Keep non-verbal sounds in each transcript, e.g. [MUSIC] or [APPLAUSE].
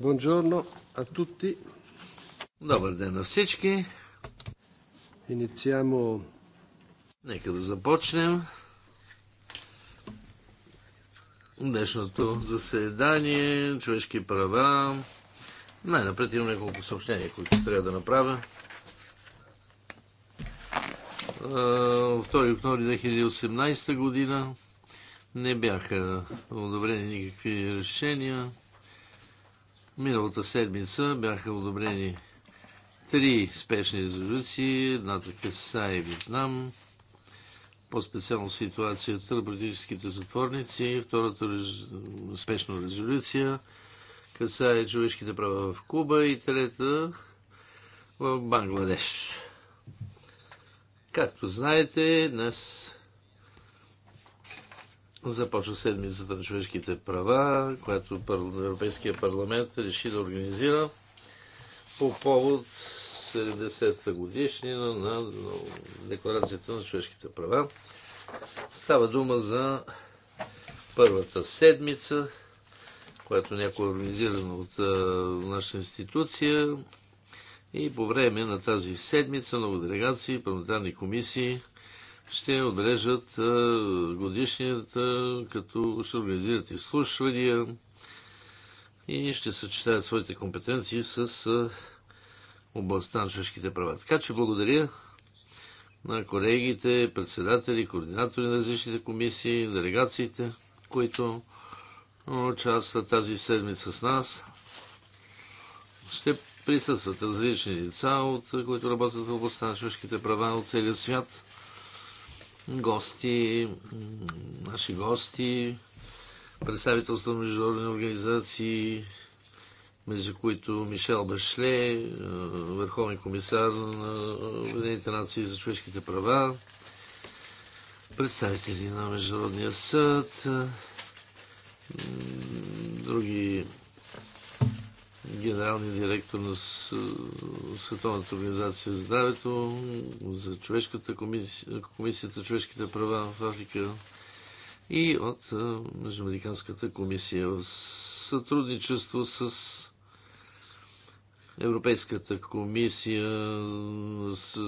Buongiorno a tutti. Добър ден на всички. Инициамо. Нека да започнем днешното заседание, човешки права. Най-напред имам няколко съобщения, които трябва да направя. 2 октомври 2018 година не бяха одобрени никакви решения. Миналата седмица бяха одобрени три спешни резолюции. Едната и е Вьетнам, по-специално ситуацията на политическите затворници. Втората спешна резолюция касае човешките права в Куба и трета в Бангладеш. Както знаете, днес Започва седмицата на човешките права, която Европейския парламент реши да организира по повод 70-та годишнина на Декларацията на човешките права. Става дума за първата седмица, която някой е организирана от нашата институция. И по време на тази седмица много делегации, парламентарни комисии, ще отбележат годишнията, като ще организират изслушвания и ще съчетаят своите компетенции с областта на човешките права. Така че благодаря на колегите, председатели, координатори на различните комисии, делегациите, които участват тази седмица с нас. Ще присъстват различни лица, от които работят в областта на човешките права от целия свят гости, наши гости, представителство на международни организации, между които Мишел Башле, е, върховен комисар на Обединените нации за човешките права, представители на Международния съд, е, други генералния директор на Световната организация за здравето, за човешката комисия, комисията човешките права в Африка и от Междуамериканската комисия в сътрудничество с Европейската комисия,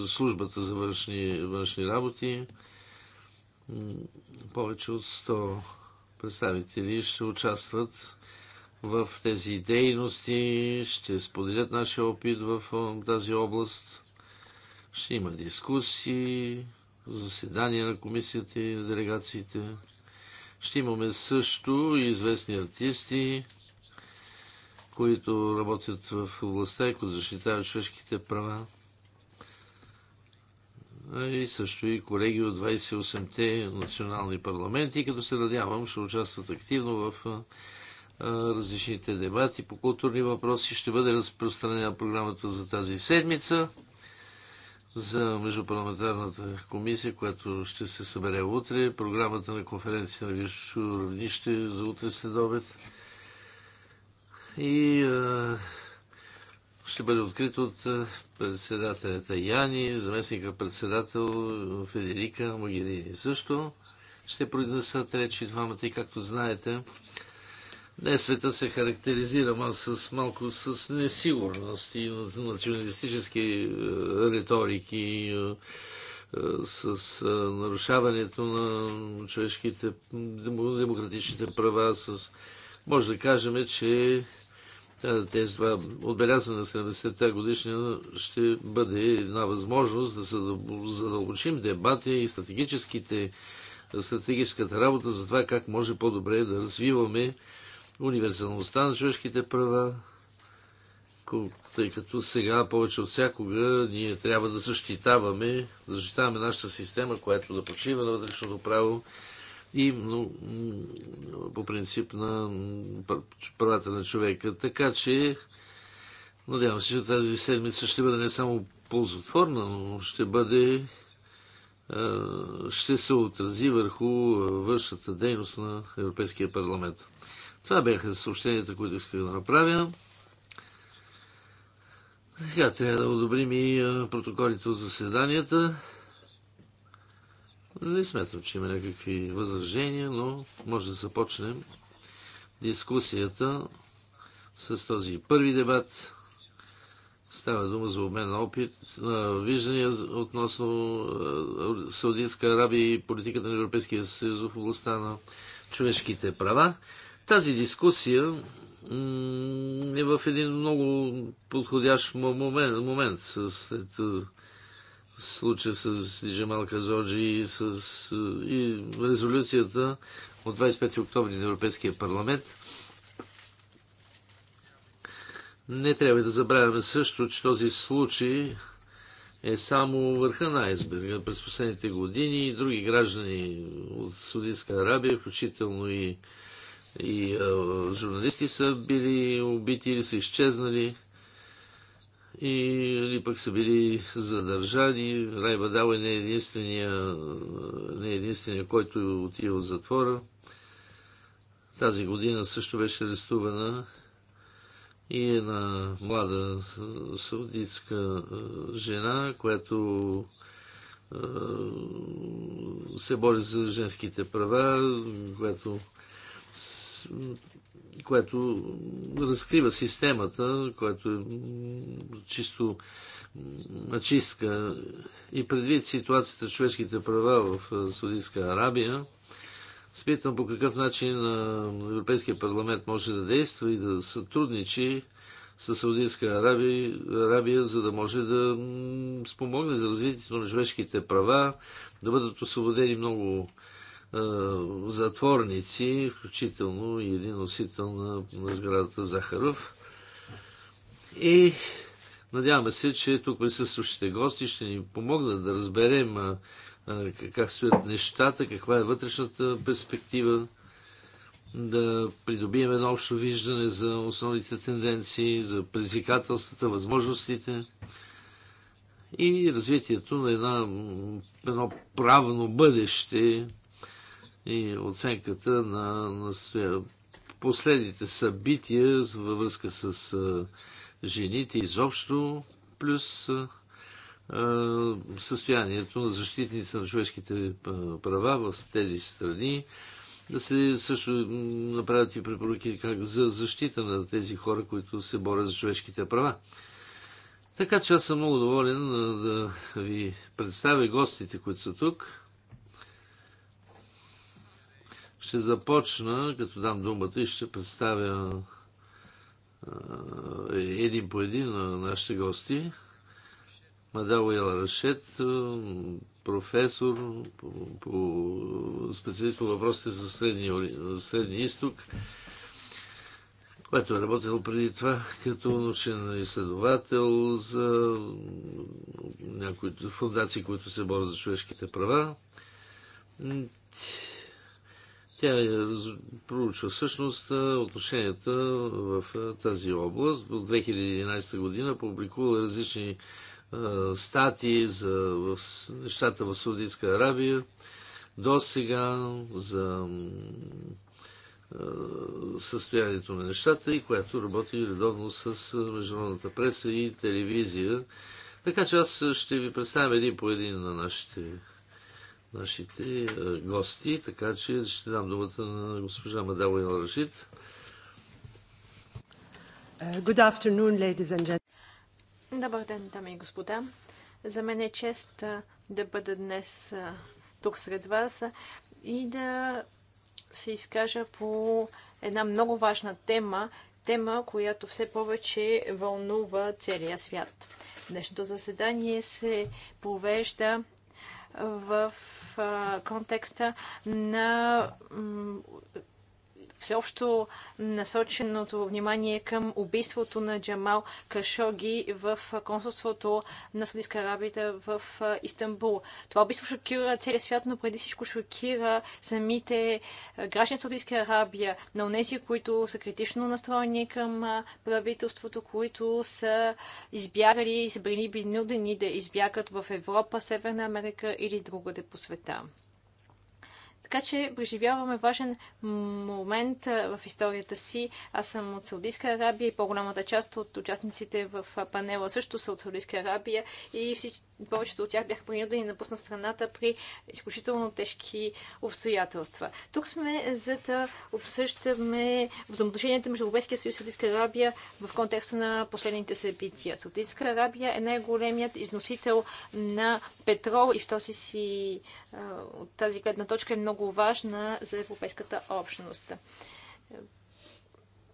службата за външни, външни работи. Повече от 100 представители ще участват в тези дейности, ще споделят нашия опит в тази област. Ще има дискусии, заседания на комисията и на делегациите. Ще имаме също и известни артисти, които работят в областта и които защитават човешките права. И също и колеги от 28-те национални парламенти, като се надявам, ще участват активно в различните дебати по културни въпроси. Ще бъде разпространена програмата за тази седмица за Междупарламентарната комисия, която ще се събере утре. Програмата на конференция на Висшо равнище за утре след обед. И а, ще бъде открит от председателята Яни, заместника председател Федерика Могерини. Също ще произнесат речи двамата и както знаете, Днес света се характеризира с малко с несигурност и националистически е, риторики, е, е, с нарушаването на човешките демократичните права, с... може да кажем, че тези два отбелязване на 70-та годишнина ще бъде една възможност да задълбочим дебати и стратегическите, стратегическата работа за това как може по-добре да развиваме универсалността на човешките права, тъй като сега повече от всякога ние трябва да защитаваме, да защитаваме нашата система, която да почива на вътрешното право и ну, по принцип на правата на човека. Така че надявам се, че тази седмица ще бъде не само ползотворна, но ще бъде ще се отрази върху външната дейност на Европейския парламент. Това бяха съобщенията, които исках да направя. Сега трябва да одобрим и протоколите от заседанията. Не смятам, че има някакви възражения, но може да започнем дискусията с този първи дебат. Става дума за обмен на опит, на виждания относно Саудитска Арабия и политиката на Европейския съюз в областта на човешките права. Тази дискусия е в един много подходящ момент, момент след е, случая с Джамал Казоджи и, с, е, и резолюцията от 25 октомври на Европейския парламент. Не трябва да забравяме също, че този случай е само върха на айсберга. През последните години и други граждани от Судитска Арабия, включително и и журналисти са били убити или са изчезнали и, или пък са били задържани. Рай Бадал е не единствения, не е единствения, който е отива в затвора. Тази година също беше арестувана и една млада саудитска жена, която се бори за женските права, която което разкрива системата, което е чисто мачистка и предвид ситуацията човешките права в Саудитска Арабия, спитам по какъв начин Европейския парламент може да действа и да сътрудничи с Саудитска Арабия, Арабия, за да може да спомогне за развитието на човешките права, да бъдат освободени много е, затворници, включително и един носител на, на сградата Захаров. И надяваме се, че тук присъстващите гости ще ни помогнат да разберем а, е, е, как стоят нещата, каква е вътрешната перспектива, да придобием едно общо виждане за основните тенденции, за предизвикателствата, възможностите и развитието на една, едно правно бъдеще и оценката на, на последните събития във връзка с а, жените изобщо, плюс а, а, състоянието на защитници на човешките права в тези страни, да се също направят и препоръки как за защита на тези хора, които се борят за човешките права. Така че аз съм много доволен да ви представя гостите, които са тук. Ще започна, като дам думата и ще представя един по един на нашите гости. Мадало Рашет, професор, по, специалист по въпросите за Средния, изток, който е работил преди това като научен изследовател за някои фундации, които се борят за човешките права. Тя е проучва всъщност отношенията в тази област. В 2011 година публикува различни статии за нещата в Саудитска Арабия до сега за състоянието на нещата и която работи редовно с международната преса и телевизия. Така че аз ще ви представя един по един на нашите нашите е, гости, така че ще дам думата на госпожа Мадалина Рашид. Е, good afternoon, ladies and gentlemen. Добър ден, дами и господа. За мен е чест е, да бъда днес тук сред вас и да се изкажа по една много важна тема, тема, която все повече вълнува целия свят. Днешното заседание се провежда в контекста на всеобщо насоченото внимание към убийството на Джамал Кашоги в консулството на Саудитска Арабия в Истанбул. Това убийство шокира целия свят, но преди всичко шокира самите граждани на Саудитска Арабия, на унези, които са критично настроени към правителството, които са избягали и са били принудени да избягат в Европа, Северна Америка или другаде по света. Така че преживяваме важен момент в историята си. Аз съм от Саудитска Арабия и по-голямата част от участниците в панела също са от Саудитска Арабия и всич... повечето от тях бяха принудени да напуснат страната при изключително тежки обстоятелства. Тук сме за да обсъждаме взаимоотношенията между Европейския съюз и Саудитска Арабия в контекста на последните събития. Саудитска Арабия е най-големият износител на петрол и в този си от тази гледна точка е много много важна за европейската общност.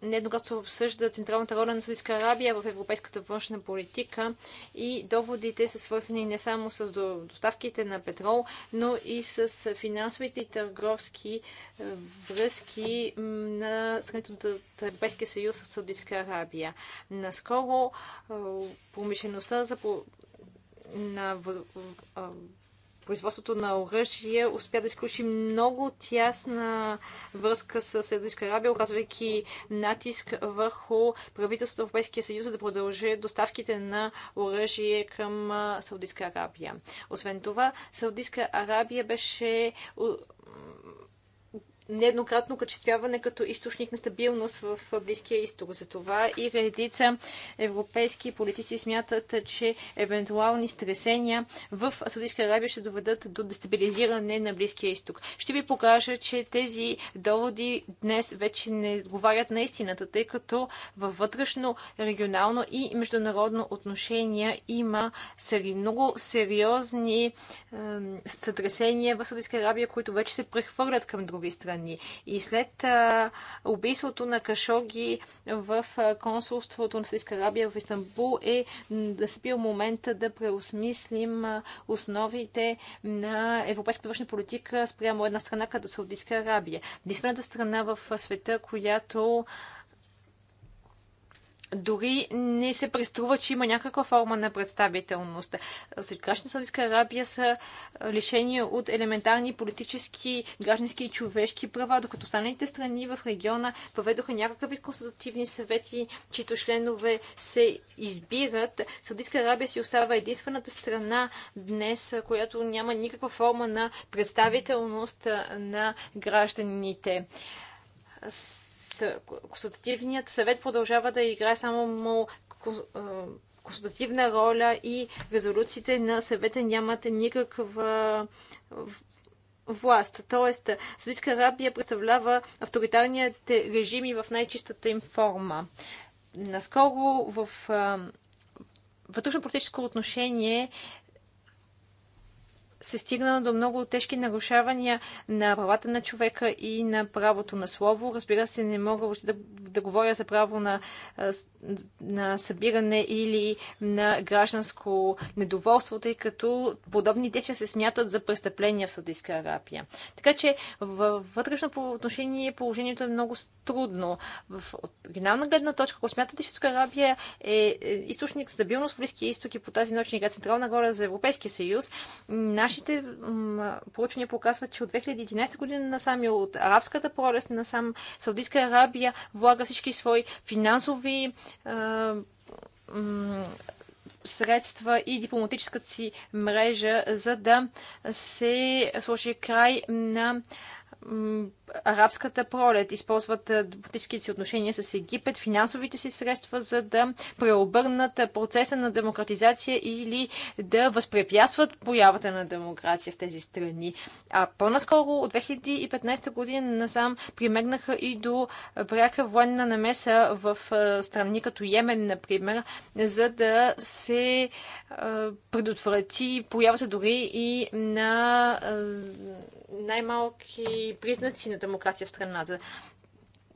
Неднократно се обсъжда централната роля на Саудитска Арабия в европейската външна политика и доводите са свързани не само с доставките на петрол, но и с финансовите и търговски е, връзки на страните от Европейския съюз с Саудитска Арабия. Наскоро е, промишлеността за на производството на оръжие, успя да изключи много тясна връзка с Саудитска Арабия, оказвайки натиск върху правителството на Европейския съюз, за да продължи доставките на оръжие към Саудитска Арабия. Освен това, Саудитска Арабия беше нееднократно качествяване като източник на стабилност в Близкия изток. Затова и редица европейски политици смятат, че евентуални стресения в Саудитска Арабия ще доведат до дестабилизиране на Близкия изток. Ще ви покажа, че тези доводи днес вече не отговарят на истината, тъй като във вътрешно, регионално и международно отношение има сери, много сериозни е, сътресения в Саудитска Арабия, които вече се прехвърлят към други страни органи. И след убийството на Кашоги в консулството на Сирийска Арабия в Истанбул е се бил момента да преосмислим основите на европейската външна политика спрямо една страна като Саудитска Арабия. Единствената страна в света, която дори не се преструва, че има някаква форма на представителност. Сред граждани Саудитска Арабия са лишени от елементарни политически, граждански и човешки права, докато останалите страни в региона въведоха някакъв вид консултативни съвети, чието членове се избират. Саудитска Арабия си остава единствената страна днес, която няма никаква форма на представителност на гражданите Консултативният съвет продължава да играе само консултативна роля и резолюциите на съвета нямат никаква власт. Тоест, Саудитска Арабия представлява авторитарният режими в най-чистата им форма. Наскоро в вътрешно-политическо отношение се стигна до много тежки нарушавания на правата на човека и на правото на слово. Разбира се, не мога да, да говоря за право на, на събиране или на гражданско недоволство, тъй като подобни действия се смятат за престъпления в Саудитска Арабия. Така че във вътрешно по отношение положението е много трудно. В оригинална гледна точка, ако смятате, че Саудитска Арабия е, е източник стабилност в Близкия изток и по тази начин игра централна Гора за Европейския съюз, наш Нашите проучвания показват, че от 2011 година насам и от арабската пролест насам Саудитска Арабия влага всички свои финансови средства и дипломатическата си мрежа, за да се сложи край на арабската пролет. Използват политическите си отношения с Египет, финансовите си средства, за да преобърнат процеса на демократизация или да възпрепятстват появата на демокрация в тези страни. А по-наскоро от 2015 година насам примегнаха и до пряка военна намеса в страни като Йемен, например, за да се предотврати появата дори и на най-малки признаци на демокрация в страната.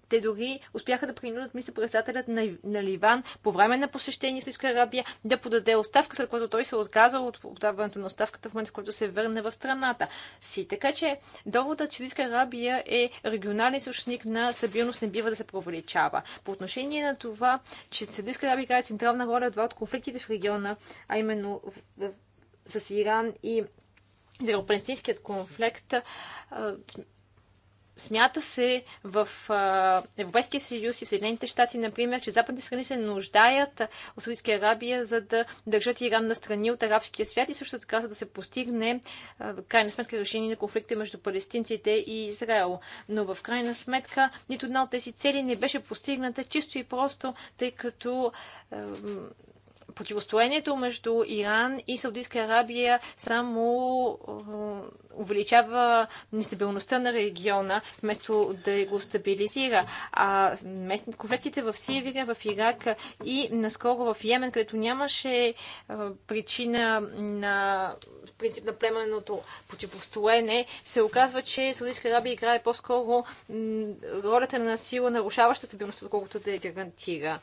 Те дори успяха да принудят мисля председателят на, на Ливан по време на посещение в Сирийска Арабия да подаде оставка, след което той се отказал от подаването на оставката в момента, в който се върне в страната си. Така че доводът, че Сирийска Арабия е регионален източник на стабилност, не бива да се провеличава. По отношение на това, че Сирийска Арабия играе централна роля в два от конфликтите в региона, а именно в, в, с Иран и израел конфликт, Смята се в Европейския съюз и в Съединените щати, например, че западните страни се нуждаят от Саудитска Арабия, за да държат Иран на страни от арабския свят и също така, за да се постигне в крайна сметка решение на конфликта между палестинците и Израел. Но в крайна сметка нито една от тези цели не беше постигната чисто и просто, тъй като противостоянието между Иран и Саудитска Арабия само увеличава нестабилността на региона, вместо да го стабилизира. А местни конфликтите в Сирия, в Ирак и наскоро в Йемен, където нямаше причина на принцип на племенното противостоене, се оказва, че Саудитска Арабия играе по-скоро ролята на сила, нарушаваща стабилността, колкото да я гарантира.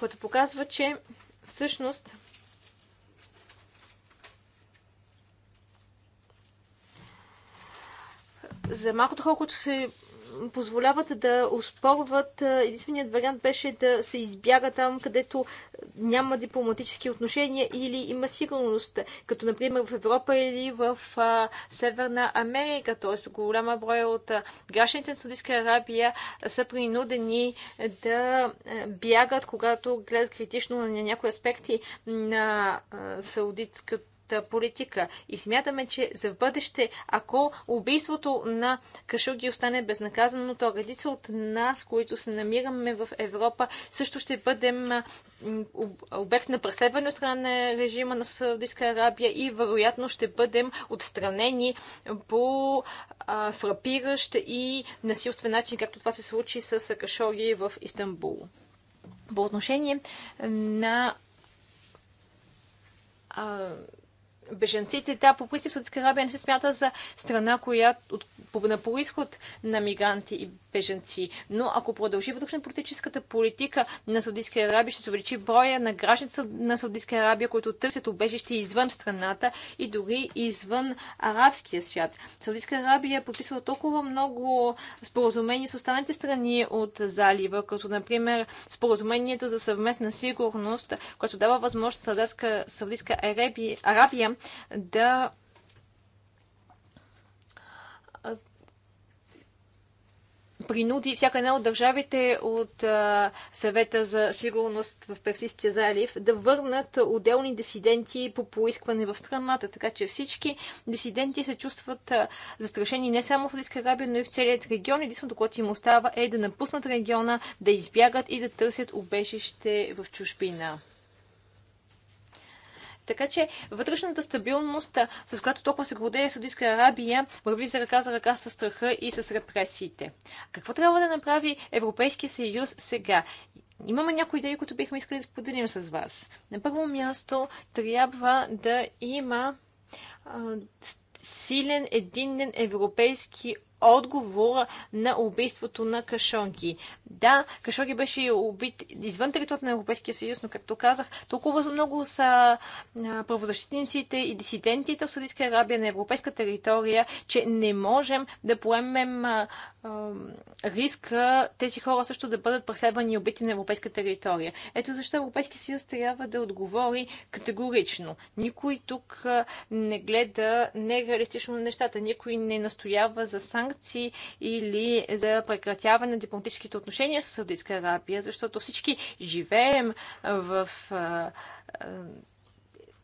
което показва, че всъщност за малкото хора, които се позволяват да успорват. Единственият вариант беше да се избяга там, където няма дипломатически отношения или има сигурност, като например в Европа или в а, Северна Америка. Т.е. голяма броя от гражданите на Саудитска Арабия са принудени да бягат, когато гледат критично на някои аспекти на саудитското политика. И смятаме, че за в бъдеще, ако убийството на Кашуги остане безнаказано, то редица от нас, които се намираме в Европа, също ще бъдем обект на преследване от страна на режима на Саудитска Арабия и вероятно ще бъдем отстранени по фрапиращ и насилствен начин, както това се случи с Кашоги в Истанбул. По отношение на а, Беженците Да, по принцип Саудитска Арабия не се смята за страна, която на происход на мигранти и беженци, Но ако продължи вътрешна политическата политика на Саудитска Арабия, ще се увеличи броя на гражданите на Саудитска Арабия, които търсят убежище извън страната и дори извън арабския свят. Саудитска Арабия е подписала толкова много споразумения с останалите страни от залива, като например споразумението за съвместна сигурност, което дава възможност Саудитска Арабия, Арабия да принуди всяка една от държавите от съвета за сигурност в Персийския залив да върнат отделни дисиденти по поискване в страната. Така че всички дисиденти се чувстват застрашени не само в Саудитска Арабия, но и в целият регион. Единственото, което им остава е да напуснат региона, да избягат и да търсят убежище в чужбина. Така че вътрешната стабилност, с която толкова се гордее Саудитска Арабия, върви за ръка за ръка с страха и с репресиите. Какво трябва да направи Европейския съюз сега? Имаме някои идеи, които бихме искали да споделим с вас. На първо място трябва да има силен единен европейски отговор на убийството на Кашонки. Да, Кашонки беше убит извън територията на Европейския съюз, но както казах, толкова много са правозащитниците и дисидентите в Съдийска Арабия на европейска територия, че не можем да поемем риска тези хора също да бъдат преследвани и убити на европейска територия. Ето защо Европейския съюз трябва да отговори категорично. Никой тук не гледа не реалистично нещата. Никой не настоява за санкции или за прекратяване на дипломатическите отношения с Саудитска Арабия, защото всички живеем в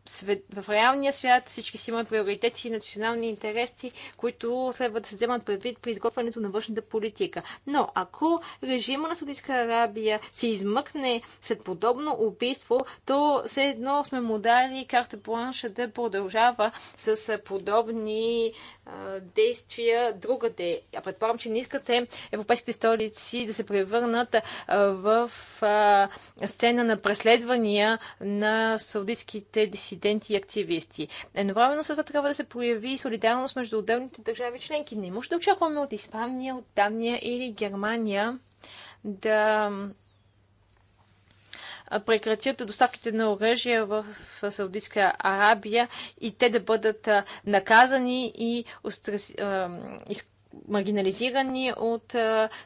свет, в реалния свят всички си имат приоритети и национални интереси, които следва да се вземат предвид при изготвянето на външната политика. Но ако режима на Саудитска Арабия се измъкне след подобно убийство, то все едно сме му дали карта планша да продължава с подобни действия другаде. А предполагам, че не искате европейските столици да се превърнат в сцена на преследвания на саудитските дисиденти и активисти. Едновременно с това трябва да се прояви солидарност между отделните държави членки. Не може да очакваме от Испания, от Дания или Германия да прекратят доставките на оръжия в Саудитска Арабия и те да бъдат наказани и маргинализирани от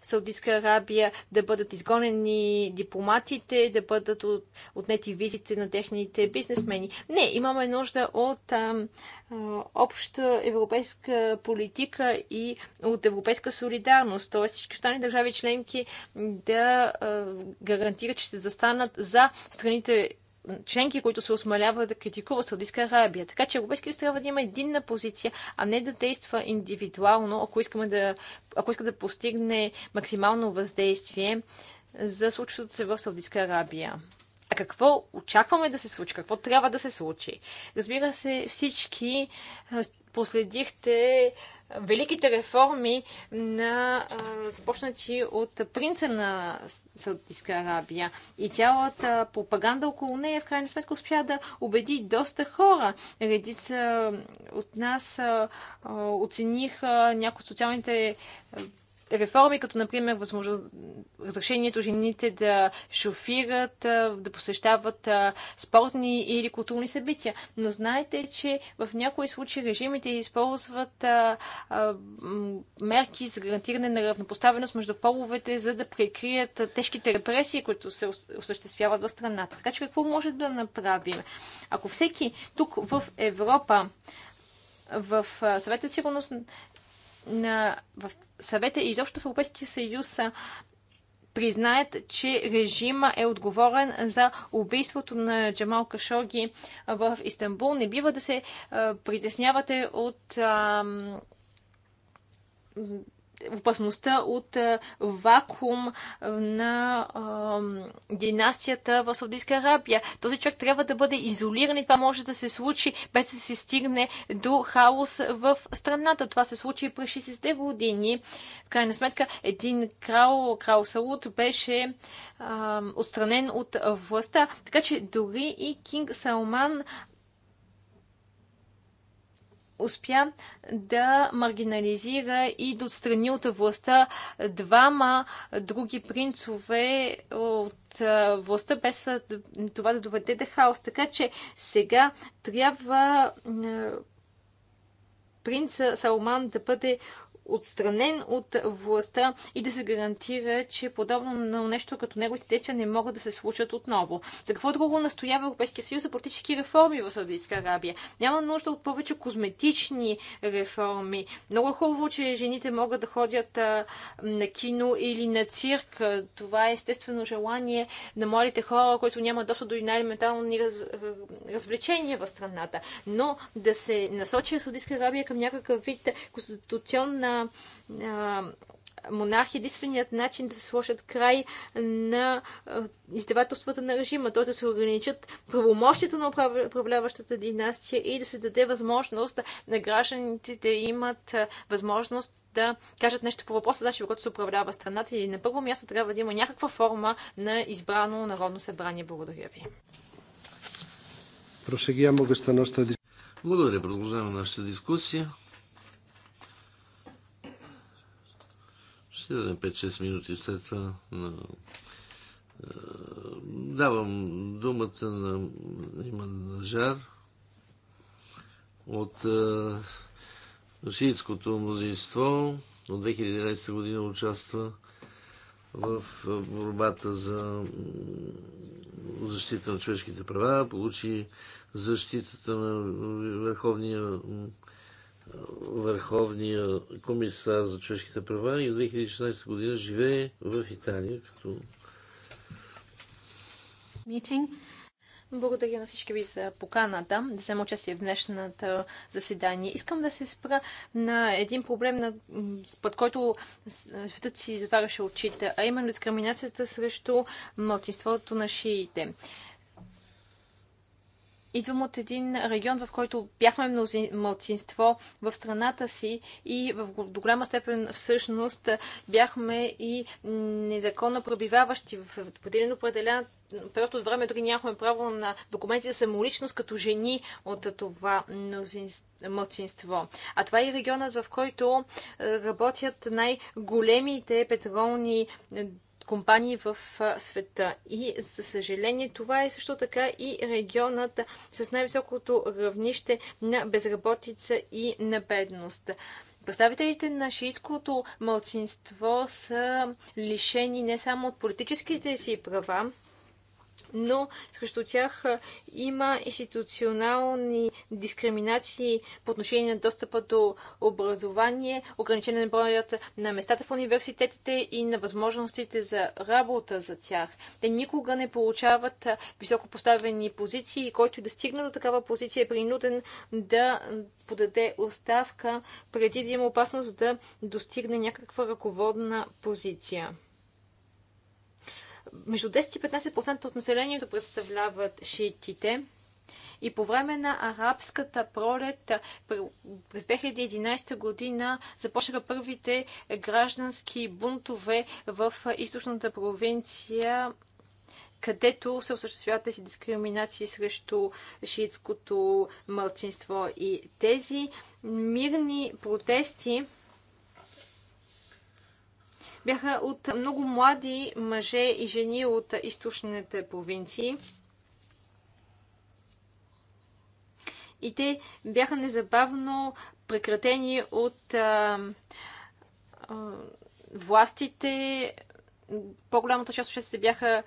Саудитска Арабия, да бъдат изгонени дипломатите, да бъдат от, отнети визите на техните бизнесмени. Не, имаме нужда от обща европейска политика и от европейска солидарност. Т.е. всички останали държави членки да гарантират, че ще застанат за страните членки, които се осмаляват да критикуват Саудитска Арабия. Така че Европейския съюз трябва да има единна позиция, а не да действа индивидуално, ако, искаме да, ако иска да постигне максимално въздействие за случващото се в Саудитска Арабия. А какво очакваме да се случи? Какво трябва да се случи? Разбира се, всички последихте великите реформи на а, започнати от принца на Саудитска Арабия. И цялата пропаганда около нея в крайна сметка успя да убеди доста хора. Редица от нас а, оцениха някои от социалните реформи, като например възможност, разрешението жените да шофират, да посещават спортни или културни събития. Но знаете, че в някои случаи режимите използват а, а, мерки за гарантиране на равнопоставеност между половете, за да прикрият тежките репресии, които се осъществяват в страната. Така че какво може да направим? Ако всеки тук в Европа в съвета сигурност на, в съвета и изобщо в Европейския съюз признаят, че режима е отговорен за убийството на Джамал Кашоги в Истанбул. Не бива да се притеснявате от опасността от вакуум на а, династията в Саудитска Арабия. Този човек трябва да бъде изолиран и това може да се случи без да се стигне до хаос в страната. Това се случи през 60-те години. В крайна сметка един крал, крал Сауд, беше а, отстранен от властта. Така че дори и Кинг Салман успя да маргинализира и да отстрани от властта двама други принцове от властта, без това да доведе до хаос. Така че сега трябва принца Салман да бъде отстранен от властта и да се гарантира, че подобно на нещо като неговите действия не могат да се случат отново. За какво друго настоява Европейския съюз за политически реформи в Саудитска Арабия? Няма нужда от повече козметични реформи. Много е хубаво, че жените могат да ходят на кино или на цирк. Това е естествено желание на младите хора, които нямат доста до най-елементални раз, развлечения в страната. Но да се насочи Саудитска Арабия към някакъв вид конституционна а, монархи единственият начин да се сложат край на издевателствата на режима, т.е. да се ограничат правомощията на управляващата династия и да се даде възможност на гражданите да имат възможност да кажат нещо по въпроса, значи, когато се управлява страната или на първо място трябва да има някаква форма на избрано народно събрание. Благодаря ви. Благодаря. Продължаваме нашата дискусия. Ще дадем 5-6 минути след това на е, Давам думата на Иман Нажар от шиитското е, мнозинство. От 2011 година участва в е, борбата за защита на човешките права. Получи защитата на Върховния върховния комисар за човешките права и от 2016 година живее в Италия като Благодаря на всички ви за поканата да взема участие в днешната заседание. Искам да се спра на един проблем, на, под който светът си затваряше очите, а именно дискриминацията срещу мълчинството на шиите идвам от един регион, в който бяхме мълцинство в страната си и в до голяма степен всъщност бяхме и незаконно пробиваващи в определен определен период от време дори нямахме право на документи за самоличност като жени от това мълцинство. А това е и регионът, в който е, работят най-големите петролни е, компании в света. И, за съжаление, това е също така и регионът с най-високото равнище на безработица и на бедност. Представителите на шиитското мълцинство са лишени не само от политическите си права, но срещу тях има институционални дискриминации по отношение на достъпа до образование, ограничен броят на местата в университетите и на възможностите за работа за тях. Те никога не получават високо поставени позиции който да стигне до такава позиция е принуден да подаде оставка преди да има опасност да достигне някаква ръководна позиция между 10 и 15% от населението представляват шиитите. И по време на арабската пролет през 2011 година започнаха първите граждански бунтове в източната провинция където се осъществяват тези дискриминации срещу шиитското мълцинство. И тези мирни протести бяха от много млади мъже и жени от източните провинции. И те бяха незабавно прекратени от а, а, властите. По-голямата част от шестите бяха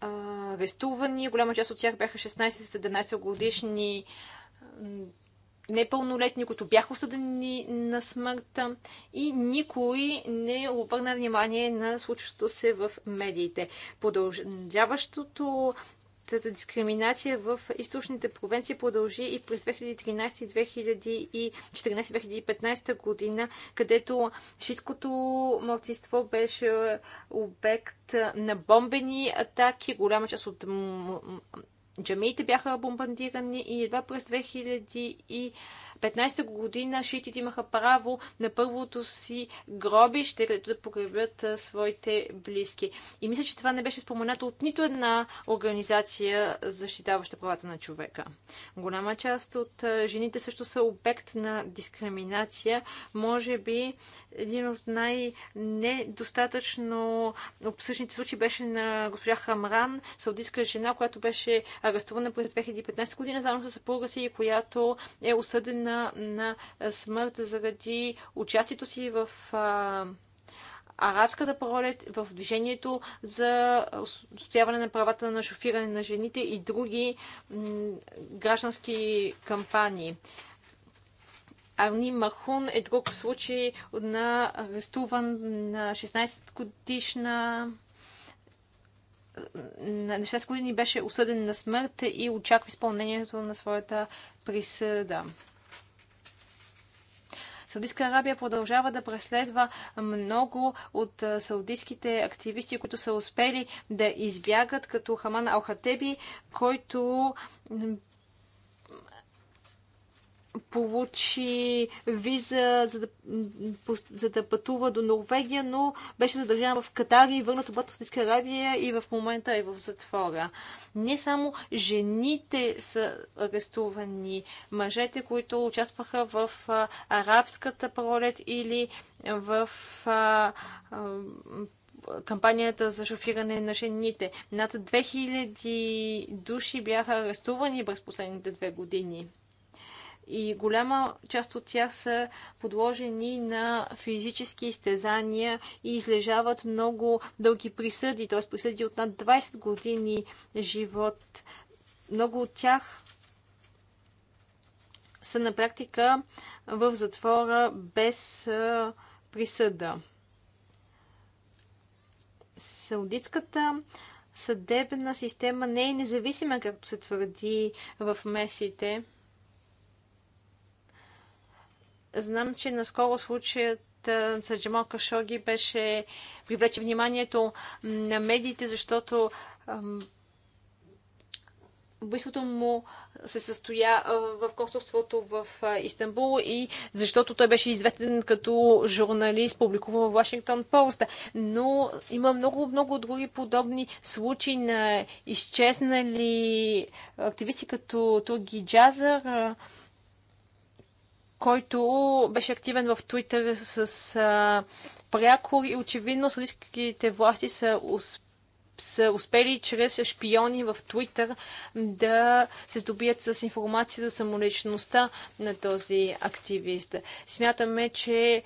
арестувани, голяма част от тях бяха 16-17 годишни непълнолетни, които бяха осъдени на смърт и никой не обърна внимание на случващото се в медиите. Продължаващото дискриминация в източните провенции продължи и през 2013-2014-2015 година, където шистското младсинство беше обект на бомбени атаки. Голяма част от Джамиите бяха бомбандирани и едва през 2000 и 15-та година шиитите имаха право на първото си гробище, където да погребят своите близки. И мисля, че това не беше споменато от нито една организация, защитаваща правата на човека. Голяма част от жените също са обект на дискриминация. Може би един от най-недостатъчно обсъжните случаи беше на госпожа Хамран, саудитска жена, която беше арестувана през 2015 година, заедно с съпруга си, която е осъдена на, на смърт заради участието си в а, арабската пролет, в движението за устояване на правата на шофиране на жените и други граждански кампании. Арни Махун е друг случай на арестуван на 16 годишна на 16 години беше осъден на смърт и очаква изпълнението на своята присъда. Саудитска Арабия продължава да преследва много от саудитските активисти, които са успели да избягат, като Хаман Алхатеби, който получи виза, за да, за да пътува до Норвегия, но беше задържана в Катар и върнат обратно в Саудитска Арабия и в момента е в затвора. Не само жените са арестувани, мъжете, които участваха в арабската пролет или в а, а, кампанията за шофиране на жените. Над 2000 души бяха арестувани през последните две години и голяма част от тях са подложени на физически изтезания и излежават много дълги присъди, т.е. присъди от над 20 години живот. Много от тях са на практика в затвора без присъда. Саудитската съдебна система не е независима, както се твърди в месите. Знам, че наскоро случаят с Джамал Кашоги беше привлече вниманието на медиите, защото убийството му се състоя в консулството в Истанбул и защото той беше известен като журналист, публикува в Вашингтон Пост. Но има много, много други подобни случаи на изчезнали активисти като Турги Джазър, който беше активен в Твитър с а, прякор и очевидно саудитските власти са успели са успели чрез шпиони в Твитър да се здобият с информация за самоличността на този активист. Смятаме, че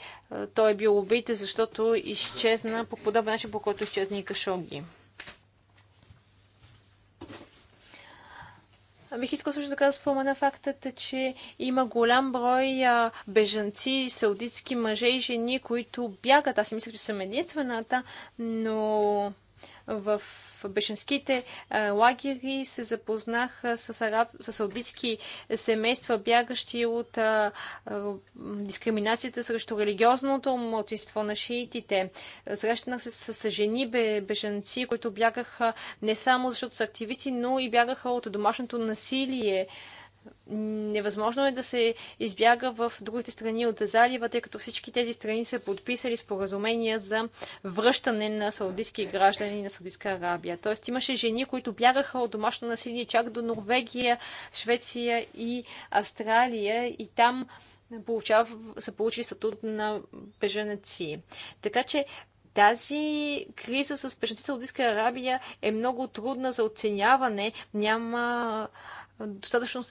той е бил убит, защото изчезна по подобен начин, по който изчезна и Кашоги. Бих искал също така да спомена фактът, че има голям брой бежанци, саудитски мъже и жени, които бягат. Аз мисля, че съм единствената, но в бешенските лагери се запознах с, араб, с саудитски семейства, бягащи от а, а, дискриминацията срещу религиозното младсинство на шиитите. Срещнах се с, жени бешенци, които бягаха не само защото са активисти, но и бягаха от домашното насилие Невъзможно е да се избяга в другите страни от залива, тъй като всички тези страни са подписали споразумения за връщане на саудитски граждани на Саудитска Арабия. Тоест имаше жени, които бягаха от домашно насилие чак до Норвегия, Швеция и Австралия и там получав, са получили статут на беженци. Така че тази криза с беженците от Саудитска Арабия е много трудна за оценяване. Няма достатъчно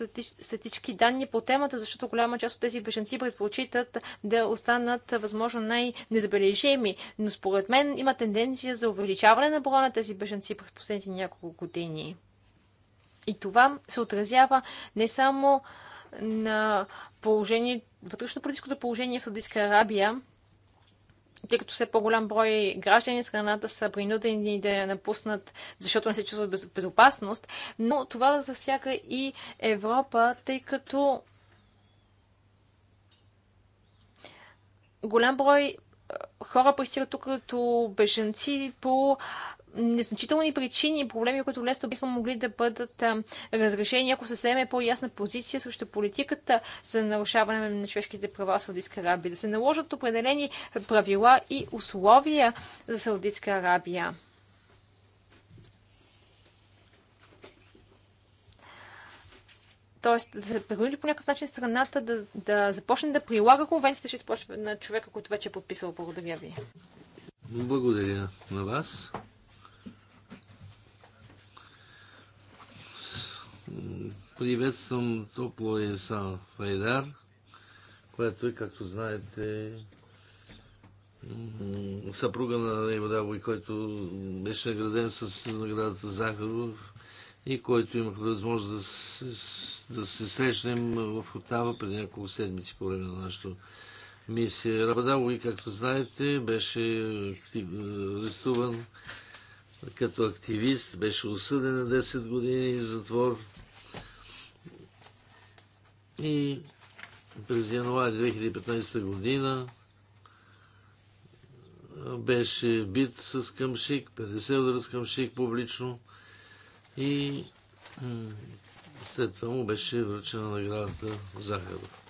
статически данни по темата, защото голяма част от тези бежанци предпочитат да останат възможно най-незабележими. Но според мен има тенденция за увеличаване на броя на тези бежанци през последните няколко години. И това се отразява не само на положение, вътрешно политическото положение в Саудитска Арабия, тъй като все по-голям брой граждани с храната са принудени да я напуснат, защото не се чувстват без, безопасност, но това засяга и Европа, тъй като голям брой хора пристигат тук като беженци по незначителни причини и проблеми, които лесно биха могли да бъдат разрешени, ако се вземе по-ясна позиция срещу политиката за нарушаване на човешките права в Саудитска Арабия, да се наложат определени правила и условия за Саудитска Арабия. т.е. да се принуди по някакъв начин страната да, да започне да прилага конвенцията, ще почва на човека, който вече е подписал. Благодаря ви. Благодаря на вас. Приветствам топло Инсан Файдар, която е, както знаете, съпруга на и който беше награден с наградата Захаров и който имах възможност да се, да се срещнем в Отава преди няколко седмици по време на нашото мисия. и, както знаете, беше актив, арестуван като активист, беше осъден на 10 години затвор и през януари 2015 година беше бит с къмшик, 50 удара с къмшик публично и след това му беше връчена наградата Захаров.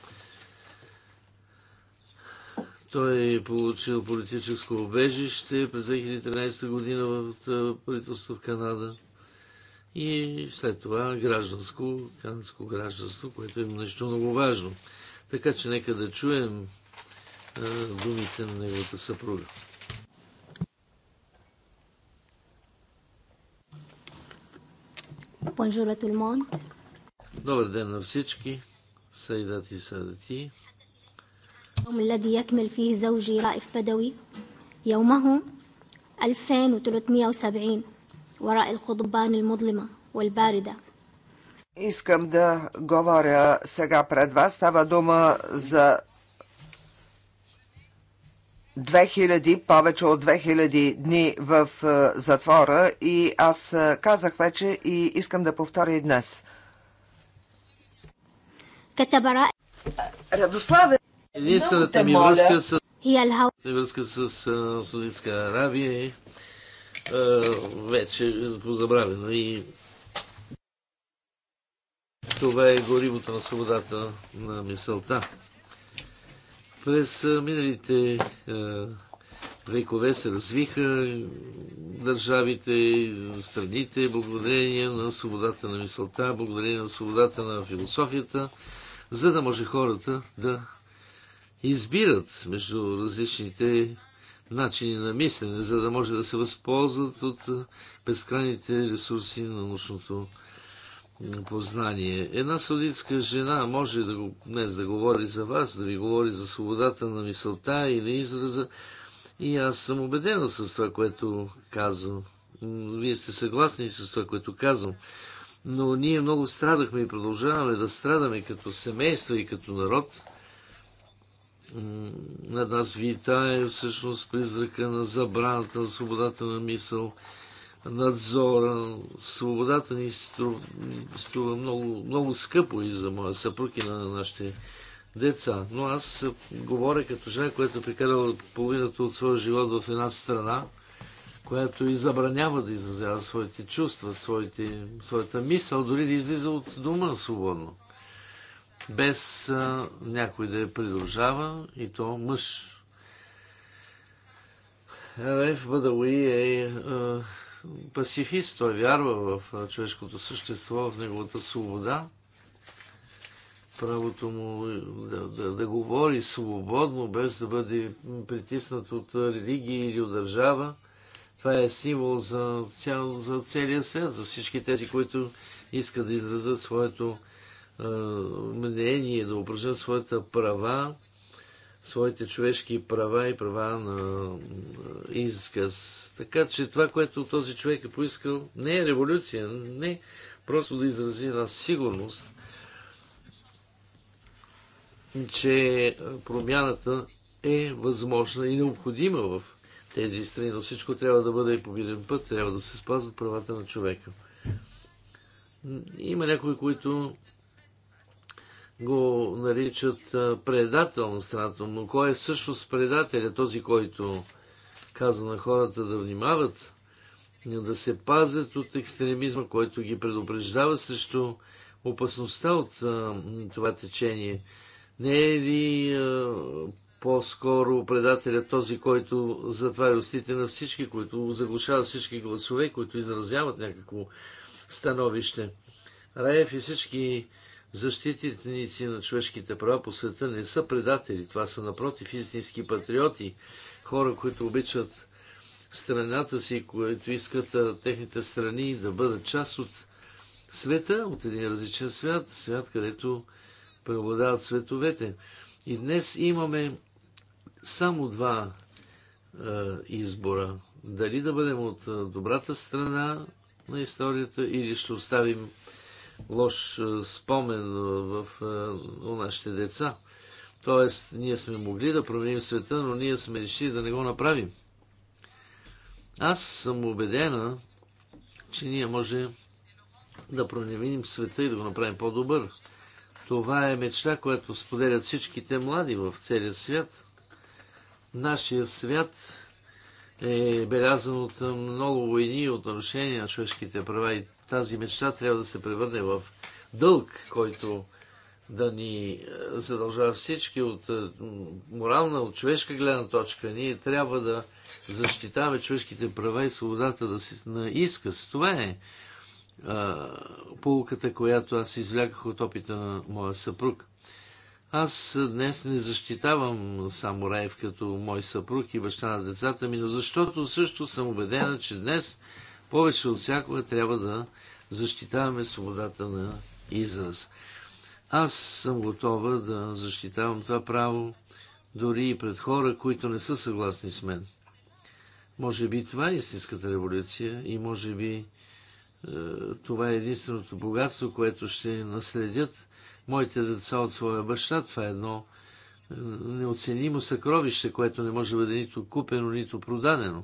Той е получил политическо обежище през 2013 година в правителството в Канада и след това гражданско, канадско гражданство, което е нещо много важно. Така че нека да чуем а, думите на неговата съпруга. Добър ден на всички, Сайдати и Садати. اليوم الذي يكمل فيه زوجي رائف بدوي يومه 2370 وراء القضبان المظلمة والباردة Искам да говоря сега пред вас. Става дума за 2000, повече от 2000 дни в е, затвора и аз е, казах вече и искам да повторя и днес. Радославе, Единствената ми връзка с, връзка е, с Саудитска Аравия вече позабравено забравено и това е горивото на свободата на мисълта. През миналите векове се развиха държавите, страните, благодарение на свободата на мисълта, благодарение на свободата на философията, за да може хората да избират между различните начини на мислене, за да може да се възползват от безкрайните ресурси на научното познание. Една саудитска жена може да, днес да говори за вас, да ви говори за свободата на мисълта или израза. И аз съм убедена с това, което казвам. Вие сте съгласни с това, което казвам. Но ние много страдахме и продължаваме да страдаме като семейство и като народ – една нас витае всъщност призрака на забраната, на свободата на мисъл, надзора. Свободата ни струва, много, много скъпо и за моя съпруг и на нашите деца. Но аз говоря като жена, която е прекарала половината от своя живот в една страна, която и забранява да изразява своите чувства, своите, своята мисъл, дори да излиза от дома свободно без а, някой да я придружава и то мъж. Реф Бадауи е а, пасифист, той вярва в а, човешкото същество, в неговата свобода, правото му да, да, да говори свободно, без да бъде притиснат от религия или от държава. Това е символ за, цял, за целия свят, за всички тези, които искат да изразят своето е, мнение да упражнят своите права, своите човешки права и права на изказ. Така че това, което този човек е поискал, не е революция, не просто да изрази една сигурност, че промяната е възможна и необходима в тези страни, но всичко трябва да бъде по виден път, трябва да се спазват правата на човека. Има някои, които го наричат предател на страната, но кой е всъщност предателя? Този, който казва на хората да внимават, да се пазят от екстремизма, който ги предупреждава срещу опасността от това течение. Не е ли по-скоро предателя този, който затваря устите на всички, който заглушава всички гласове, които изразяват някакво становище? Раев и всички Защитници на човешките права по света не са предатели. Това са напротив истински патриоти, хора, които обичат страната си, които искат техните страни да бъдат част от света, от един различен свят, свят, където преобладават световете. И днес имаме само два е, избора. Дали да бъдем от добрата страна на историята или ще оставим лош е, спомен е, в е, нашите деца. Тоест, ние сме могли да променим света, но ние сме решили да не го направим. Аз съм убедена, че ние може да променим света и да го направим по-добър. Това е мечта, която споделят всичките млади в целия свят. Нашия свят е белязан от много войни, от нарушения на човешките права и тази мечта трябва да се превърне в дълг, който да ни е, задължава всички от е, морална, от човешка гледна точка. Ние трябва да защитаваме човешките права и свободата да си, на изказ. Това е а, е, полуката, която аз извляках от опита на моя съпруг. Аз днес не защитавам само Раев като мой съпруг и баща на децата ми, но защото също съм убедена, че днес повече от всякога трябва да защитаваме свободата на израз. Аз съм готова да защитавам това право дори и пред хора, които не са съгласни с мен. Може би това е истинската революция и може би е, това е единственото богатство, което ще наследят моите деца от своя баща. Това е едно е, неоценимо съкровище, което не може да бъде нито купено, нито продадено.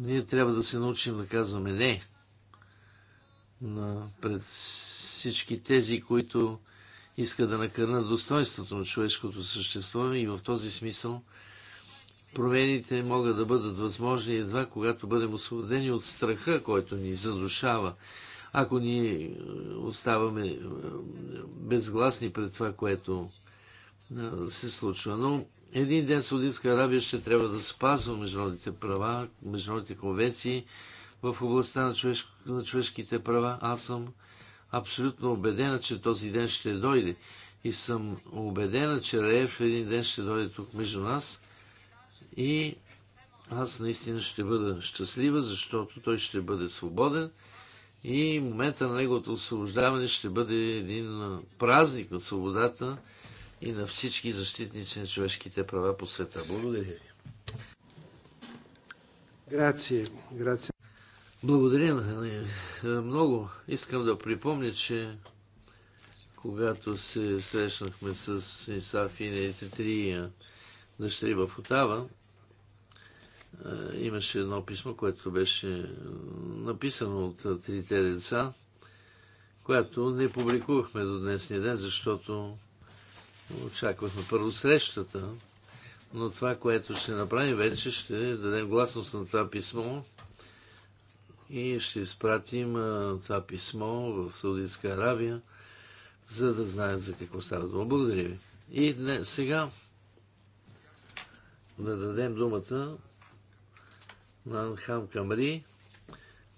Ние трябва да се научим да казваме не на пред всички тези, които искат да накърнат достоинството на човешкото същество и в този смисъл промените могат да бъдат възможни едва когато бъдем освободени от страха, който ни задушава. Ако ние е, оставаме е, безгласни пред това, което е, се случва. Но един ден Саудитска Арабия ще трябва да спазва международните права, международните конвенции в областта на, човеш... на човешките права. Аз съм абсолютно убедена, че този ден ще дойде. И съм убедена, че Раев един ден ще дойде тук между нас. И аз наистина ще бъда щастлива, защото той ще бъде свободен. И момента на неговото освобождаване ще бъде един празник на свободата и на всички защитници на човешките права по света. Благодаря ви. Грация. Грация. Благодаря нали, много. Искам да припомня, че когато се срещнахме с Исафи и нейните три дъщери в Отава, имаше едно писмо, което беше написано от трите деца, което не публикувахме до днесния ден, защото Очаквахме първо срещата, но това, което ще направим вече, ще дадем гласност на това писмо и ще изпратим това писмо в Саудитска Аравия, за да знаят за какво става дума. Благодаря ви. И не, сега да дадем думата на Анхам Камри,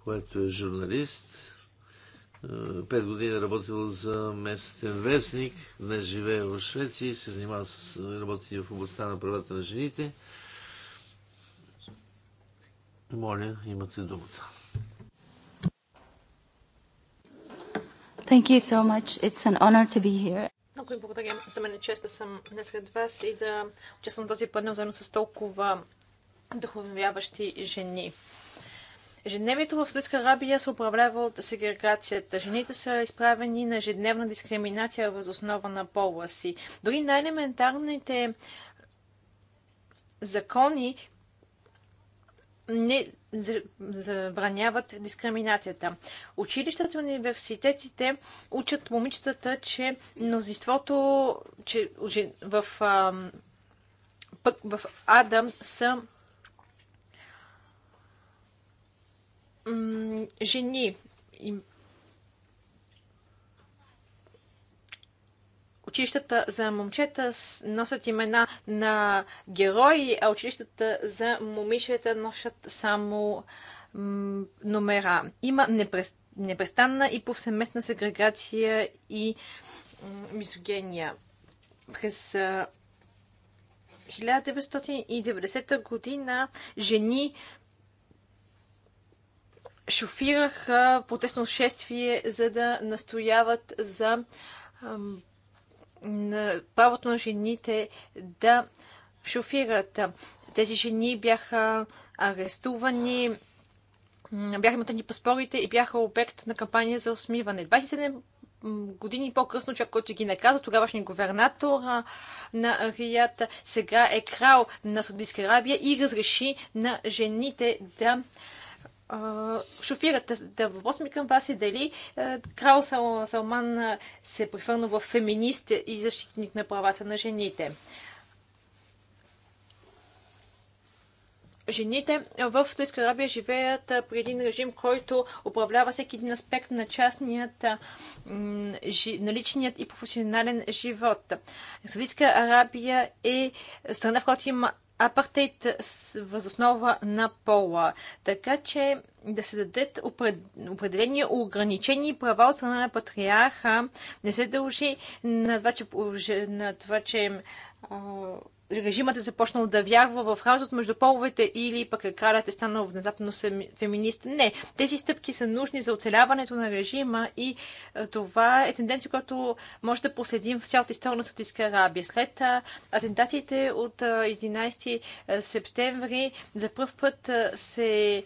който е журналист, е, пет години е работил за местен вестник, днес живее в Швеция и се занимава с работи в областта на правата на жените. Моля, имате думата. Thank you so much. It's an honor to be here. Много ви благодаря. За мен е чест да съм днес след вас и да участвам този панел заедно с толкова вдъхновяващи жени. Ежедневието в Съдска Арабия се управлява от сегрегацията. Жените са изправени на ежедневна дискриминация въз основа на пола си. Дори най-елементарните закони не забраняват дискриминацията. Училищата и университетите учат момичетата, че мнозинството че в, в, в Адам са жени. Училищата за момчета носят имена на герои, а училищата за момичета носят само номера. Има непрестанна и повсеместна сегрегация и мизогения. През 1990 година жени шофираха протестно шествие, за да настояват за на правото на жените да шофират. Тези жени бяха арестувани, бяха иматени паспорите и бяха обект на кампания за усмиване. 27 години по-късно човек, който ги наказа, тогавашния губернатор на Рият, сега е крал на Саудитска Арабия и разреши на жените да шофират. Да, въпрос ми към вас е дали е, крал Сал, Салман е, се е превърна в феминист и защитник на правата на жените. жените в Саудитска Арабия живеят при един режим, който управлява всеки един аспект на частният, на личният и професионален живот. Саудитска Арабия е страна, в която има апартейт възоснова на пола. Така че да се дадат определени ограничени права от страна на патриарха не се дължи на това, че, на това, че режимът е започнал да вярва в разлото между половете или пък е кралят е станал внезапно феминист. Не, тези стъпки са нужни за оцеляването на режима и е, това е тенденция, която може да проследим в цялата история на Саудитска Арабия. След е, атентатите от 11 септември за първ път се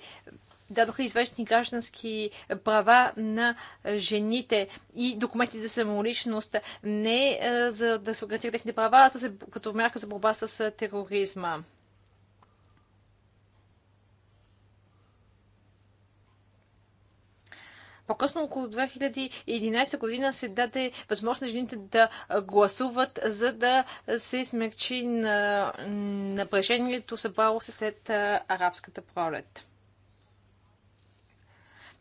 дадоха известни граждански права на жените и документите за самоличност не е, за да се гарантира техните права, а като мярка за борба с е, тероризма. По-късно, около 2011 година, се даде възможност жените да гласуват, за да се смягчи на напрежението, събрало се след арабската пролет.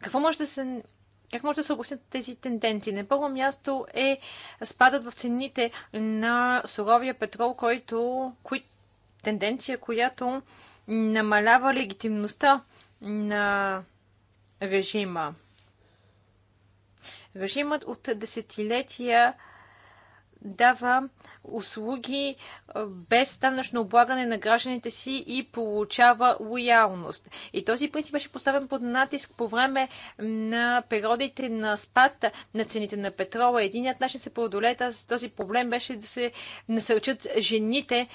Какво може да се как може да се обяснят тези тенденции? На първо място е спадът в цените на суровия петрол, който, кои, тенденция, която намалява легитимността на режима. Режимът от десетилетия дава услуги без данъчно облагане на гражданите си и получава лоялност. И този принцип беше поставен под натиск по време на периодите на спад на цените на петрола. Единият начин се преодолее този проблем беше да се насърчат жените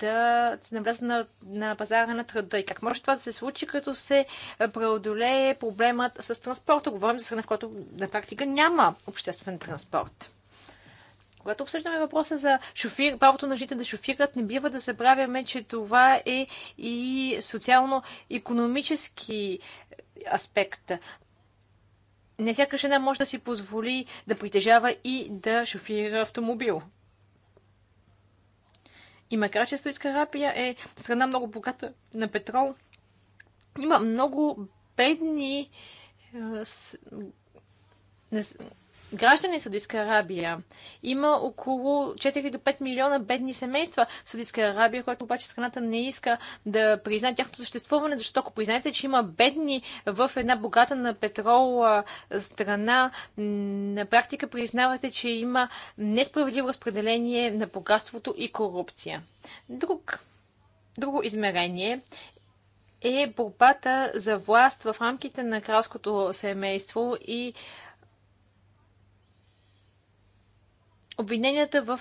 да се навлязат на, на пазара на труда. И как може това да се случи, като се преодолее проблемът с транспорта? Говорим за страна, в която на практика няма обществен транспорт. Когато обсъждаме въпроса за шофир, правото на жите да шофират, не бива да забравяме, че това е и социално-економически аспект. Не всяка жена може да си позволи да притежава и да шофира автомобил. И макар че Стоицка Арабия е страна много богата на петрол, има много бедни е, граждани Саудитска Арабия. Има около 4 до 5 милиона бедни семейства в Саудитска Арабия, което обаче страната не иска да признае тяхното съществуване, защото ако признаете, че има бедни в една богата на петрол страна, на практика признавате, че има несправедливо разпределение на богатството и корупция. Друг Друго измерение е борбата за власт в рамките на кралското семейство и обвиненията в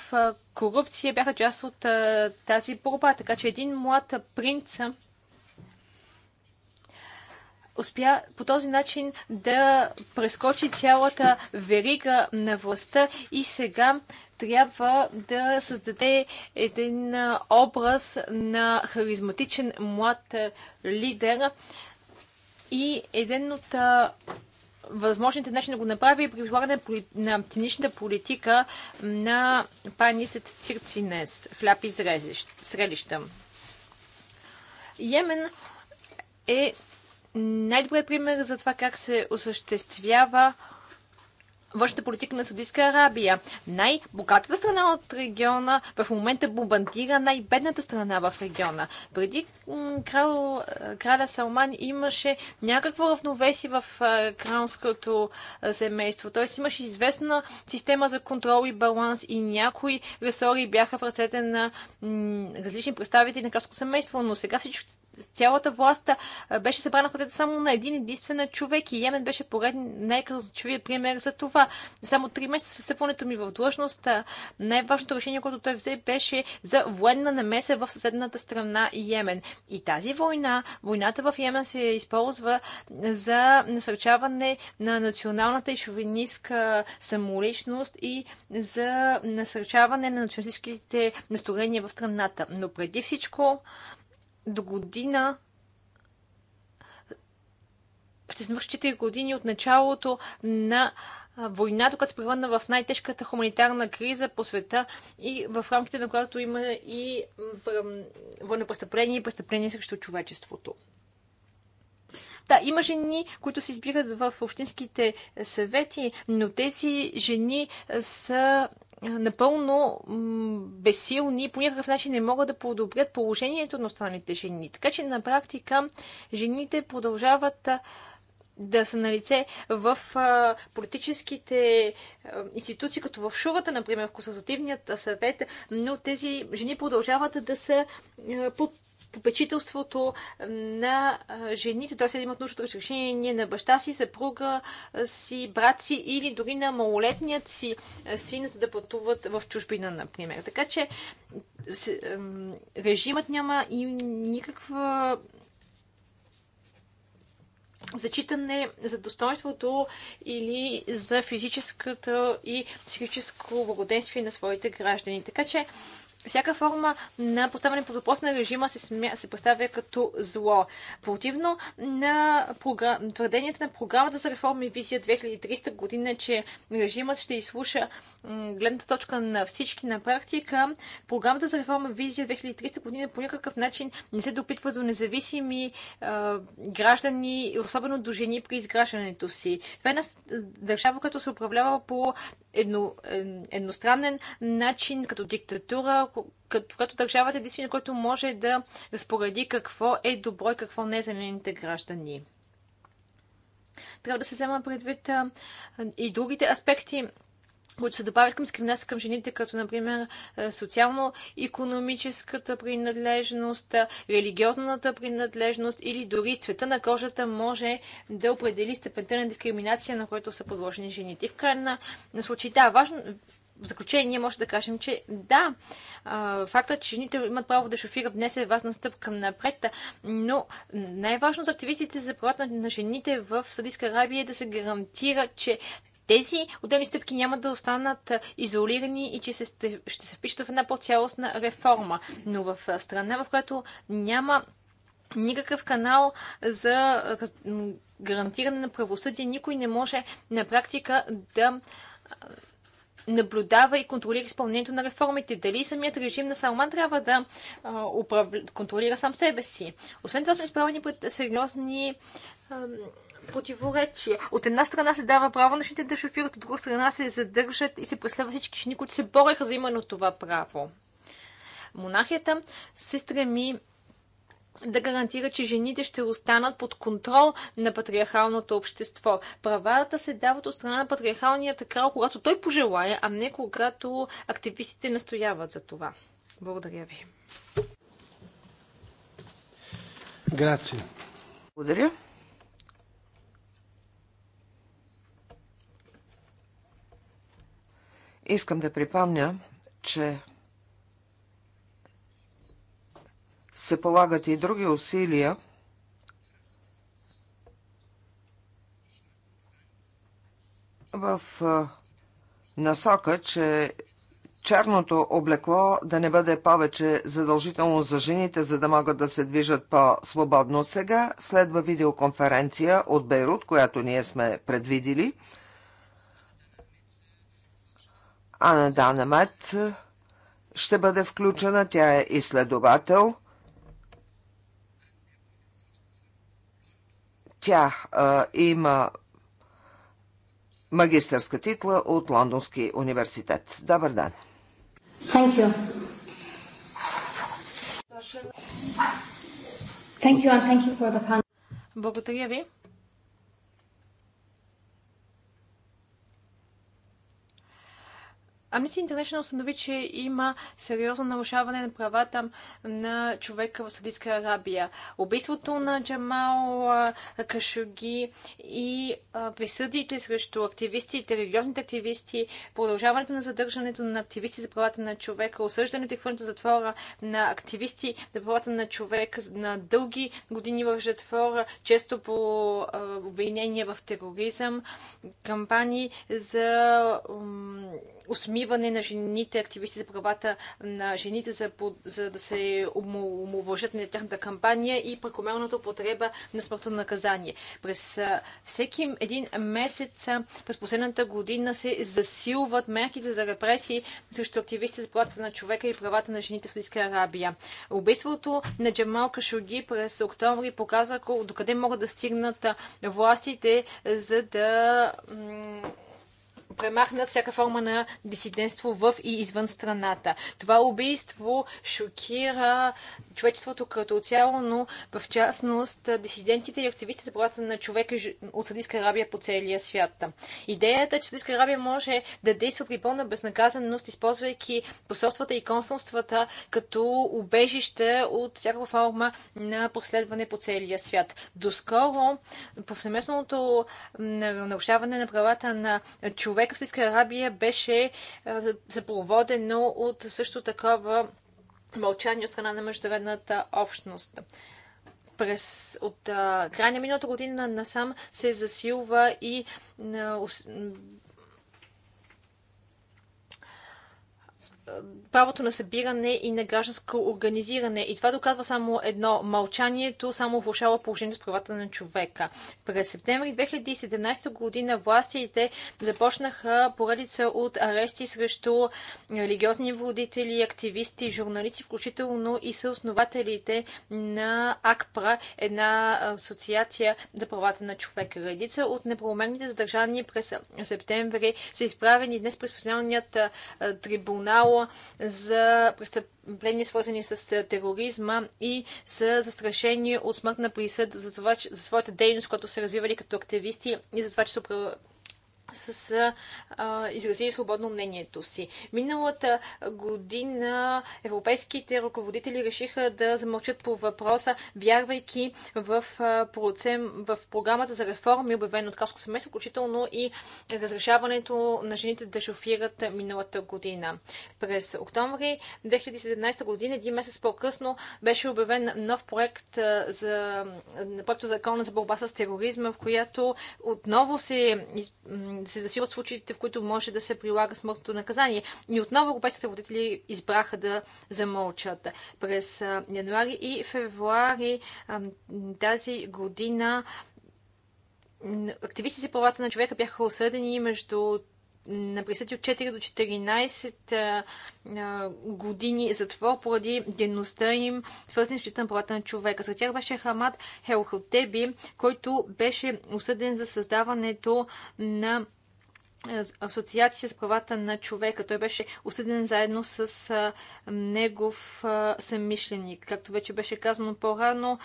корупция бяха част от тази борба. Така че един млад принц успя по този начин да прескочи цялата верига на властта и сега трябва да създаде един образ на харизматичен млад лидер и един от възможните начини да го направи и при прилагане на циничната политика на панисът Цирцинес, хляб и зрелища. Йемен е най-добрият пример за това как се осъществява външната политика на Саудитска Арабия. Най-богатата страна от региона в момента бомбандира най-бедната страна в региона. Преди крал, е, краля Салман имаше някакво равновесие в е, кралското е, семейство. Т.е. имаше известна система за контрол и баланс и някои ресори бяха в ръцете на различни представители на кралското семейство, но сега всичко цялата власт беше събрана в ръцете само на един единствен човек и Йемен беше пореден най-красноречивият пример за това. Само три месеца със съването ми в длъжност, най-важното решение, което той взе, беше за военна намеса в съседната страна Йемен. И тази война, войната в Йемен се използва за насърчаване на националната и шовинистка самоличност и за насърчаване на националистическите настроения в страната. Но преди всичко, до година ще свърши 4 години от началото на войната, която се превърна в най-тежката хуманитарна криза по света и в рамките на която има и военнопрестъпление и престъпление срещу човечеството. Да, има жени, които се избират в общинските съвети, но тези жени са напълно безсилни, по някакъв начин не могат да подобрят положението на останалите жени. Така че на практика жените продължават да са на лице в политическите институции, като в Шурата, например, в Консултативният съвет, но тези жени продължават да са под попечителството на жените, т.е. имат нужда от разрешение на баща си, съпруга си, брат си или дори на малолетният си син, за да пътуват в чужбина, например. Така че режимът няма и никаква зачитане за достоинството или за физическото и психическо благоденствие на своите граждани. Така че всяка форма на поставяне под въпрос на режима се, смя, се представя като зло. Противно на програ... твърденията на програмата за реформи Визия 2300 година, че режимът ще изслуша гледната точка на всички на практика, програмата за реформа Визия 2300 година по някакъв начин не се допитва до независими е, граждани, особено до жени при изграждането си. Това е една държава, която се управлява по едно, едностранен начин, като диктатура, като, като държавата е който може да разпореди какво е добро и какво не е за нейните граждани. Трябва да се взема предвид а, и другите аспекти които се добавят към дискриминация към жените, като, например, социално-економическата принадлежност, религиозната принадлежност или дори цвета на кожата може да определи степента на дискриминация, на която са подложени жените. И в крайна на случай, да, важно, в заключение може да кажем, че да, фактът, че жените имат право да шофират днес е важна стъпка напред, но най-важно за активистите за правата на жените в Съдийска Арабия е да се гарантира, че тези отделни стъпки няма да останат изолирани и че се, ще се впишат в една по-цялостна реформа. Но в страна, в която няма никакъв канал за гарантиране на правосъдие, никой не може на практика да наблюдава и контролира изпълнението на реформите. Дали самият режим на Салман трябва да а, управ... контролира сам себе си. Освен това сме изправени пред сериозни а, противоречия. От една страна се дава право на жените да шофират, от друга страна се задържат и се преследва всички жени, които се бореха за именно това право. Монахията се стреми да гарантира, че жените ще останат под контрол на патриархалното общество. Правата се дават от страна на патриархалният крал, когато той пожелая, а не когато активистите настояват за това. Благодаря ви. Грация. Благодаря. Искам да припомня, че се полагат и други усилия, в насока, че черното облекло да не бъде повече задължително за жените, за да могат да се движат по-свободно сега. Следва видеоконференция от Бейрут, която ние сме предвидили. Ана Данамет ще бъде включена. Тя е изследовател Тя а, има магистърска титла от Лондонски университет. Добър ден! Thank you. Thank you and thank you for the Благодаря ви. Amnesty International установи, че има сериозно нарушаване на правата на човека в Саудитска Арабия. Убийството на Джамал Кашуги и присъдите срещу активистите, религиозните активисти, продължаването на задържането на активисти за правата на човека, осъждането и хвърлянето затвора на активисти за правата на човека на дълги години в затвора, често по обвинения в тероризъм, кампании за Усмиване на жените, активисти за правата на жените, за, за да се омовържат на тяхната кампания и прекомерната употреба на смъртно наказание. През всеки един месец през последната година се засилват мерките за репресии срещу активисти за правата на човека и правата на жените в Саудитска Арабия. Убийството на Джамал Кашоги през октомври показа докъде могат да стигнат властите, за да премахнат всяка форма на дисидентство в и извън страната. Това убийство шокира човечеството като цяло, но в частност дисидентите и активистите за правата на човека от Саудитска Арабия по целия свят. Идеята, че Саудитска Арабия може да действа при пълна безнаказаност, използвайки посолствата и консулствата като убежище от всяка форма на преследване по целия свят. Доскоро повсеместното нарушаване на правата на човека човека в Сирийска Арабия беше е, заповодено от също такова мълчание от страна на международната общност през от а, е, края на миналата година насам се засилва и на, е, правото на събиране и на гражданско организиране. И това доказва само едно мълчанието, само влушава положението с правата на човека. През септември 2017 година властите започнаха поредица от арести срещу религиозни водители, активисти, журналисти, включително и съоснователите на АКПРА, една асоциация за правата на човека. Редица от неправомерните задържани през септември са изправени днес през специалният трибунал сигнал за престъпления, свързани с тероризма и са застрашени от смъртна присъда за, това, че, за своята дейност, която са развивали като активисти и за това, че са с а, изразили свободно мнението си. Миналата година европейските ръководители решиха да замълчат по въпроса, вярвайки в, а, процем, в програмата за реформи, обявено от Каско семейство, включително и разрешаването на жените да шофират миналата година. През октомври 2017 година, един месец по-късно, беше обявен нов проект за проекто закона за борба с тероризма, в която отново се да се засилват случаите, в които може да се прилага смъртното наказание. И отново европейските водители избраха да замълчат. През януари и февруари тази година активисти за правата на човека бяха осъдени между на присъди от 4 до 14 а, години затвор поради дейността им, свързани с на правата на човека. Сред тях беше Хамад Хелхотеби, който беше осъден за създаването на асоциация с правата на човека. Той беше осъден заедно с а, негов а, Както вече беше казано по-рано,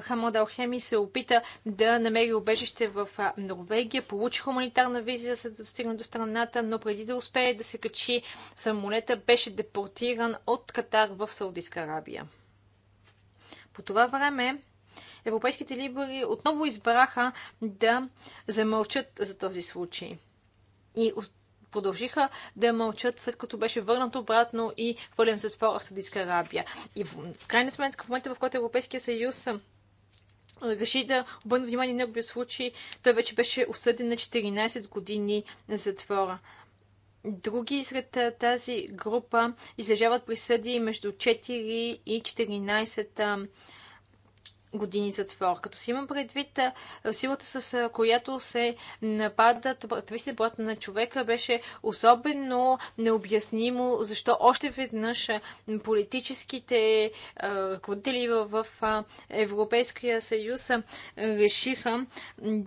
Хамод Алхеми се опита да намери убежище в а, Норвегия, получи хуманитарна визия, за да достигне до страната, но преди да успее да се качи в самолета, беше депортиран от Катар в Саудитска Арабия. По това време европейските либери отново избраха да замълчат за този случай и продължиха да мълчат, след като беше върнат обратно и хвърлен затвора в Саудитска Арабия. И в крайна сметка, в момента, в който Европейския съюз реши да обърне внимание на неговия случай, той вече беше осъден на 14 години затвора. Други сред тази група излежават присъди между 4 и 14 години затвор. Като си имам предвид силата, с която се нападат активистите брат на човека, беше особено необяснимо защо още веднъж политическите ръководители в Европейския съюз решиха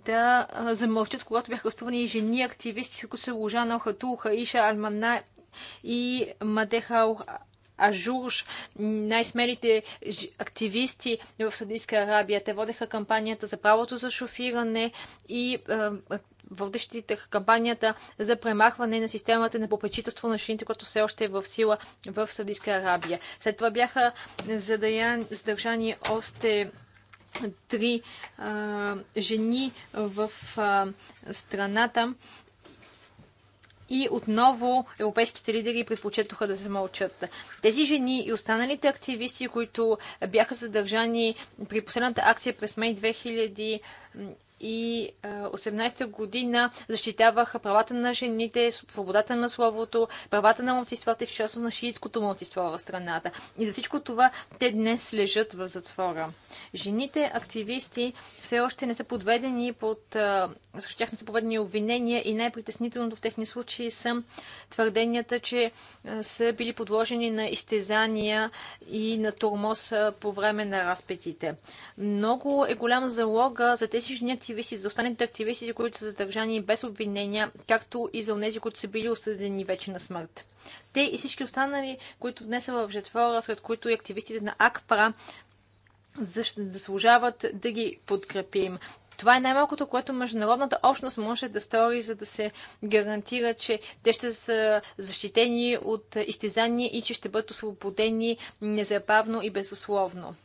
да замълчат, когато бяха и жени активисти, които се лъжа на Хатул, Иша Алмана и Мадеха Ажурш, най-смелите активисти в Саудитска Арабия. Те водеха кампанията за правото за шофиране и водещите кампанията за премахване на системата на попечителство на жените, което все още е в сила в Саудитска Арабия. След това бяха задържани още три а, жени в а, страната и отново европейските лидери предпочетоха да се мълчат. Тези жени и останалите активисти, които бяха задържани при последната акция през май 2000 2018 година защитаваха правата на жените, свободата на словото, правата на младсинствата и в частност на шиитското младсиство в страната. И за всичко това те днес лежат в затвора. Жените активисти все още не са подведени под... Също тях не са подведени обвинения и най-притеснителното в техни случаи са твърденията, че са били подложени на изтезания и на тормоз по време на разпетите. Много е голям залога за тези жени активисти, активисти, за останалите активисти, които са задържани без обвинения, както и за онези, които са били осъдени вече на смърт. Те и всички останали, които днес са в жетвора, сред които и активистите на АКПРА, заслужават да ги подкрепим. Това е най-малкото, което международната общност може да стори, за да се гарантира, че те ще са защитени от изтезания и че ще бъдат освободени незабавно и безусловно.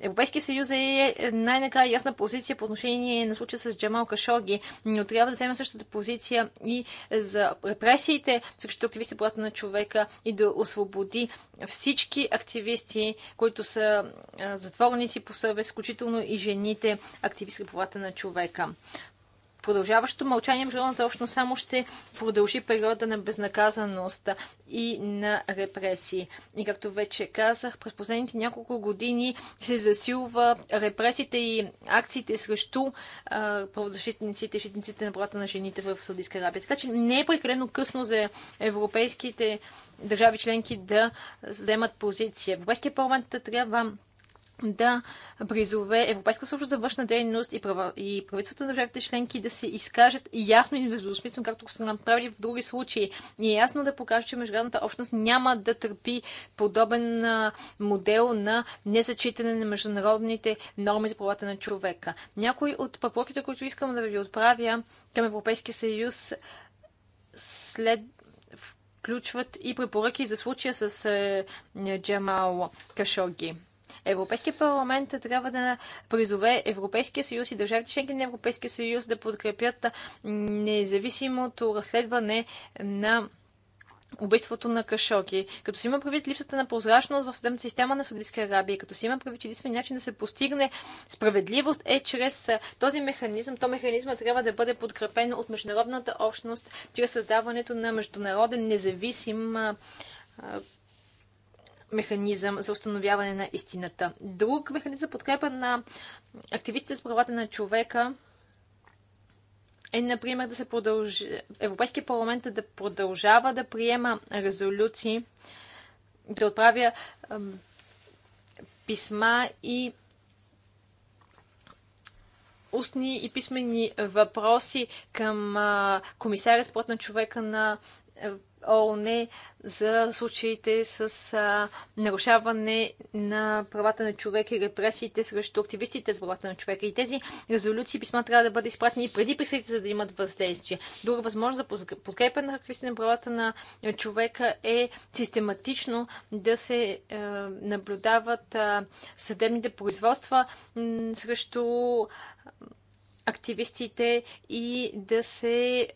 Европейския съюз е най-накрая ясна позиция по отношение на случая с Джамал Кашоги, но трябва да вземе същата позиция и за репресиите срещу активисти правата на човека и да освободи всички активисти, които са затворници по съвест, включително и жените активисти правата на човека. Продължаващото мълчание международната общност само ще продължи периода на безнаказаност и на репресии. И както вече казах, през последните няколко години се засилва репресиите и акциите срещу правозащитниците и защитниците на правата на жените в Саудитска Арабия. Така че не е прекалено късно за европейските държави членки да вземат позиция. Европейския парламент трябва да призове Европейска служба за външна дейност и, права, и правителството на държавите членки да се изкажат ясно и недвусмислено, както са направили в други случаи. И е ясно да покаже, че международната общност няма да търпи подобен модел на незачитане на международните норми за правата на човека. Някои от препоръките, които искам да ви отправя към Европейския съюз след включват и препоръки за случая с е, Джамал Кашоги. Европейския парламент трябва да призове Европейския съюз и държавите членки на Европейския съюз да подкрепят независимото разследване на убийството на Кашоки, като си има предвид липсата на прозрачност в съдебната система на Саудитска Арабия, като си има предвид, че единствения начин да се постигне справедливост е чрез този механизъм. То механизма трябва да бъде подкрепен от международната общност чрез създаването на международен независим механизъм за установяване на истината. Друг механизъм подкрепа на активистите с правата на човека е, например, да се продължи, Европейския парламент да продължава да приема резолюции, да отправя писма и устни и писмени въпроси към комисаря спорт на човека на ООН за случаите с а, нарушаване на правата на човека и репресиите срещу активистите с правата на човека. И тези резолюции писма трябва да бъдат изпратени преди присъдите, за да имат въздействие. Друга възможност за подкрепа на активистите на правата на човека е систематично да се а, е, наблюдават а, съдебните производства м, срещу активистите и да се е,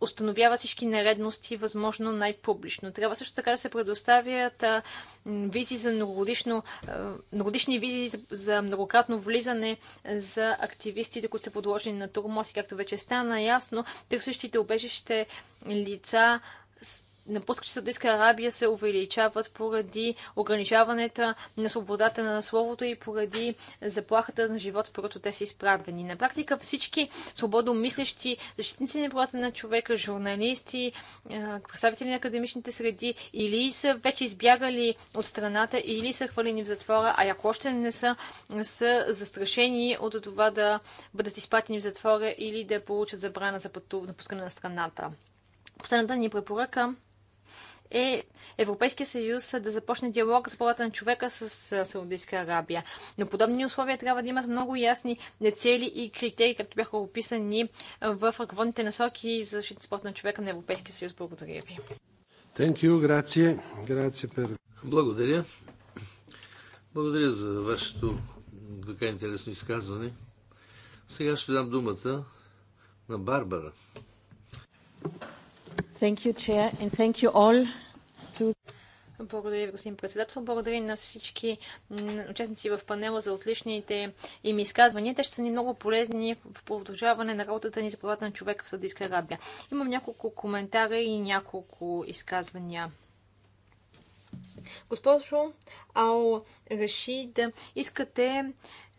установява всички нередности, възможно най-публично. Трябва също така да се предоставят а, визи за многогодишно, а, многогодишни визи за, за многократно влизане за активисти, които са подложени на турмоз и както вече стана ясно, търсещите обежище лица напускащи Саудитска Арабия се увеличават поради ограничаването на свободата на словото и поради заплахата на живота, който те са изправени. На практика всички свободомислещи, защитници на правата на човека, журналисти, представители на академичните среди или са вече избягали от страната или са хвърлени в затвора, а ако още не са, са застрашени от това да бъдат изпратени в затвора или да получат забрана за пътуване, напускане на страната. Последната ни препоръка е Европейския съюз да започне диалог за правата на човека с Саудитска Арабия. Но подобни условия трябва да имат много ясни цели и критерии, както бяха описани в ръководните насоки за защита на правата на човека на Европейския съюз. Благодаря ви. Thank you, grazie. Grazie per... Благодаря. Благодаря за вашето така интересно изказване. Сега ще дам думата на Барбара. Thank you, Chair, and thank you all to... Благодаря ви, господин председател. Благодаря на всички участници в панела за отличните им изказвания. Те ще са ни много полезни в продължаване на работата ни за правата на човека в Саудитска Арабия. Имам няколко коментара и няколко изказвания. Госпожо Ал Рашид, искате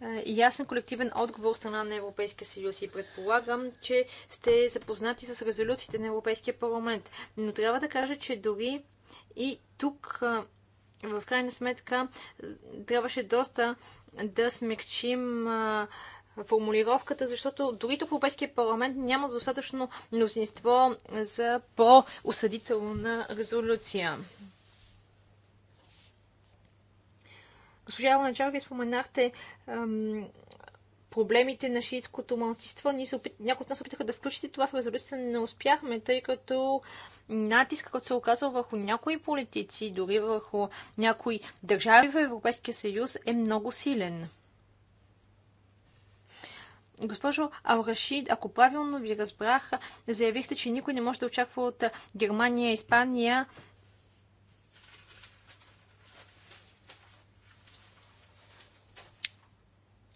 е, ясен колективен отговор от страна на Европейския съюз и предполагам, че сте запознати с резолюциите на Европейския парламент. Но трябва да кажа, че дори и тук е, в крайна сметка трябваше доста да смекчим е, формулировката, защото дори тук Европейския парламент няма достатъчно мнозинство за по-осъдителна резолюция. Госпожа Ланчар, вие споменахте ам, проблемите на шиитското малцинство. Опит... Някои от нас опитаха да включите това в резолюцията, не успяхме, тъй като натискът, който се оказва върху някои политици, дори върху някои държави в Европейския съюз, е много силен. Госпожо Алрашид, ако правилно ви разбрах, заявихте, че никой не може да очаква от Германия и Испания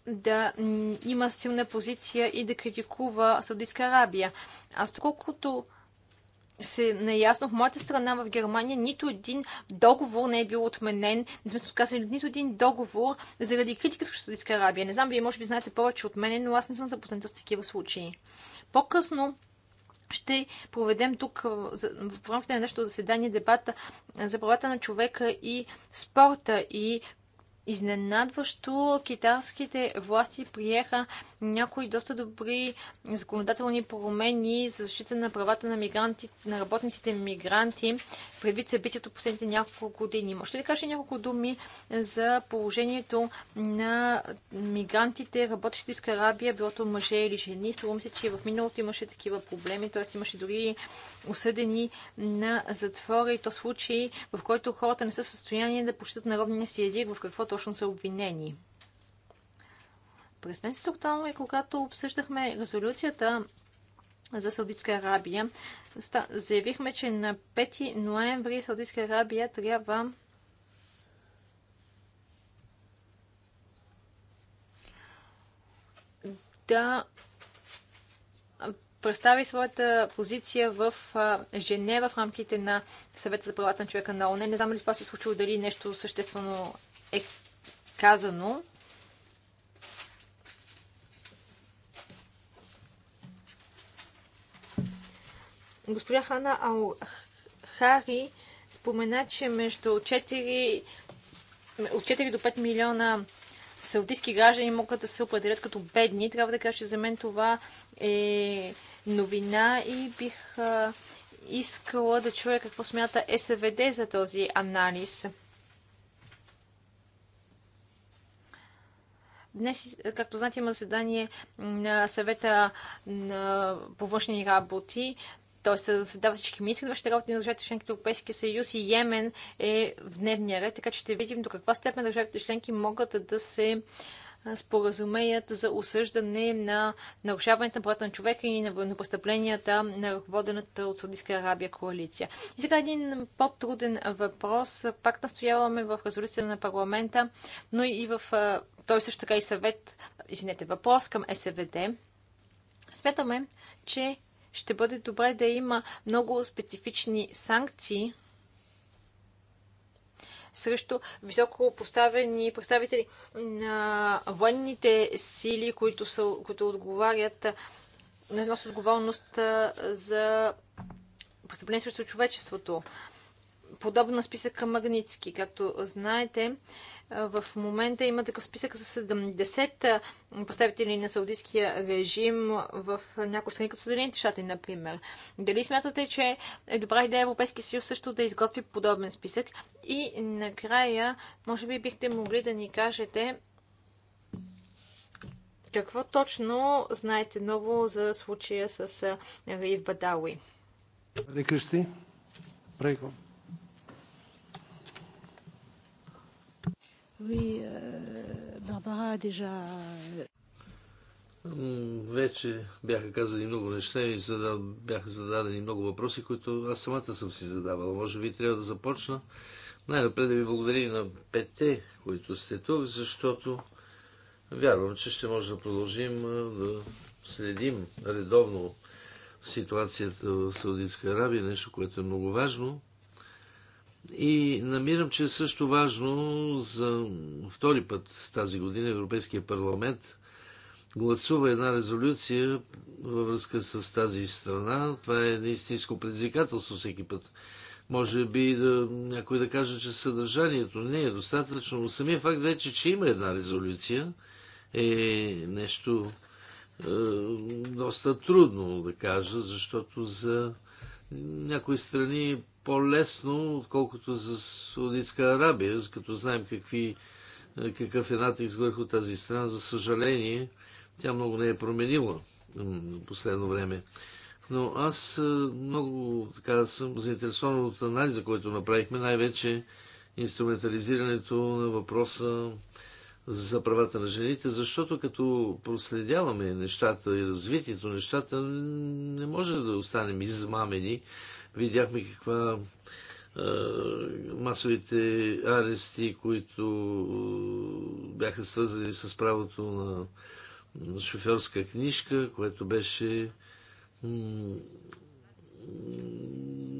да има силна позиция и да критикува Саудитска Арабия. Аз колкото се наясно, в моята страна в Германия нито един договор не е бил отменен. Не сме се отказали нито един договор заради критика срещу Саудитска Арабия. Не знам, вие може би знаете повече от мене, но аз не съм запозната с такива случаи. По-късно ще проведем тук в рамките на нашето заседание дебата за правата на човека и спорта и Изненадващо китайските власти приеха някои доста добри законодателни промени за защита на правата на, мигранти, на работниците мигранти предвид събитието последните няколко години. Може ли да кажа няколко думи за положението на мигрантите, работещи из Карабия, билото мъже или жени? Струва се, че в миналото имаше такива проблеми, т.е. имаше дори осъдени на затвора и то случаи, в който хората не са в състояние да почитат народния си език, в каквото точно са обвинени. През месец октомври, когато обсъждахме резолюцията за Саудитска Арабия, заявихме, че на 5 ноември Саудитска Арабия трябва да представи своята позиция в Женева в рамките на съвета за правата на човека на ОНЕ. Не знам ли това се е случило, дали нещо съществено е казано, госпожа Хана Хари спомена, че между 4, от 4 до 5 милиона саудитски граждани могат да се определят като бедни. Трябва да кажа, че за мен това е новина и бих искала да чуя какво смята СВД за този анализ. Днес, както знаете, има заседание на съвета на повършни работи. Той се заседава всички министри на външните работи на държавите членки на Европейския съюз и Йемен е в дневния ред, така че ще видим до каква степен държавите членки могат да се споразумеят за осъждане на нарушаването на правата на човека и на престъпленията на ръководената от Саудитска Арабия коалиция. И сега един по-труден въпрос. Пак настояваме в резолюция на парламента, но и в той също така и съвет, извинете, въпрос към СВД. Смятаме, че ще бъде добре да има много специфични санкции срещу високо поставени представители на военните сили, които, са, които отговарят на отговорност за престъпление срещу човечеството подобно на списъка Магницки. Както знаете, в момента има такъв списък с 70 представители на саудитския режим в някои страни, като Съединените щати, например. Дали смятате, че е добра идея Европейския съюз също да изготви подобен списък? И накрая, може би бихте могли да ни кажете какво точно знаете ново за случая с Раив Бадауи? Кристи, прего. Oui, Барбара euh, déjà... Euh, вече бяха казани много неща и задав... бяха зададени много въпроси, които аз самата съм си задавала. Може би трябва да започна. Най-напред да ви благодаря на пете, които сте тук, защото вярвам, че ще може да продължим да следим редовно ситуацията в Саудитска Арабия, нещо, което е много важно. И намирам, че е също важно за втори път тази година Европейския парламент гласува една резолюция във връзка с тази страна. Това е истинско предизвикателство всеки път. Може би да, някой да каже, че съдържанието не е достатъчно, но самия факт вече, че има една резолюция, е нещо е, доста трудно да кажа, защото за някои страни по-лесно, отколкото за Саудитска Арабия, като знаем какви, е, какъв е натиск върху тази страна. За съжаление, тя много не е променила в последно време. Но аз е, много така съм заинтересован от анализа, който направихме, най-вече инструментализирането на въпроса за правата на жените, защото като проследяваме нещата и развитието нещата, не може да останем измамени Видяхме каква масовите арести, които бяха свързани с правото на шофьорска книжка, което беше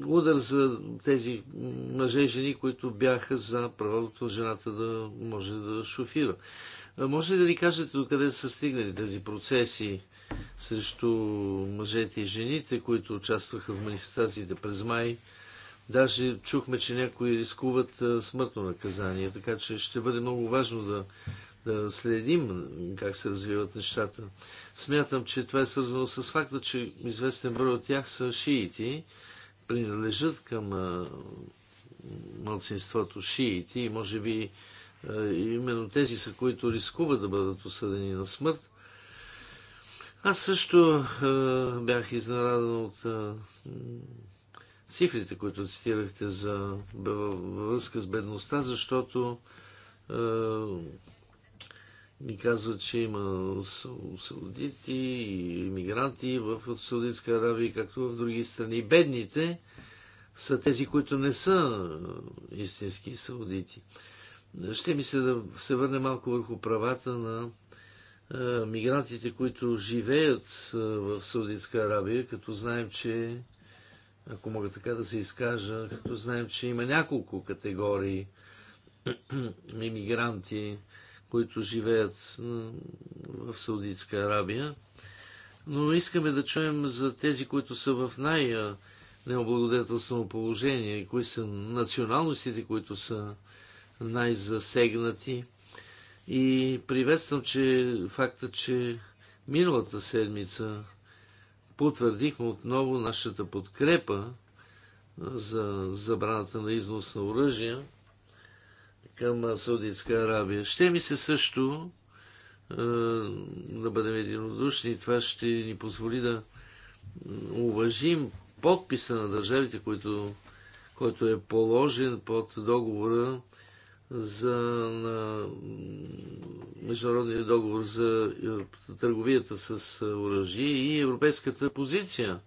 удар за тези мъже и жени, които бяха за правото на жената да може да шофира. Може ли да ни кажете докъде са стигнали тези процеси? срещу мъжете и жените, които участваха в манифестациите през май. Даже чухме, че някои рискуват смъртно наказание, така че ще бъде много важно да, да следим как се развиват нещата. Смятам, че това е свързано с факта, че известен брой от тях са шиити, принадлежат към младсинството шиити и може би именно тези са, които рискуват да бъдат осъдени на смърт. Аз също е, бях изненадан от е, цифрите, които цитирахте за връзка с бедността, защото е, ми казват, че има саудити и иммигранти в Саудитска Аравия, както в други страни. Бедните са тези, които не са истински саудити. Ще ми се да се върне малко върху правата на мигрантите, които живеят в Саудитска Арабия, като знаем, че, ако мога така да се изкажа, като знаем, че има няколко категории [CLEARS THROAT] мигранти, които живеят в Саудитска Арабия. Но искаме да чуем за тези, които са в най-необлагодетелствено положение, кои са националностите, които са най-засегнати и приветствам, че факта, че миналата седмица потвърдихме отново нашата подкрепа за забраната на износ на оръжия към Саудитска Арабия. Ще ми се също да бъдем единодушни. Това ще ни позволи да уважим подписа на държавите, който, който е положен под договора за на международния договор за е, търговията с е, оръжие и европейската позиция.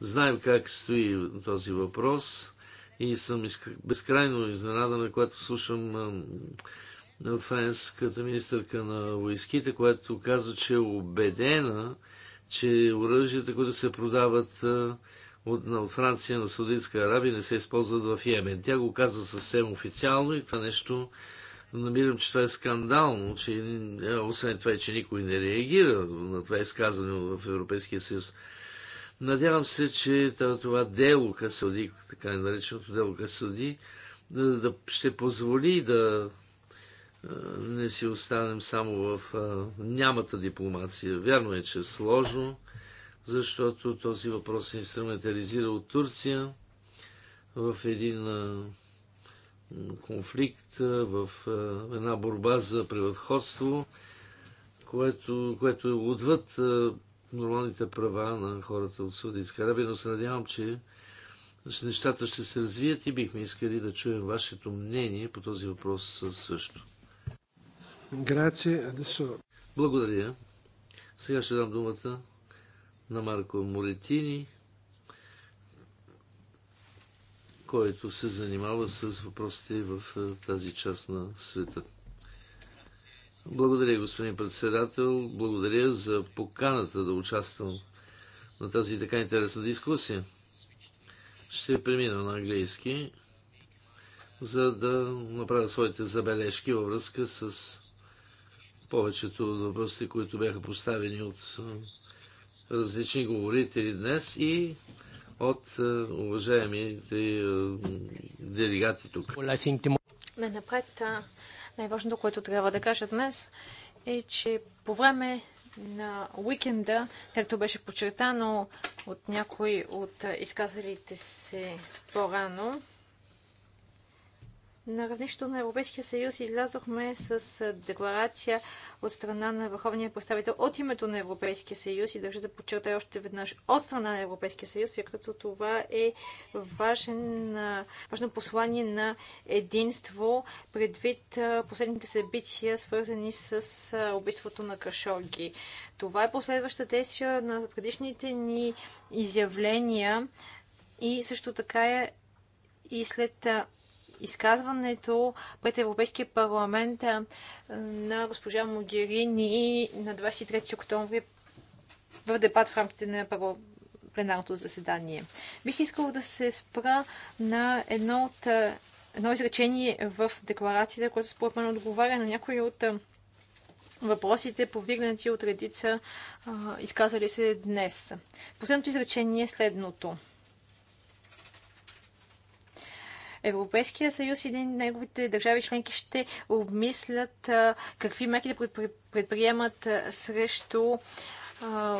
Знаем как стои този въпрос и съм безкрайно изненадана, когато слушам френската министърка на войските, която каза, че е убедена, че оръжията, които се продават е, от, от Франция на Саудитска Арабия не се използват в Йемен. Тя го казва съвсем официално и това нещо намирам, че това е скандално, че е, освен това, че никой не реагира на това изказване в Европейския съюз. Надявам се, че това дело Касауди, така нареченото дело Касауди, да, да, ще позволи да е, не си останем само в а, е, нямата дипломация. Вярно е, че е сложно защото този въпрос се инструментализира от Турция в един конфликт, в една борба за превъзходство, което, което е отвъд нормалните права на хората от Саудитска Арабия, но се надявам, че нещата ще се развият и бихме искали да чуем вашето мнение по този въпрос също. Благодаря. Сега ще дам думата на Марко Молетини, който се занимава с въпросите в е, тази част на света. Благодаря, господин председател. Благодаря за поканата да участвам на тази така интересна дискусия. Ще премина на английски, за да направя своите забележки във връзка с повечето от въпросите, които бяха поставени от е, различни говорители днес и от е, уважаемите е, делегати тук. най напред е, най-важното, което трябва да кажа днес е, че по време на уикенда, както беше подчертано от някой от изказалите се по-рано, на равнището на Европейския съюз излязохме с декларация от страна на върховния представител от името на Европейския съюз и държа да подчертая още веднъж от страна на Европейския съюз, тъй като това е важен, важно послание на единство предвид последните събития, свързани с убийството на Кашоги. Това е последваща действие на предишните ни изявления и също така е и след изказването пред Европейския парламент на госпожа Могерини на 23 октомври в дебат в рамките на пленарното заседание. Бих искала да се спра на едно, от, едно изречение в декларацията, което според мен отговаря на някои от въпросите, повдигнати от редица изказали се днес. Последното изречение е следното – Европейския съюз и неговите държави членки ще обмислят какви мерки да предприемат срещу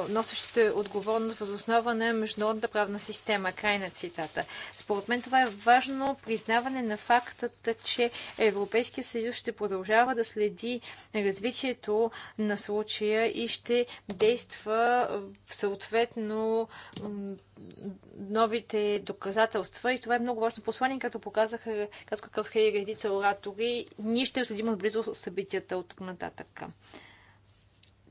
носещите отговорност възоснова на международната правна система. Край на цитата. Според мен това е важно признаване на фактът, че Европейския съюз ще продължава да следи развитието на случая и ще действа съответно новите доказателства. И това е много важно послание, като показаха, казаха и редица оратори. Ние ще следим отблизо събитията от тук нататък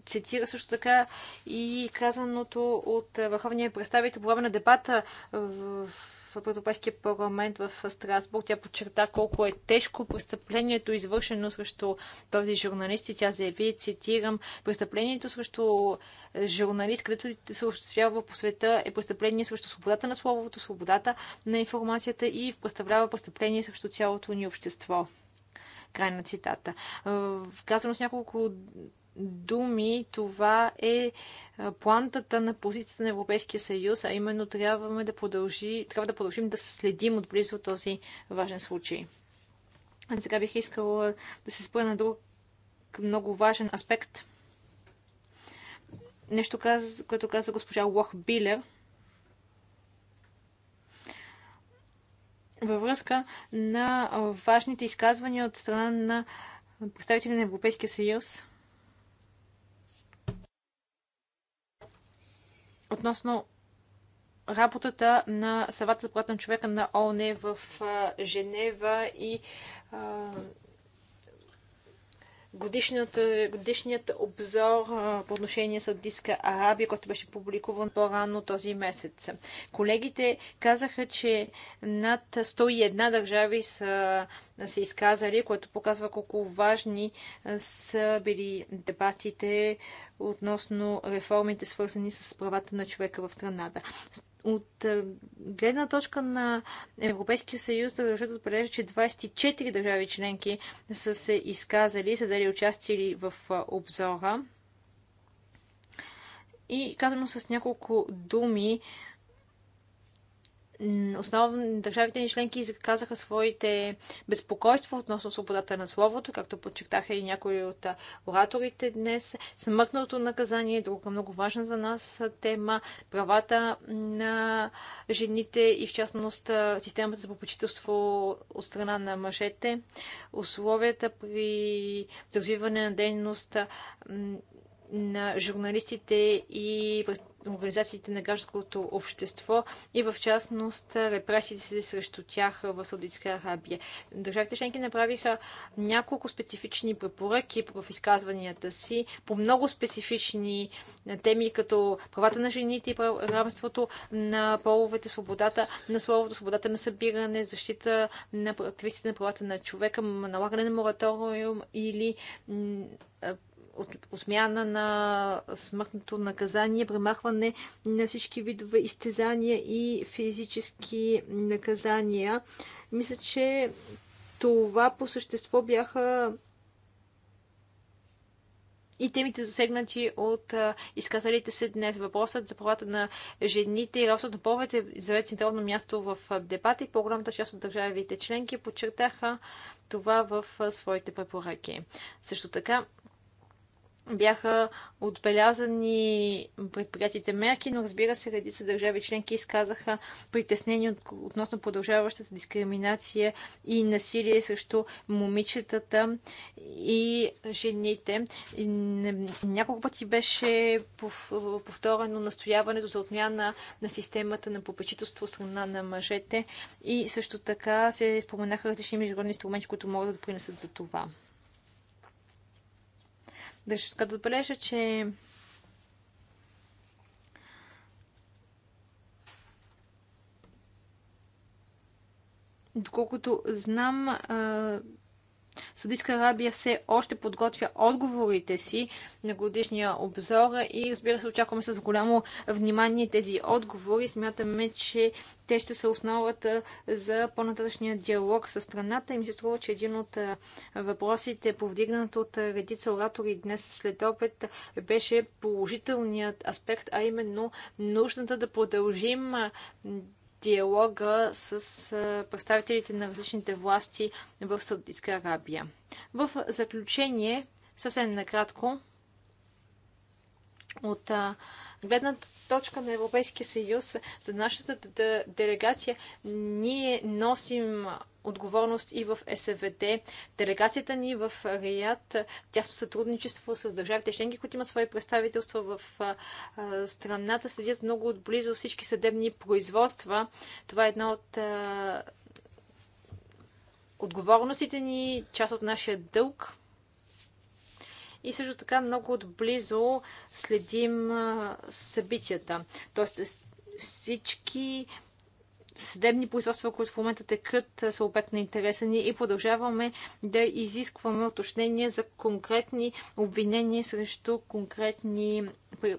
цитира също така и казаното от е, върховния представител по време на дебата в в Европейския парламент в Страсбург. Тя подчерта колко е тежко престъплението, извършено срещу този журналист. И тя заяви, цитирам, престъплението срещу е, журналист, където се осъществява по света, е престъпление срещу свободата на словото, свободата на информацията и представлява престъпление срещу цялото ни общество. Край на цитата. Е, казано с няколко думи, това е плантата на позицията на Европейския съюз, а именно трябваме да продължи, трябва да продължим да следим отблизо този важен случай. А сега бих искала да се спра на друг много важен аспект. Нещо, което каза госпожа Лох Билер – във връзка на важните изказвания от страна на представители на Европейския съюз относно работата на съвата за правата на човека на ООН е в Женева и а, годишният, годишният обзор а, по отношение Саудитска Арабия, който беше публикуван по-рано този месец. Колегите казаха, че над 101 държави са се изказали, което показва колко важни са били дебатите относно реформите, свързани с правата на човека в страната. От е, гледна точка на Европейския съюз, държавата отбележа, че 24 държави членки са се изказали, са дали участие в е, обзора. И казано с няколко думи, основно държавите ни членки казаха своите безпокойства относно свободата на словото, както подчертаха и някои от ораторите днес. Смъкното наказание е друга много важна за нас тема. Правата на жените и в частност системата за попечителство от страна на мъжете. Условията при развиване на дейност на журналистите и организациите на гражданското общество и в частност репресиите си срещу тях в Саудитска Арабия. Държавите членки направиха няколко специфични препоръки в изказванията си по много специфични теми, като правата на жените и равенството на половете, свободата на словото, свободата на събиране, защита на активистите на правата на човека, налагане на мораториум или отмяна на смъртното наказание, премахване на всички видове изтезания и физически наказания. Мисля, че това по същество бяха и темите засегнати от изказалите се днес. Въпросът за правата на жените и работата на половете заве централно място в дебата и по-голямата част от държавите членки подчертаха това в своите препоръки. Също така бяха отбелязани предприятите мерки, но разбира се, редица държави членки изказаха от, относно продължаващата дискриминация и насилие срещу момичетата и жените. Няколко пъти беше повторено настояването за отмяна на системата на попечителство страна на мъжете и също така се споменаха различни международни инструменти, които могат да принесат за това. Дъщо иска да отбележа, че доколкото знам, Съдийска Арабия все още подготвя отговорите си на годишния обзор и разбира се очакваме с голямо внимание тези отговори. Смятаме, че те ще са основата за по-нататъчния диалог с страната и ми се струва, че един от въпросите, повдигнат от редица оратори днес след обед, беше положителният аспект, а именно нуждата да продължим диалога с представителите на различните власти в Саудитска Арабия. В заключение, съвсем накратко, от гледната точка на Европейския съюз, за нашата делегация, ние носим отговорност и в СВД. Делегацията ни в Рият, тясно сътрудничество с държавите членки, които имат свои представителства в страната, следят много отблизо всички съдебни производства. Това е една от отговорностите ни, част от нашия дълг. И също така много отблизо следим събитията. Тоест всички съдебни производства, които в момента текат, са обект на интереса ни и продължаваме да изискваме уточнения за конкретни обвинения срещу конкретни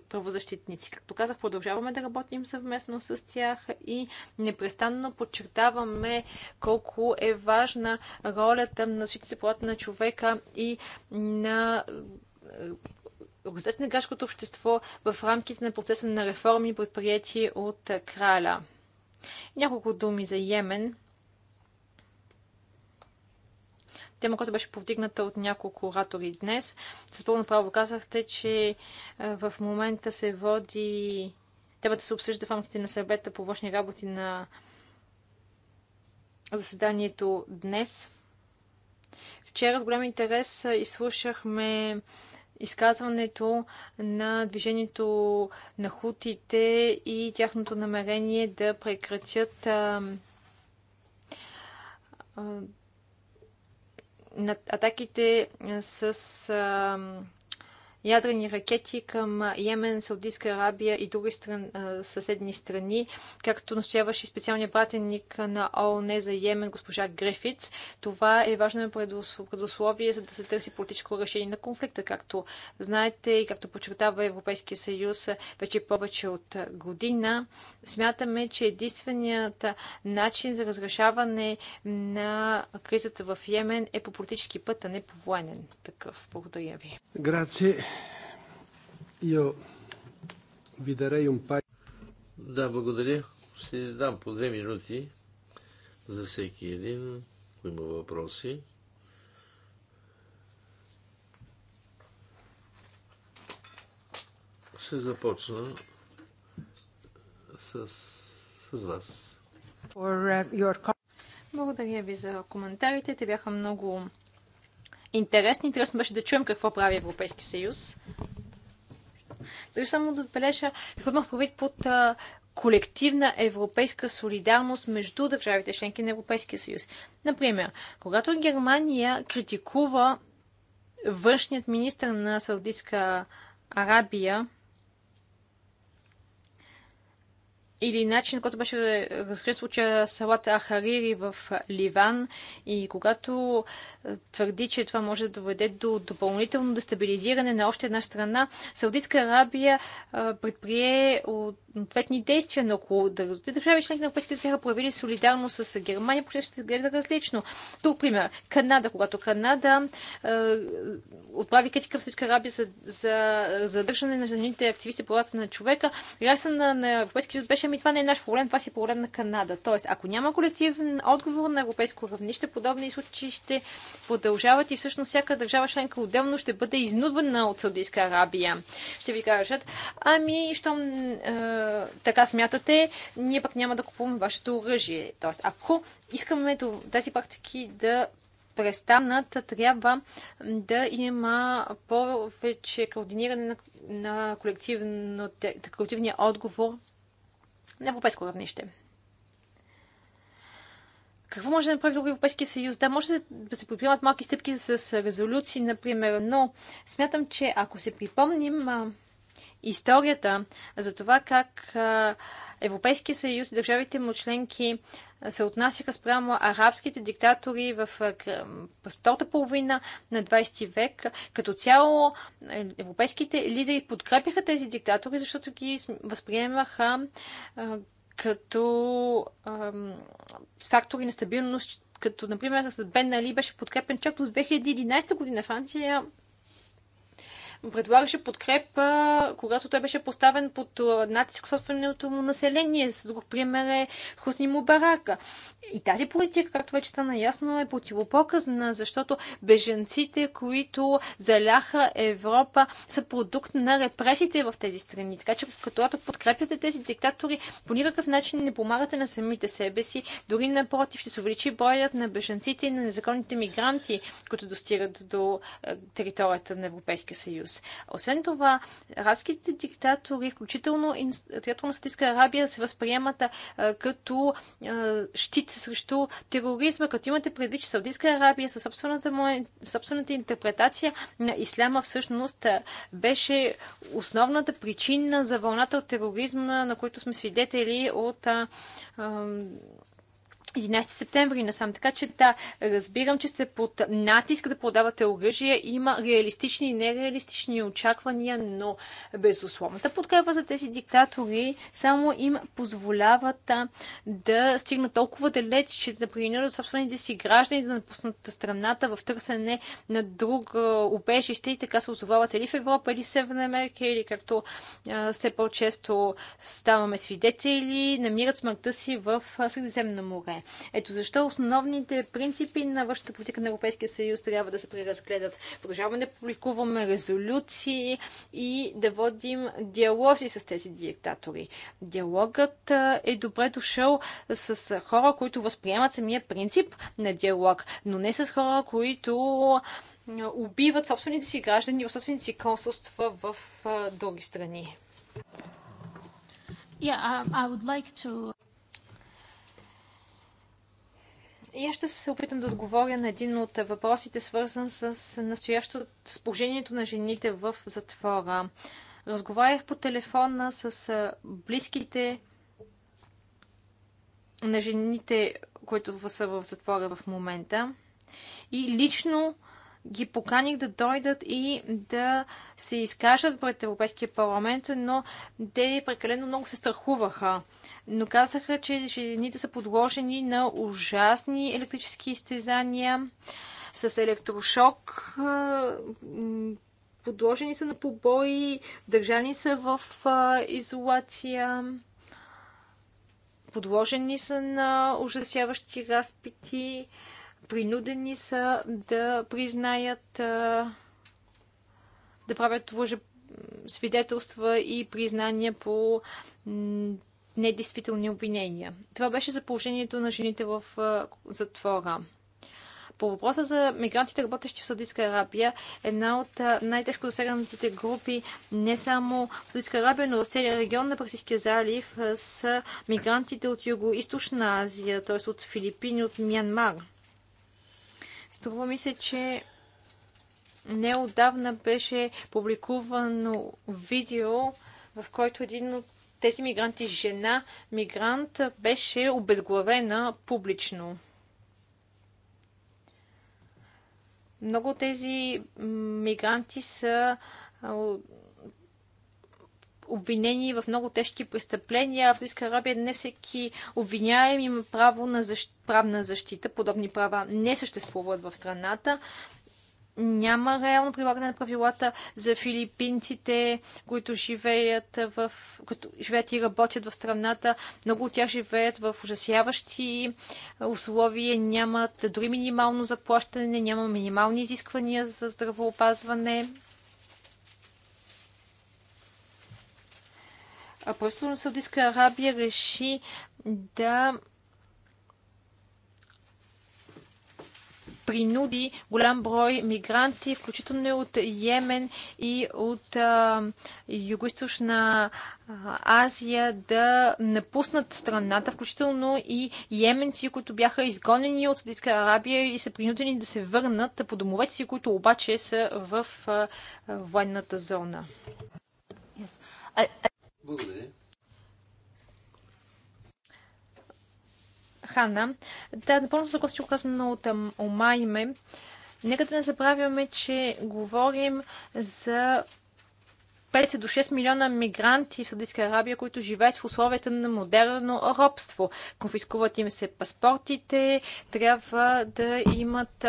правозащитници. Както казах, продължаваме да работим съвместно с тях и непрестанно подчертаваме колко е важна ролята на защитите правата на човека и на организацията на гражданското общество в рамките на процеса на реформи, предприяти от краля. Няколко думи за Йемен. Тема, която беше повдигната от няколко оратори днес. С пълно право казахте, че е, в момента се води... Темата се обсъжда в рамките на съвета по външни работи на заседанието днес. Вчера с голям интерес е, изслушахме изказването на движението на хутите и тяхното намерение да прекратят а, а, атаките с а, ядрени ракети към Йемен, Саудитска Арабия и други стран, съседни страни, както настояваше специалният пратеник на ООН за Йемен, госпожа Грефиц. Това е важно предусловие, за да се търси политическо решение на конфликта, както знаете и както подчертава Европейския съюз вече повече от година. Смятаме, че единственият начин за разрешаване на кризата в Йемен е по политически път, а не по военен такъв. Благодаря ви. Грация. Io vi darei un paio... Да, благодаря. Ще дам по две минути за всеки един, ако има въпроси. Ще започна с, с вас. Uh, благодаря ви за коментарите. Те бяха много интересни. Интересно беше да чуем какво прави Европейски съюз. Дали само да отбележа, какво имах повид под а, колективна европейска солидарност между държавите членки на Европейския съюз. Например, когато Германия критикува външният министр на Саудитска Арабия или начин, който беше разкрит случая Салат Ахарири в Ливан и когато е, твърди, че това може да доведе до допълнително дестабилизиране на още една страна, Саудитска Арабия е, предприе от ответни действия, но ако другите държави членки на Европейския съюз бяха проявили солидарност с Германия, поне ще гледа различно. Тук, пример. Канада. Когато Канада е, отправи критика в Сиска Арабия за, за задържане на жените активисти по на човека, реакцията на, на Европейския съюз беше, ами това не е наш проблем, това си е проблем на Канада. Тоест, ако няма колективен отговор на европейско равнище, подобни случаи ще продължават и всъщност всяка държава членка отделно ще бъде изнудвана от Саудийска Арабия. Ще ви кажат, ами, щом е, е, така смятате, ние пък няма да купуваме вашето оръжие. Тоест, ако искаме тези практики да престанат, трябва да има повече координиране на, на колективния отговор на европейско равнище. Какво може да направи друг Европейския съюз? Да, може да се предприемат малки стъпки с резолюции, например, но смятам, че ако се припомним историята за това как Европейския съюз и държавите му членки се отнасяха спрямо арабските диктатори в втората половина на 20 век. Като цяло е, европейските лидери подкрепяха тези диктатори, защото ги възприемаха като фактори на стабилност, като, например, Бен Али беше подкрепен чак до 2011 година. Франция предлагаше подкрепа, когато той беше поставен под натиск собственото му население. С друг пример е Хусни Мубарака. И тази политика, както вече стана ясно, е противопоказна, защото беженците, които заляха Европа, са продукт на репресите в тези страни. Така че, като подкрепяте тези диктатори, по никакъв начин не помагате на самите себе си. Дори напротив, ще се увеличи броят на беженците и на незаконните мигранти, които достигат до територията на Европейския съюз съюз. Освен това, арабските диктатори, включително диктатор на Саудитска Арабия, се възприемат а, като а, щит срещу тероризма, като имате предвид, че Саудитска Арабия със собствената, му, собствената интерпретация на исляма всъщност беше основната причина за вълната от тероризма, на който сме свидетели от а, 11 септември насам. Така че да, разбирам, че сте под натиск да продавате оръжие. Има реалистични и нереалистични очаквания, но безусловната подкрепа за тези диктатори само им позволяват да стигнат толкова далеч, че да принудят собствените си граждани да напуснат страната в търсене на друг убежище и така се озовават или в Европа, или в Северна Америка, или както все по-често ставаме свидетели, намират смъртта си в Средиземно море. Ето защо основните принципи на вашата политика на Европейския съюз трябва да се преразгледат. Продължаваме да публикуваме резолюции и да водим диалози с тези диктатори. Диалогът е добре дошъл с хора, които възприемат самия принцип на диалог, но не с хора, които убиват собствените си граждани в собствените си консулства в други страни. Yeah, like to... И аз ще се опитам да отговоря на един от въпросите, свързан с настоящото спожението на жените в затвора. Разговарях по телефона с близките на жените, които са в затвора в момента. И лично ги поканих да дойдат и да се изкажат пред Европейския парламент, но те прекалено много се страхуваха но казаха, че жените са подложени на ужасни електрически изтезания с електрошок, е, подложени са на побои, държани са в е, изолация, подложени са на ужасяващи разпити, принудени са да признаят, е, да правят лъжа свидетелства и признания по недействителни обвинения. Това беше за положението на жените в затвора. По въпроса за мигрантите, работещи в Саудитска Арабия, една от най-тежко засегнатите групи не само в Саудитска Арабия, но в целия регион на Парсийския залив са мигрантите от Юго-Источна Азия, т.е. от Филипини, от Мянмар. Струва ми се, че неодавна беше публикувано видео, в който един от тези мигранти. Жена мигрант беше обезглавена публично. Много от тези мигранти са обвинени в много тежки престъпления. в Австрийска Арабия не всеки обвиняем има право на защ... правна защита. Подобни права не съществуват в страната няма реално прилагане на правилата за филипинците, които живеят, в, които живеят и работят в страната. Много от тях живеят в ужасяващи условия, нямат дори минимално заплащане, няма минимални изисквания за здравеопазване. А правителството на Саудитска Арабия реши да принуди голям брой мигранти, включително и от Йемен и от Юго-Источна Азия да напуснат страната, включително и йеменци, които бяха изгонени от Саудитска Арабия и са принудени да се върнат по домовете си, които обаче са в военната зона. Благодаря. Хана. Да, напълно костя, казано от Омайме. Нека да не забравяме, че говорим за 5 до 6 милиона мигранти в Саудитска Арабия, които живеят в условията на модерно робство. Конфискуват им се паспортите, трябва да имат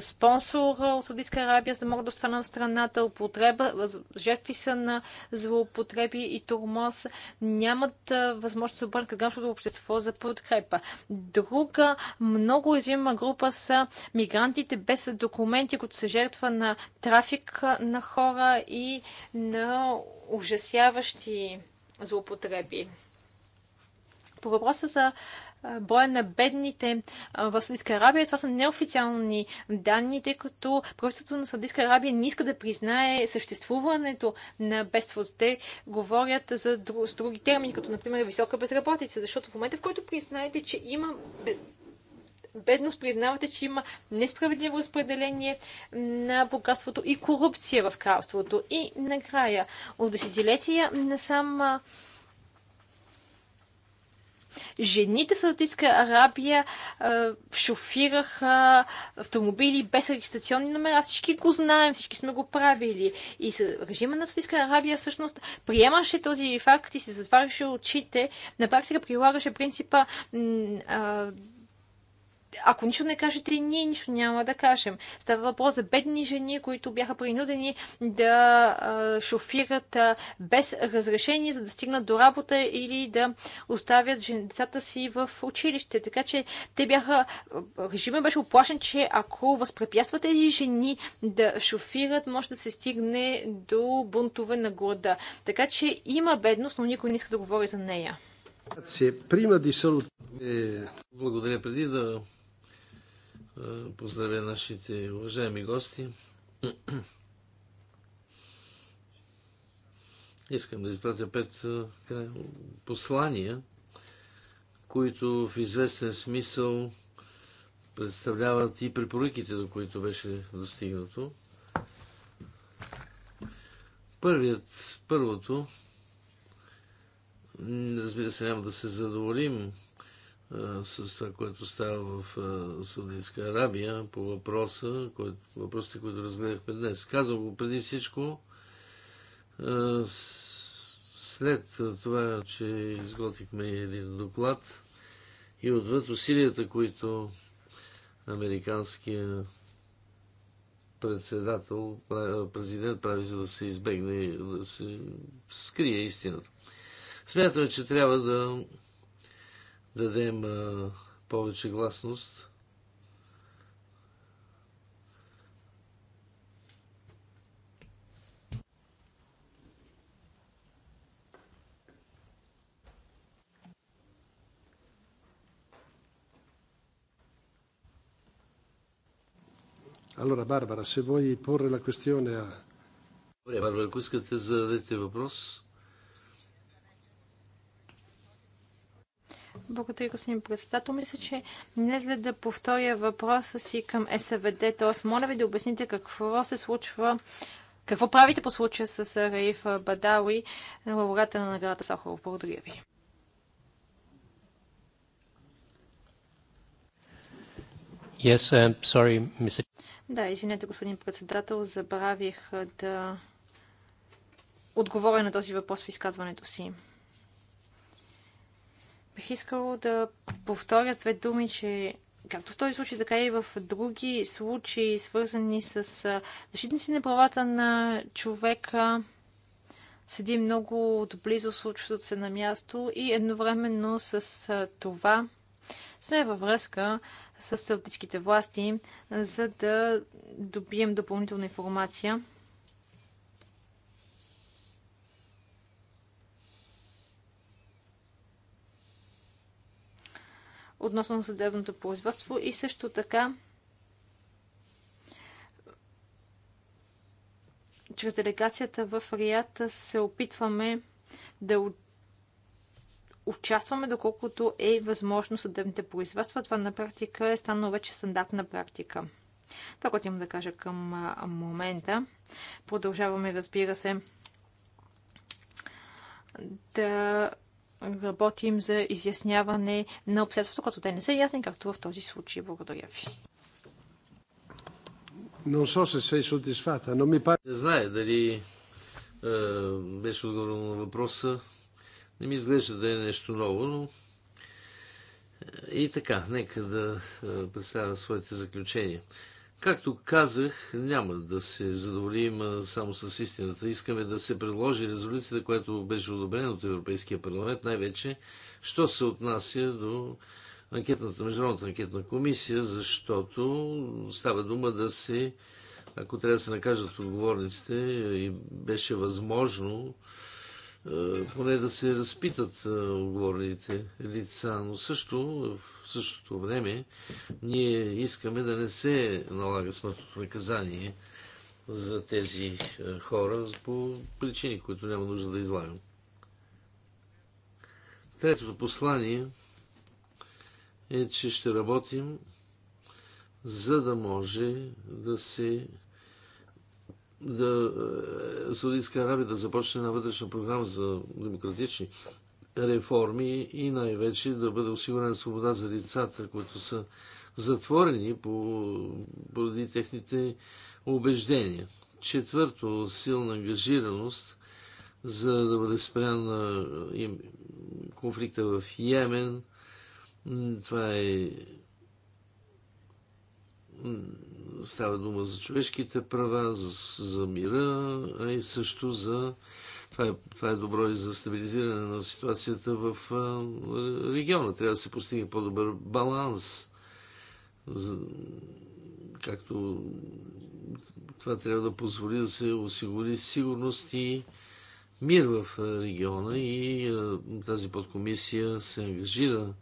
спонсор от Саудитска Арабия, за да могат да останат в страната. Употреба, жертви са на злоупотреби и турмоз. Нямат възможност да се обърнат към гражданското общество за подкрепа. Друга много уязвима група са мигрантите без документи, които са жертва на трафик на хора и на ужасяващи злоупотреби. По въпроса за броя на бедните в Саудитска Арабия. Това са неофициални данни, тъй като правителството на Саудитска Арабия не иска да признае съществуването на бедството. Те говорят за друг, с други термини, като например висока безработица, защото в момента, в който признаете, че има бедност, признавате, че има несправедливо разпределение на богатството и корупция в кралството. И накрая, от десетилетия сама. Жените в Саудитска Арабия а, шофираха автомобили без регистрационни номера. Всички го знаем, всички сме го правили. И режима на Саудитска Арабия всъщност приемаше този факт и се затваряше очите. На практика прилагаше принципа а, ако нищо не кажете, ние нищо няма да кажем. Става въпрос за бедни жени, които бяха принудени да шофират без разрешение, за да стигнат до работа или да оставят децата си в училище. Така че те бяха. Режима беше оплашен, че ако възпрепятства тези жени да шофират, може да се стигне до бунтове на глада. Така че има бедност, но никой не иска да говори за нея. Е. Благодаря. Преди да е, поздравя нашите уважаеми гости. Искам да изпратя пет е, послания, които в известен смисъл представляват и препоръките, до които беше достигнато. Първият, първото, разбира се, няма да се задоволим с това, което става в Саудитска Арабия по въпроса, който, въпросите, които разгледахме днес. Казвам го преди всичко след това, че изготвихме един доклад и отвъд усилията, които американския председател, президент прави, за да се избегне, да се скрие истината. Смятаме, че трябва да дадем а, повече гласност. Allora Barbara, se vuoi porre la questione a... Добре, se vuoi porre la questione a... Благодаря, господин председател. Мисля, че не зле да повторя въпроса си към СВД. Т.е. моля ви да обясните какво се случва какво правите по случая с Раиф Бадави, лаборатор на наградата Сахаров? Благодаря ви. Yes, uh, sorry, Mr. Да, извинете, господин председател, забравих да отговоря на този въпрос в изказването си. Бих искала да повторя с две думи, че както в този случай, така и в други случаи, свързани с защитници на правата на човека, седи много отблизо случващото се на място и едновременно с това сме във връзка с саудитските власти, за да добием допълнителна информация относно съдебното производство и също така чрез делегацията в Рият се опитваме да участваме доколкото е възможно съдебните производства. Това на практика е станало вече стандартна практика. Това, което имам да кажа към момента. Продължаваме, разбира се, да работим за изясняване на обстоятелството, като те не са ясни, както в този случай. Благодаря ви. Non so se sei soddisfatta, non mi pare... Не знае дали е, беше отговорено на въпроса. Не ми изглежда да е нещо ново, но е, и така, нека да е, представя своите заключения. Както казах, няма да се задоволим само с истината. Искаме да се предложи резолюцията, която беше одобрена от Европейския парламент, най-вече, що се отнася до анкетната, Международната анкетна комисия, защото става дума да се, ако трябва да се накажат отговорниците, и беше възможно е, поне да се разпитат е, оговорните лица, но също в същото време ние искаме да не се налага смъртното наказание за тези е, хора по причини, които няма нужда да излагам. Третото послание е, че ще работим, за да може да се да е, Саудитска Арабия да започне една вътрешна програма за демократични реформи и най-вече да бъде осигурена свобода за лицата, които са затворени по, поради техните убеждения. Четвърто, силна ангажираност за да бъде спрян на е, конфликта в Йемен. Това е Става дума за човешките права, за, за мира, а и също за... Това е, това е добро и за стабилизиране на ситуацията в региона. Трябва да се постигне по-добър баланс. За, както това трябва да позволи да се осигури сигурност и мир в региона и тази подкомисия се ангажира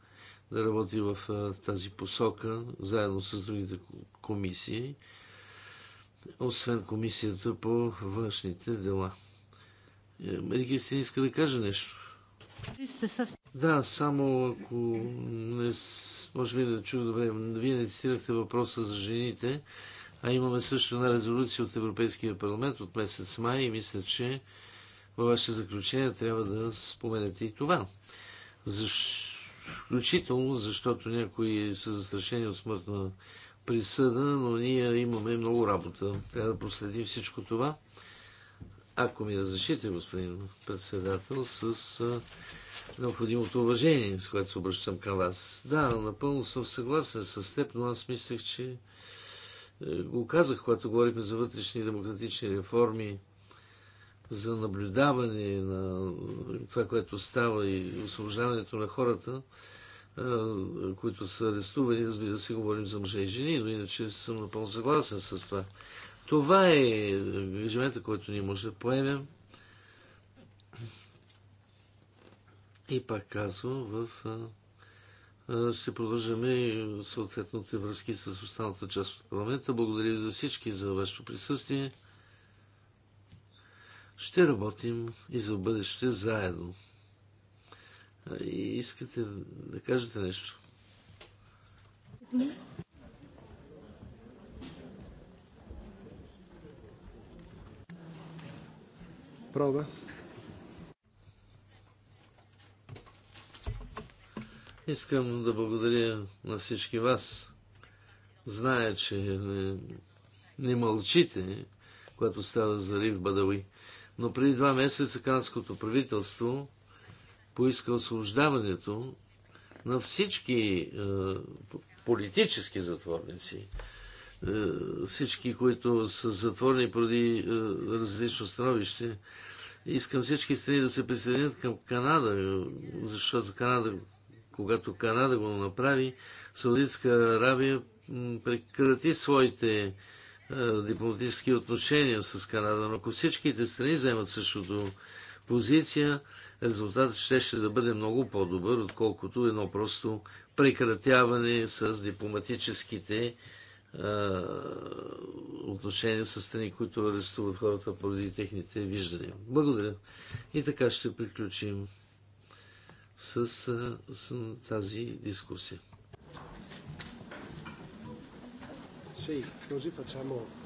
да работи в тази посока, заедно с другите комисии, освен комисията по външните дела. не иска да каже нещо. Да, само ако не, може би да чух добре, вие не цитирахте въпроса за жените, а имаме също една резолюция от Европейския парламент от месец май и мисля, че във ваше заключение трябва да споменете и това. Защо включително защото някои са застрашени от смъртна присъда, но ние имаме много работа. Трябва да проследим всичко това. Ако ми разрешите, господин председател, с необходимото уважение, с което се обръщам към вас. Да, напълно съм съгласен с теб, но аз мислех, че е, го казах, когато говорихме за вътрешни демократични реформи за наблюдаване на това, което става и освобождаването на хората, които са арестувани. Разбира се, говорим за мъже и жени, но иначе съм напълно съгласен с това. Това е ангажимента, който ние може да поемем. И пак казвам, в, ще продължаме съответните връзки с останалата част от парламента. Благодаря ви за всички за вашето присъствие ще работим и за бъдеще заедно. И искате да кажете нещо? Проба. Искам да благодаря на всички вас. Зная, че не, не мълчите, когато става за Рив Бадави. Но преди два месеца канадското правителство поиска освобождаването на всички е, политически затворници, е, всички, които са затворени поради е, различно становище. Искам всички страни да се присъединят към Канада, е, защото Канада, когато Канада го направи, Саудитска Арабия прекрати своите е, дипломатически отношения с Канада. Но ако всичките страни вземат същото позиция, резултатът ще, ще да бъде много по-добър, отколкото едно просто прекратяване с дипломатическите а, е, отношения с страни, които арестуват хората поради техните виждания. Благодаря. И така ще приключим с, е, с тази дискусия. Sì, così facciamo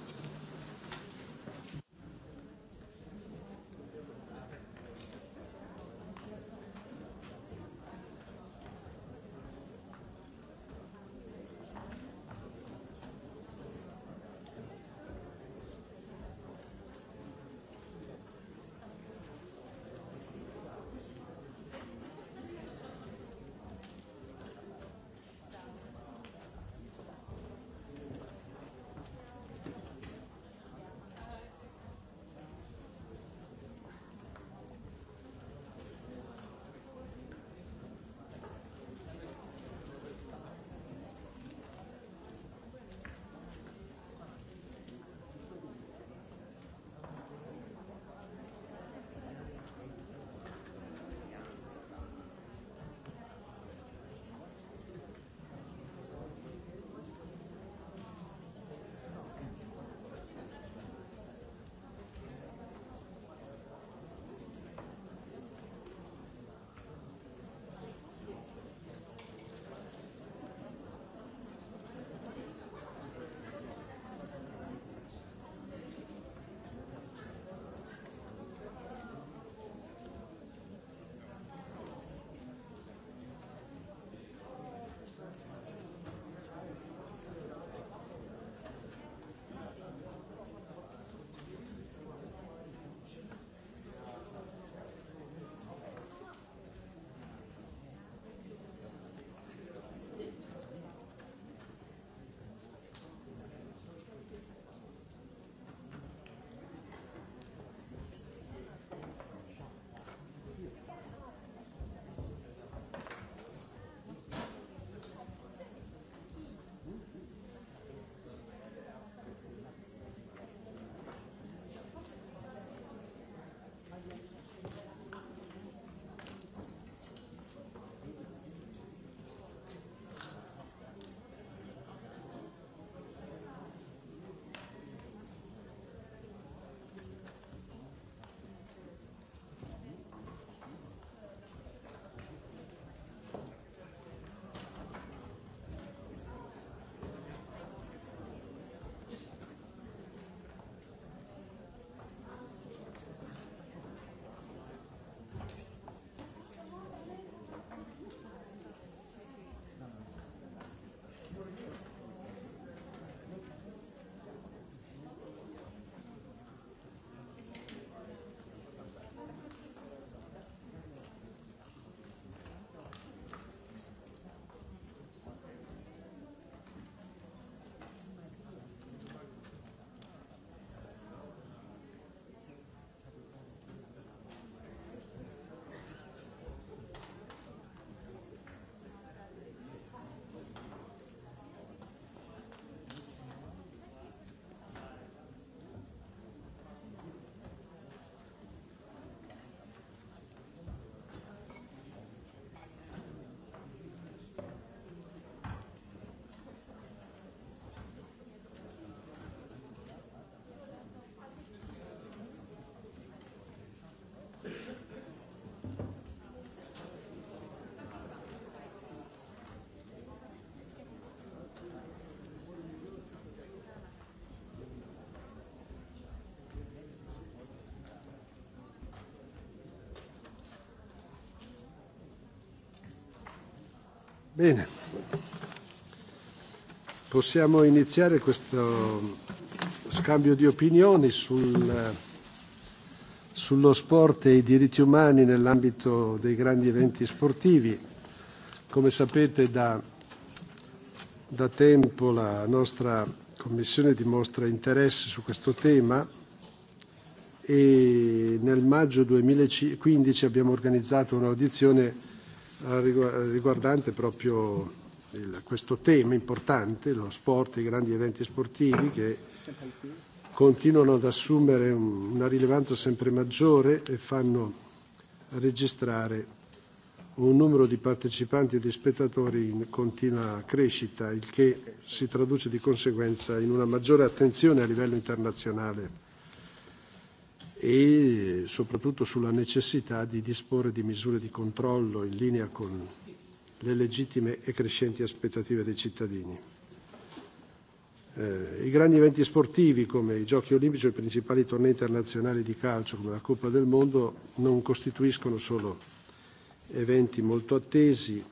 Bene, possiamo iniziare questo scambio di opinioni sul, sullo sport e i diritti umani nell'ambito dei grandi eventi sportivi. Come sapete da, da tempo la nostra Commissione dimostra interesse su questo tema e nel maggio 2015 abbiamo organizzato un'audizione riguardante proprio il, questo tema importante, lo sport, i grandi eventi sportivi che continuano ad assumere una rilevanza sempre maggiore e fanno registrare un numero di partecipanti e di spettatori in continua crescita, il che si traduce di conseguenza in una maggiore attenzione a livello internazionale e soprattutto sulla necessità di disporre di misure di controllo in linea con le legittime e crescenti aspettative dei cittadini. I grandi eventi sportivi come i Giochi olimpici o i principali tornei internazionali di calcio come la Coppa del Mondo non costituiscono solo eventi molto attesi,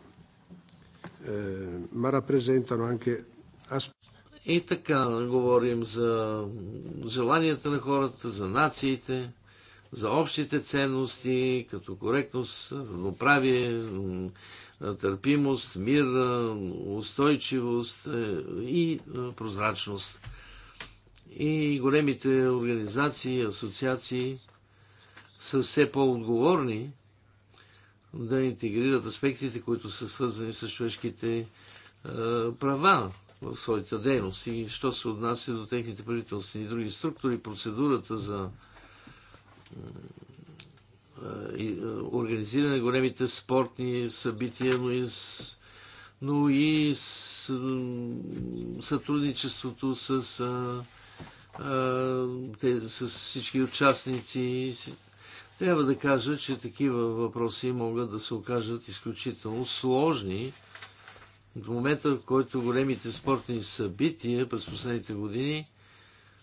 ma rappresentano anche aspetti и така, говорим за желанията на хората, за нациите, за общите ценности, като коректност, равноправие, търпимост, мир, устойчивост е, и прозрачност. И големите организации, асоциации са все по-отговорни да интегрират аспектите, които са свързани с човешките права, в своята дейност. И що се отнася до техните правителствени и други структури, процедурата за е, е, организиране на големите спортни събития, но и, с, но и с, сътрудничеството с, а, а, те, с всички участници. Трябва да кажа, че такива въпроси могат да се окажат изключително сложни в момента, в който големите спортни събития през последните години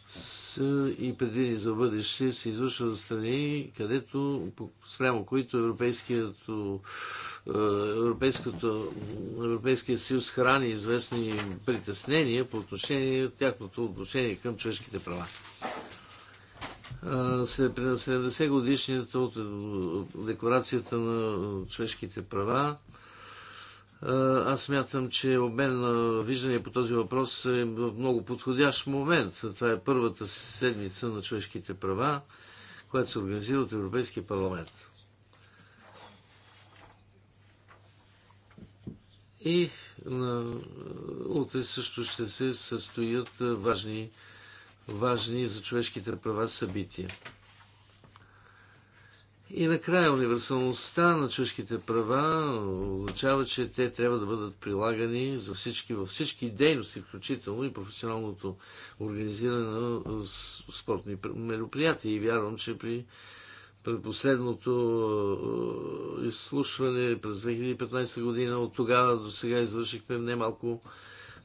са и предвидени за бъдеще, се извършват в страни, където, спрямо които е, Европейското, Европейското, Европейския съюз храни известни притеснения по отношение тяхното отношение към човешките права. 70 е, годишният от Декларацията на човешките права аз мятам, че обмен на виждане по този въпрос е в много подходящ момент. Това е първата седмица на човешките права, която се организира от Европейския парламент. И на... утре също ще се състоят важни, важни за човешките права събития. И накрая универсалността на човешките права означава, че те трябва да бъдат прилагани за всички, във всички дейности, включително и професионалното организиране на спортни мероприятия. И вярвам, че при последното изслушване през 2015 година, от тогава до сега извършихме немалко малко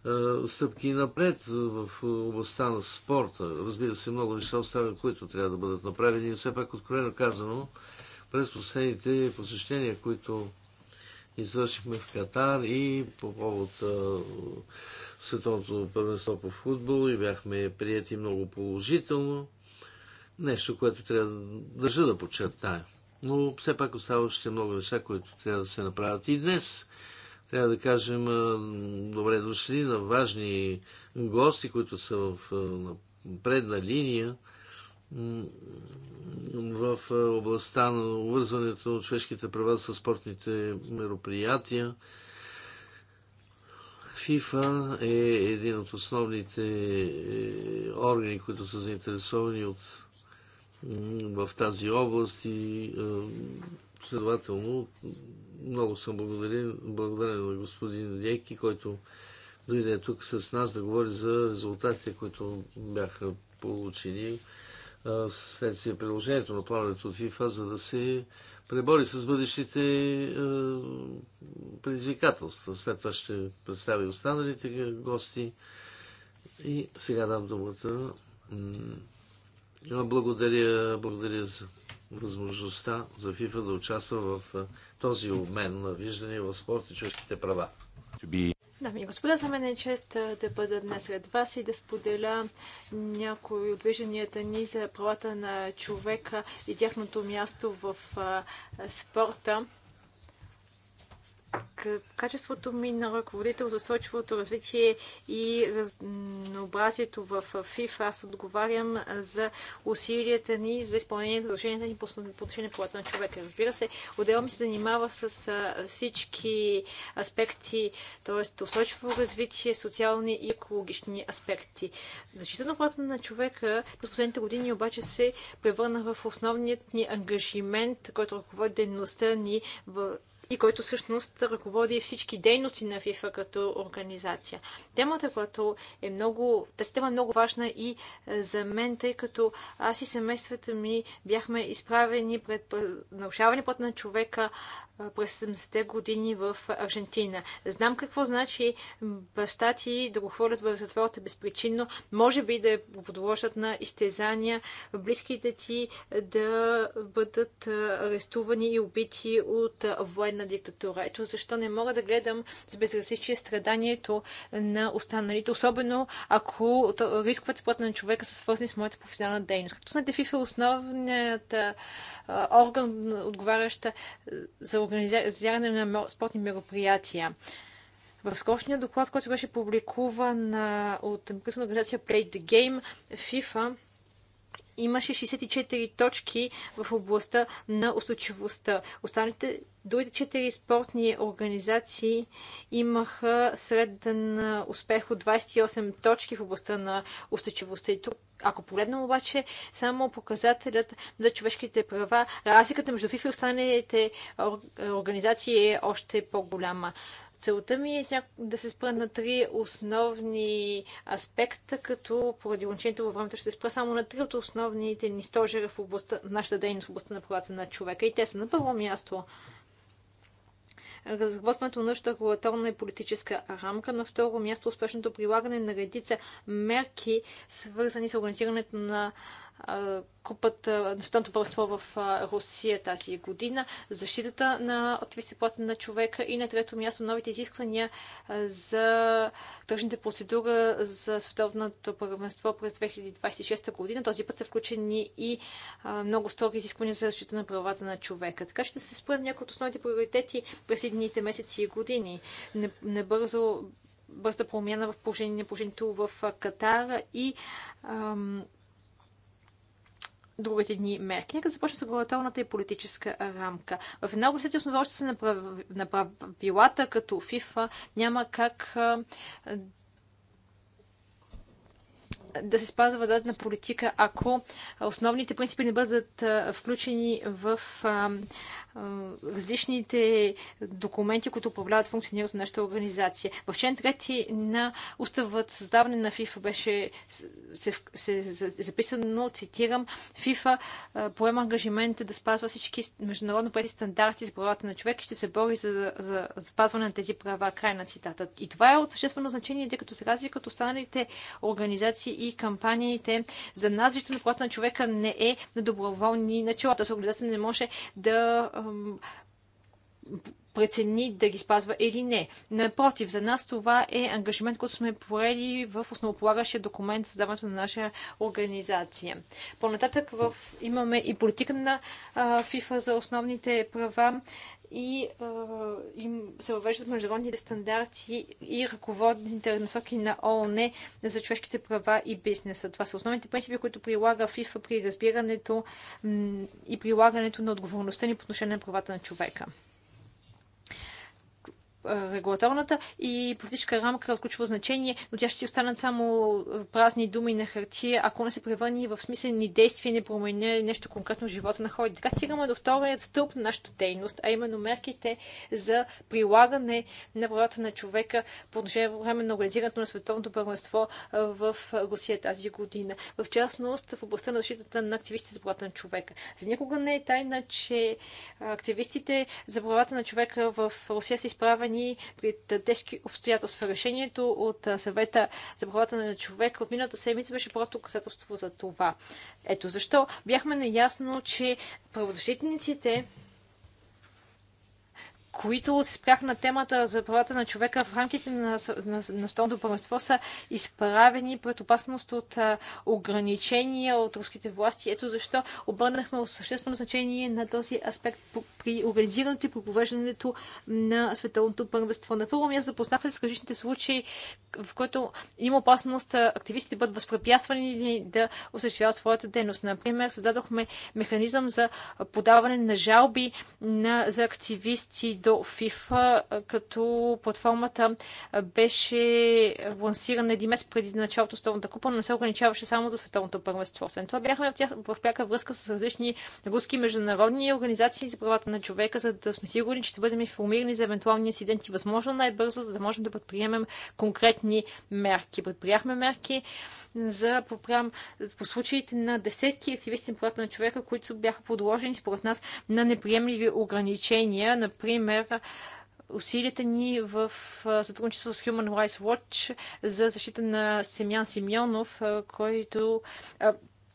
е, стъпки напред в областта на спорта. Разбира се, много неща оставят, които трябва да бъдат направени. И все пак откровено казано, през последните посещения, които извършихме в Катар и по повод е, световното първенство по футбол и бяхме прияти много положително. Нещо, което трябва да държа да подчертая. Но все пак още много неща, които трябва да се направят и днес. Трябва да кажем добре дошли на важни гости, които са в предна линия в областта на увързването на човешките права с спортните мероприятия. ФИФА е един от основните е, органи, които са заинтересовани от, в тази област и следователно много съм благодарен, благодарен на господин Дейки, който дойде тук с нас да говори за резултатите, които бяха получени си приложението на плановете от ФИФА, за да се пребори с бъдещите предизвикателства. След това ще представя останалите гости. И сега дам думата. Благодаря, благодаря за възможността за ФИФА да участва в този обмен на виждане в спорта и човешките права. Дами и господа, за мен е чест да бъда днес сред вас и да споделя някои от вижданията ни за правата на човека и тяхното място в спорта качеството ми на ръководител за устойчивото развитие и разнообразието в ФИФ, аз отговарям за усилията ни за изпълнение на задълженията ни по отношение на правата на човека. Разбира се, отделно ми се занимава с всички аспекти, т.е. устойчиво развитие, социални и екологични аспекти. Защита на правата на човека през последните години обаче се превърна в основният ни ангажимент, който ръководи дейността ни в и който всъщност ръководи всички дейности на FIFA като организация. Темата, която е много, тази тема е много важна и е, за мен, тъй като аз и семействата ми бяхме изправени пред нарушаване път на човека е, през 70-те години в Аржентина. Знам какво значи баща ти да го хвърлят в затвората безпричинно, може би да е го подложат на изтезания, близките ти да бъдат арестувани и убити от военна на диктатура. Ето защо не мога да гледам с безразличие страданието на останалите, особено ако рисковете плата на човека са свързани с моята професионална дейност. Като знаете, ФИФ е основният орган, отговаряща за организиране на спортни мероприятия. В скошния доклад, който беше публикуван от Американската организация Play the Game, FIFA имаше 64 точки в областта на устойчивостта. Останалите другите четири спортни организации имаха среден успех от 28 точки в областта на устойчивостта. И тук, ако погледнем обаче само показателят за човешките права, разликата между ФИФ и останалите организации е още по-голяма. Целта ми е да се спра на три основни аспекта, като поради ограничението във времето ще се спра само на три от основните ни стожера в областта, нашата дейност в областта на правата на човека. И те са на първо място разработването на нашата регулаторна и политическа рамка. На второ място успешното прилагане на редица мерки, свързани с организирането на купат настоянното първенство в Русия тази година, защитата на активистите плата на човека и на трето място новите изисквания за тръжните процедура за световното първенство през 2026 година. Този път са включени и много строги изисквания за защита на правата на човека. Така ще се спра някои от основните приоритети през едните месеци и години. Небързо бърза промяна в положение, положението в Катара и ам, другите дни мерки. Нека започнем с регулаторната и политическа рамка. В една организация, основаваща се направилата като ФИФА, няма как да се спазва дадена политика, ако основните принципи не бъдат включени в различните документи, които управляват функционирането на нашата организация. В член 3 на уставът създаване на ФИФА беше се, се, се, записано, цитирам, ФИФА поема ангажимент да спазва всички международно преди стандарти за правата на човека и ще се бори за, за, за спазване на тези права. Край на цитата. И това е от съществено значение, тъй като се разлика от останалите организации и кампаниите за нас защото на правата на човека не е на доброволни начала. Тоест, организация не може да Um прецени да ги спазва или не. Напротив, за нас това е ангажимент, който сме поели в основополагащия документ за създаването на наша организация. Понататък в... имаме и политика на а, ФИФА за основните права и а, им се въвеждат международните стандарти и ръководните насоки на ООН за човешките права и бизнеса. Това са основните принципи, които прилага ФИФА при разбирането и прилагането на отговорността ни по отношение на правата на човека регулаторната и политическа рамка от ключово значение, но тя ще си останат само празни думи на хартия, ако не се превърни в смислени действия и не променя нещо конкретно в живота на хората. Така стигаме до вторият стълб на нашата дейност, а именно мерките за прилагане на правата на човека по отношение време на организирането на световното първенство в Русия тази година. В частност в областта на защитата на активистите за правата на човека. За никога не е тайна, че активистите за правата на човека в Русия са изправени страни при тежки обстоятелства. Решението от съвета за правата на човек от миналата седмица беше просто доказателство за това. Ето защо бяхме наясно, че правозащитниците които се спряха на темата за правата на човека в рамките на, на, на Столното първенство са изправени пред опасност от а, ограничения от руските власти. Ето защо обърнахме съществено значение на този аспект при организирането и при повеждането на Световното първенство. На първо място запознахме с различните случаи, в които има опасност активистите бъдат възпрепятствани да осъществяват своята дейност. Например, създадохме механизъм за подаване на жалби на, за активисти до FIFA, като платформата беше лансирана един месец преди началото Световната купа, но не се ограничаваше само до Световното първенство. След това бяхме в, тях, в пряка връзка с различни руски международни организации за правата на човека, за да сме сигурни, че ще бъдем информирани за евентуални инциденти възможно най-бързо, за да можем да предприемем конкретни мерки. Предприяхме мерки за поправ... по случаите на десетки активисти на правата на човека, които бяха подложени според нас на неприемливи ограничения, например например, усилията ни в сътрудничество с Human Rights Watch за защита на Семян Симеонов, който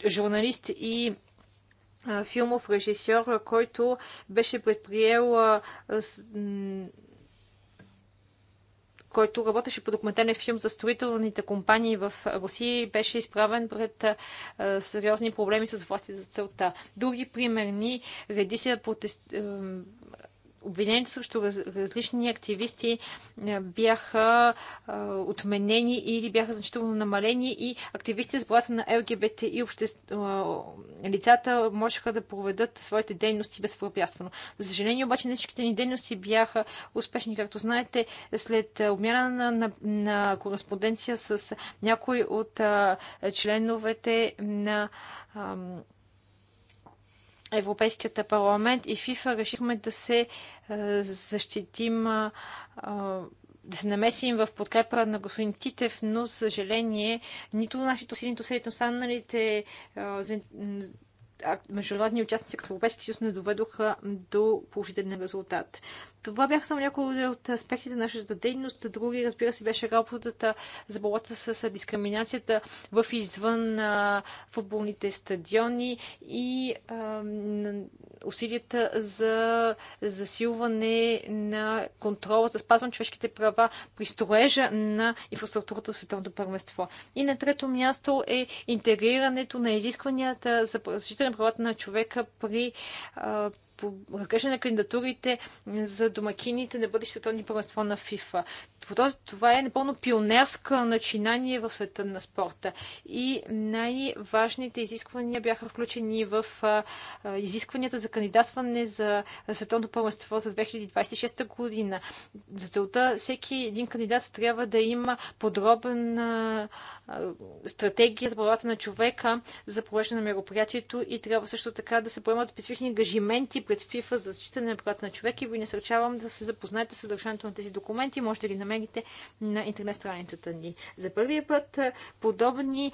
журналист и филмов режисьор, който беше предприел който работеше по документален филм за строителните компании в Русия и беше изправен пред сериозни проблеми с властите за целта. Други примерни редица протест обвинените срещу различни активисти е, бяха е, отменени или бяха значително намалени и активисти с бората на ЛГБТ и общество, е, лицата можеха да проведат своите дейности безпрепятствено. За съжаление обаче не всичките ни дейности бяха успешни. Както знаете, след обмяна на, на, на кореспонденция с някои от членовете на Европейският парламент и ФИФА решихме да се е, защитим, е, да се намесим в подкрепа на господин Титев, но, за съжаление, нито нашите усилия, нито усилия на останалите е, международни участници като Европейски съюз не доведоха до положителен резултат. Това бяха само някои от аспектите на нашата дейност. Други, разбира се, беше работата за борбата с дискриминацията в извън футболните стадиони и а, усилията за засилване на контрола за спазване човешките права при строежа на инфраструктурата световното първенство. И на трето място е интегрирането на изискванията за защита на правата на човека при а, разглеждане на кандидатурите за домакините на бъдещето ни първенство на ФИФА. Това е напълно пионерска начинание в света на спорта. И най-важните изисквания бяха включени в изискванията за кандидатстване за Световното първенство за 2026 година. За целта всеки един кандидат трябва да има подробна стратегия за правата на човека за провеждане на мероприятието и трябва също така да се поемат специфични ангажименти пред ФИФА за защита на правата на човека и ви насърчавам да се запознаете с съдържанието на тези документи. Можете да ги намерите размерите на интернет страницата ни. За първия път подобни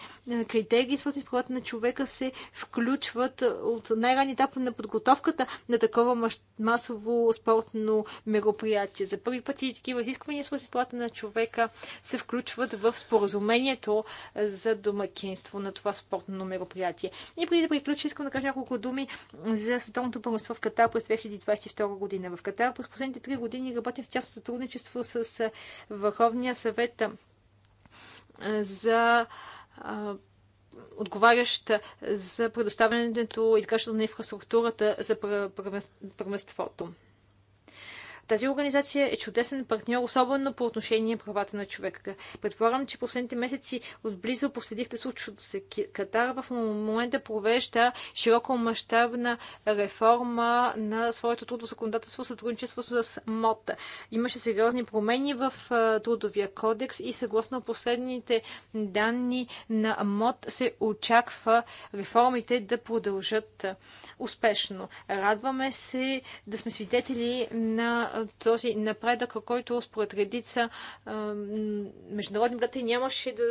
критерии, свързани с правата на човека, се включват от най-ранни етап на подготовката на такова масово спортно мероприятие. За първи път и такива изисквания, свързани с правата на човека, се включват в споразумението за домакинство на това спортно мероприятие. И преди да приключа, искам да кажа няколко думи за Световното първенство в Катар през 2022 година. В Катар през последните три години работим в тясно сътрудничество с Върховния съвет за отговарящ за предоставянето и изграждането на инфраструктурата за първенството. Тази организация е чудесен партньор, особено по отношение правата на човека. Предполагам, че последните месеци отблизо последихте случващото се. Катар в момента провежда широко мащабна реформа на своето трудово законодателство в сътрудничество с МОТ. Имаше сериозни промени в трудовия кодекс и съгласно последните данни на МОД се очаква реформите да продължат успешно. Радваме се да сме свидетели на този напредък, който според редица международни брати нямаше да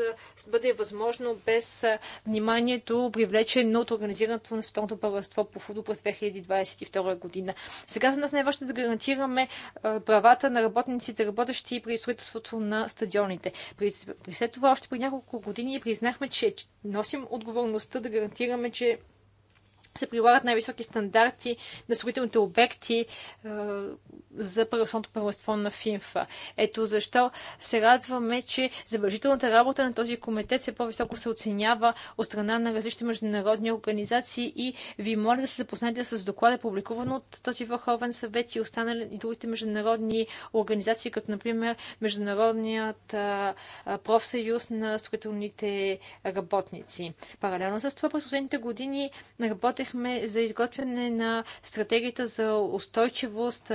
бъде възможно без вниманието, привлечено от организирането на Световното първенство по футбол през 2022 година. Сега за нас най-важно е да гарантираме правата на работниците, работещи при строителството на стадионите. При, при след това още при няколко години признахме, че носим отговорността да гарантираме, че се прилагат най-високи стандарти на строителните обекти е, за първосното първенство на ФИНФА. Ето защо се радваме, че забележителната работа на този комитет все по-високо се оценява от страна на различни международни организации и ви моля да се запознаете с доклада, публикуван от този Върховен съвет и останали и другите международни организации, като например Международният а, а, профсъюз на строителните работници. Паралелно с това, през последните години работех работехме за изготвяне на стратегията за устойчивост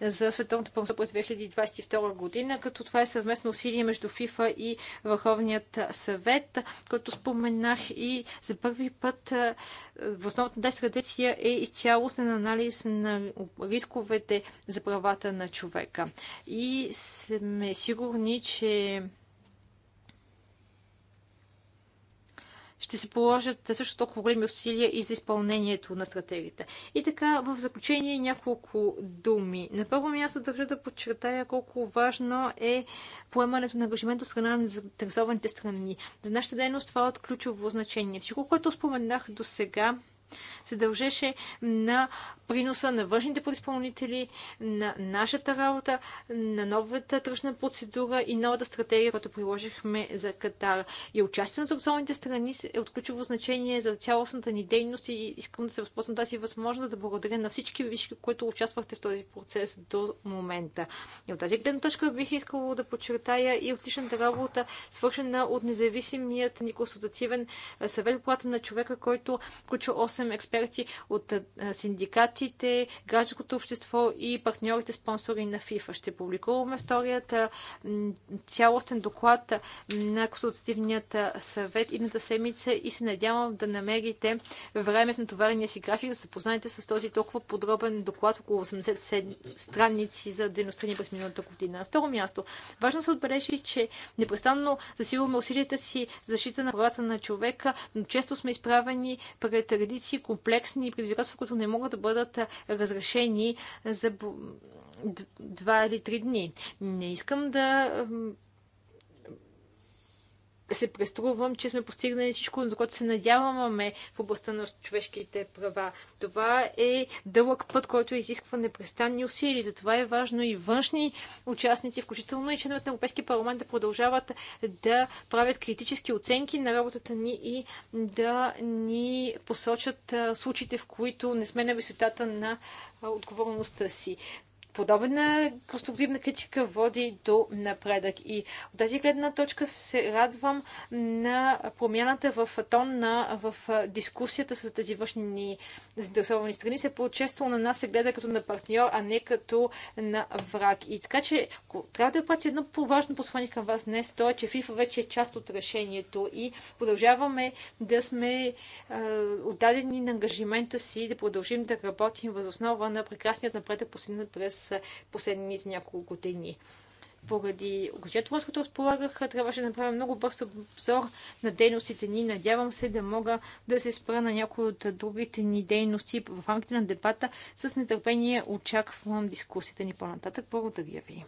за световното първенство през 2022 година, като това е съвместно усилие между ФИФА и Върховният съвет, който споменах и за първи път в основата на тази стратегия е и цялостен анализ на рисковете за правата на човека. И сме сигурни, че ще се положат също толкова големи усилия и за изпълнението на стратегията. И така, в заключение няколко думи. На първо място държа да подчертая колко важно е поемането на ангажимент от страна на заинтересованите страни. За нашата дейност това е от ключово значение. Всичко, което споменах до сега, се дължеше на приноса на външните подиспълнители, на нашата работа, на новата тръжна процедура и новата стратегия, която приложихме за Катар. И участието на заобзорните страни е от ключово значение за цялостната ни дейност и искам да се възползвам тази възможност да благодаря на всички вишки, които участвахте в този процес до момента. И от тази гледна точка бих искала да подчертая и отличната работа, свършена от независимият ни консултативен съвет плата на човека, който включва 8 съм експерти от синдикатите, гражданското общество и партньорите спонсори на ФИФА. Ще публикуваме вторият цялостен доклад на консултативният съвет идната седмица и се надявам да намерите време в натоварения си график да се познаете с този толкова подробен доклад, около 80 страници за дейността ни през миналата година. На второ място, важно се отбележи, че непрестанно засилваме усилията си за защита на правата на човека, но често сме изправени пред редици въпроси, комплексни предизвикателства, които не могат да бъдат разрешени за два или три дни. Не искам да се преструвам, че сме постигнали всичко, за което се надяваме в областта на човешките права. Това е дълъг път, който изисква непрестанни усилия. Затова е важно и външни участници, включително и членовете на Европейския парламент, да продължават да правят критически оценки на работата ни и да ни посочат случаите, в които не сме на висотата на отговорността си подобна конструктивна критика води до напредък. И от тази гледна точка се радвам на промяната в тонна в дискусията с тези външни заинтересовани страни. Се по-често на нас се гледа като на партньор, а не като на враг. И така че трябва да пратя едно по-важно послание към вас днес, то е, че FIFA вече е част от решението и продължаваме да сме е, отдадени на ангажимента си да продължим да работим възоснова на прекрасният напредък постигнат през през последните няколко години. Поради окончателност, което разполагах, трябваше да направя много бърз обзор на дейностите ни. Надявам се да мога да се спра на някои от другите ни дейности в рамките на дебата. С нетърпение очаквам дискусията ни по-нататък. Благодаря ви.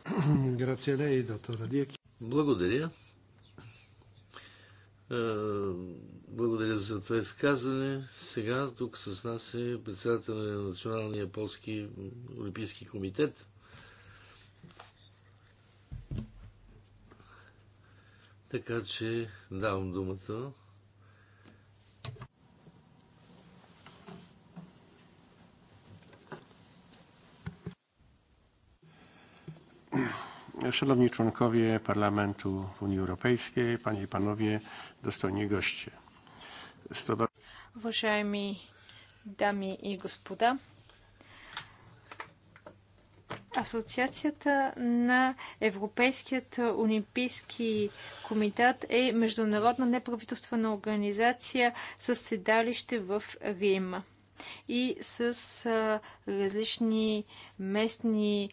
Благодаря. Благодаря е, благодаря за това изказване. Сега тук с нас е председател на Националния полски олимпийски комитет. Така че давам думата Szanowni członkowie Parlamentu Unii Europejskiej, panie i panowie, dostojni goście. Уважаеми дами и господа, Асоциацията на Европейският олимпийски комитет е международна неправителствена организация с седалище в Рим и с различни местни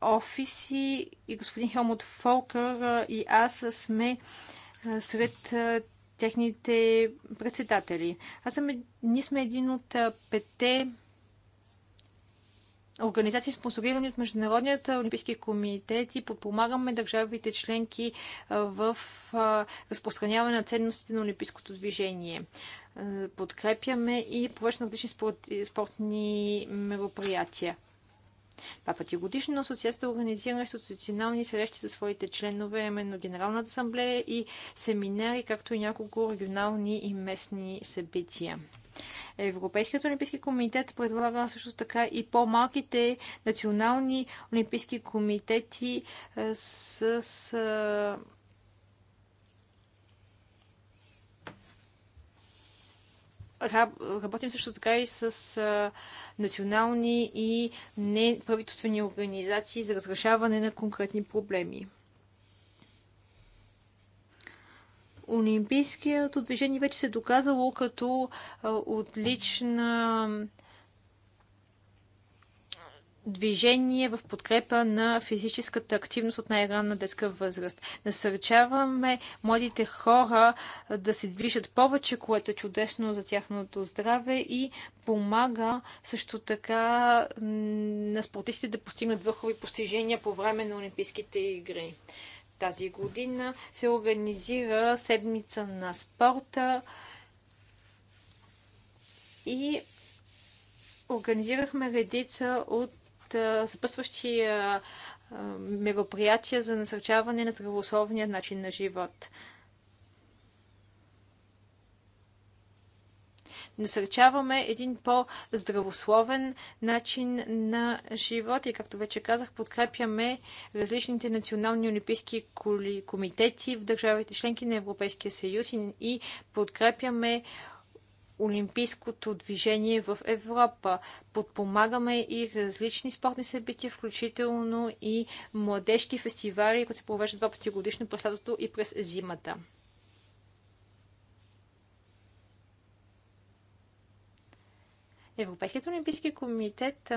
офиси и господин Хелмут Фолкър и аз сме сред техните председатели. Аз съм, ние сме един от пете организации, спонсорирани от Международният олимпийски комитет и подпомагаме държавите членки в разпространяване на ценностите на олимпийското движение. Подкрепяме и повече на различни спортни мероприятия. Два пъти годишно асоциацията е организира институционални срещи за своите членове, именно Генералната асамблея и семинари, както и няколко регионални и местни събития. Европейският олимпийски комитет предлага също така и по-малките национални олимпийски комитети с Работим също така и с национални и неправителствени организации за разрешаване на конкретни проблеми. Олимпийското движение вече се е доказало като отлична движение в подкрепа на физическата активност от най-ранна детска възраст. Насърчаваме младите хора да се движат повече, което е чудесно за тяхното здраве и помага също така на спортистите да постигнат върхови постижения по време на Олимпийските игри. Тази година се организира седмица на спорта и организирахме редица от съпътстващи мероприятия за насърчаване на здравословния начин на живот. насърчаваме един по-здравословен начин на живот и, както вече казах, подкрепяме различните национални олимпийски комитети в държавите членки на Европейския съюз и подкрепяме олимпийското движение в Европа. Подпомагаме и различни спортни събития, включително и младежки фестивали, които се провеждат два пъти годишно през лятото и през зимата. Европейският олимпийски комитет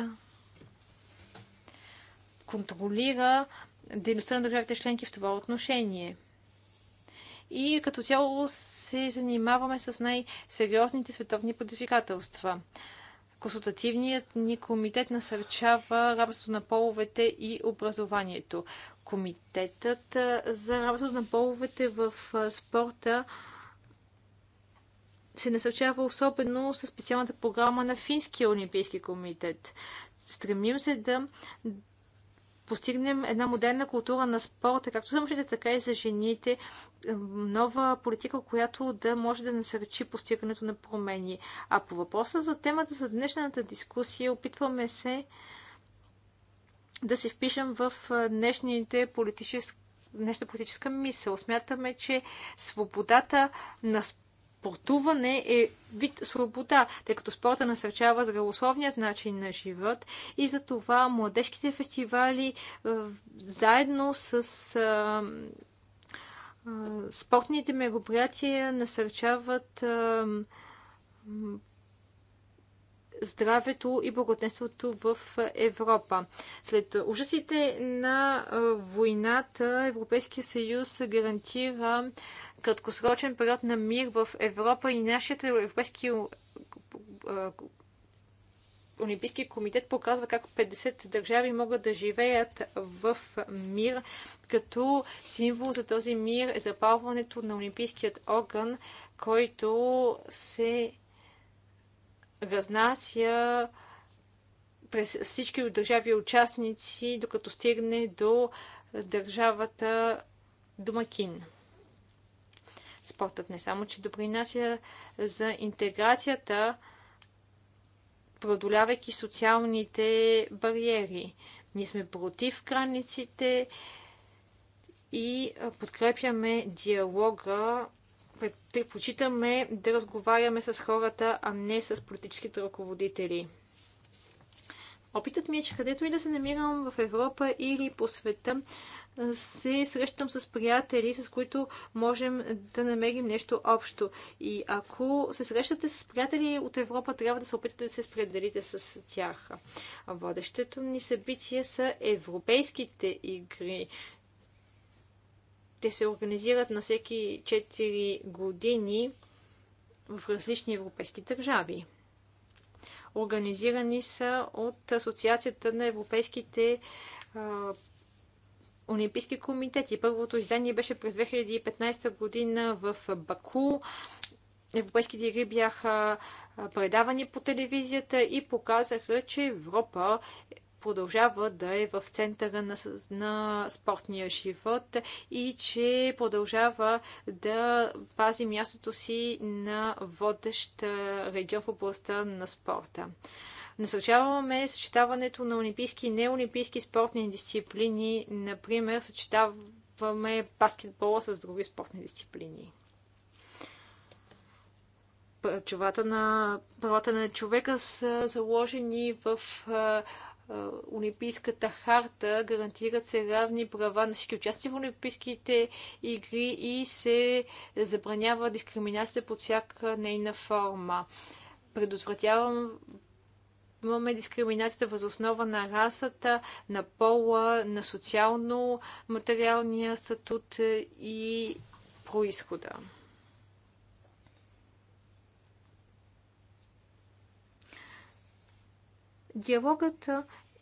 контролира дейността на държавите членки в това отношение – и като цяло се занимаваме с най-сериозните световни предизвикателства. Консултативният ни комитет насърчава равенството на половете и образованието. Комитетът за равенството на половете в спорта се насърчава особено с специалната програма на Финския олимпийски комитет. Стремим се да постигнем една модерна култура на спорта, както за мъжете, така и за жените, нова политика, която да може да насърчи постигането на промени. А по въпроса за темата за днешната дискусия, опитваме се да се впишем в днешните политически днешна политическа мисъл. Смятаме, че свободата на спорта Спортуване е вид свобода, тъй като спорта насърчава здравословният начин на живот и за това младежките фестивали е, заедно с е, е, спортните мероприятия насърчават здравето и благотенството в Европа. След ужасите на войната Европейския съюз гарантира краткосрочен период на мир в Европа и нашият европейски Олимпийски комитет показва как 50 държави могат да живеят в мир, като символ за този мир е запалването на Олимпийският огън, който се разнася през всички държави участници, докато стигне до държавата домакин. Спортът не само, че допринася за интеграцията, преодолявайки социалните бариери. Ние сме против границите и подкрепяме диалога. Предпочитаме да разговаряме с хората, а не с политическите ръководители. Опитът ми е, че където и да се намирам в Европа или по света, се срещам с приятели, с които можем да намерим нещо общо. И ако се срещате с приятели от Европа, трябва да се опитате да се спределите с тях. Водещето ни събитие са европейските игри. Те се организират на всеки 4 години в различни европейски държави. Организирани са от Асоциацията на европейските Олимпийски комитет. И първото издание беше през 2015 година в Баку. Европейските игри бяха предавани по телевизията и показаха, че Европа продължава да е в центъра на, на спортния живот и че продължава да пази мястото си на водещ регион в областта на спорта. Насърчаваме съчетаването на олимпийски и неолимпийски спортни дисциплини. Например, съчетаваме баскетбола с други спортни дисциплини правата на, правата на човека са заложени в а, а, Олимпийската харта, гарантират се равни права на всички участи в Олимпийските игри и се забранява дискриминацията под всяка нейна форма. Предотвратявам имаме дискриминацията възоснова на расата, на пола, на социално-материалния статут и происхода. Диалогът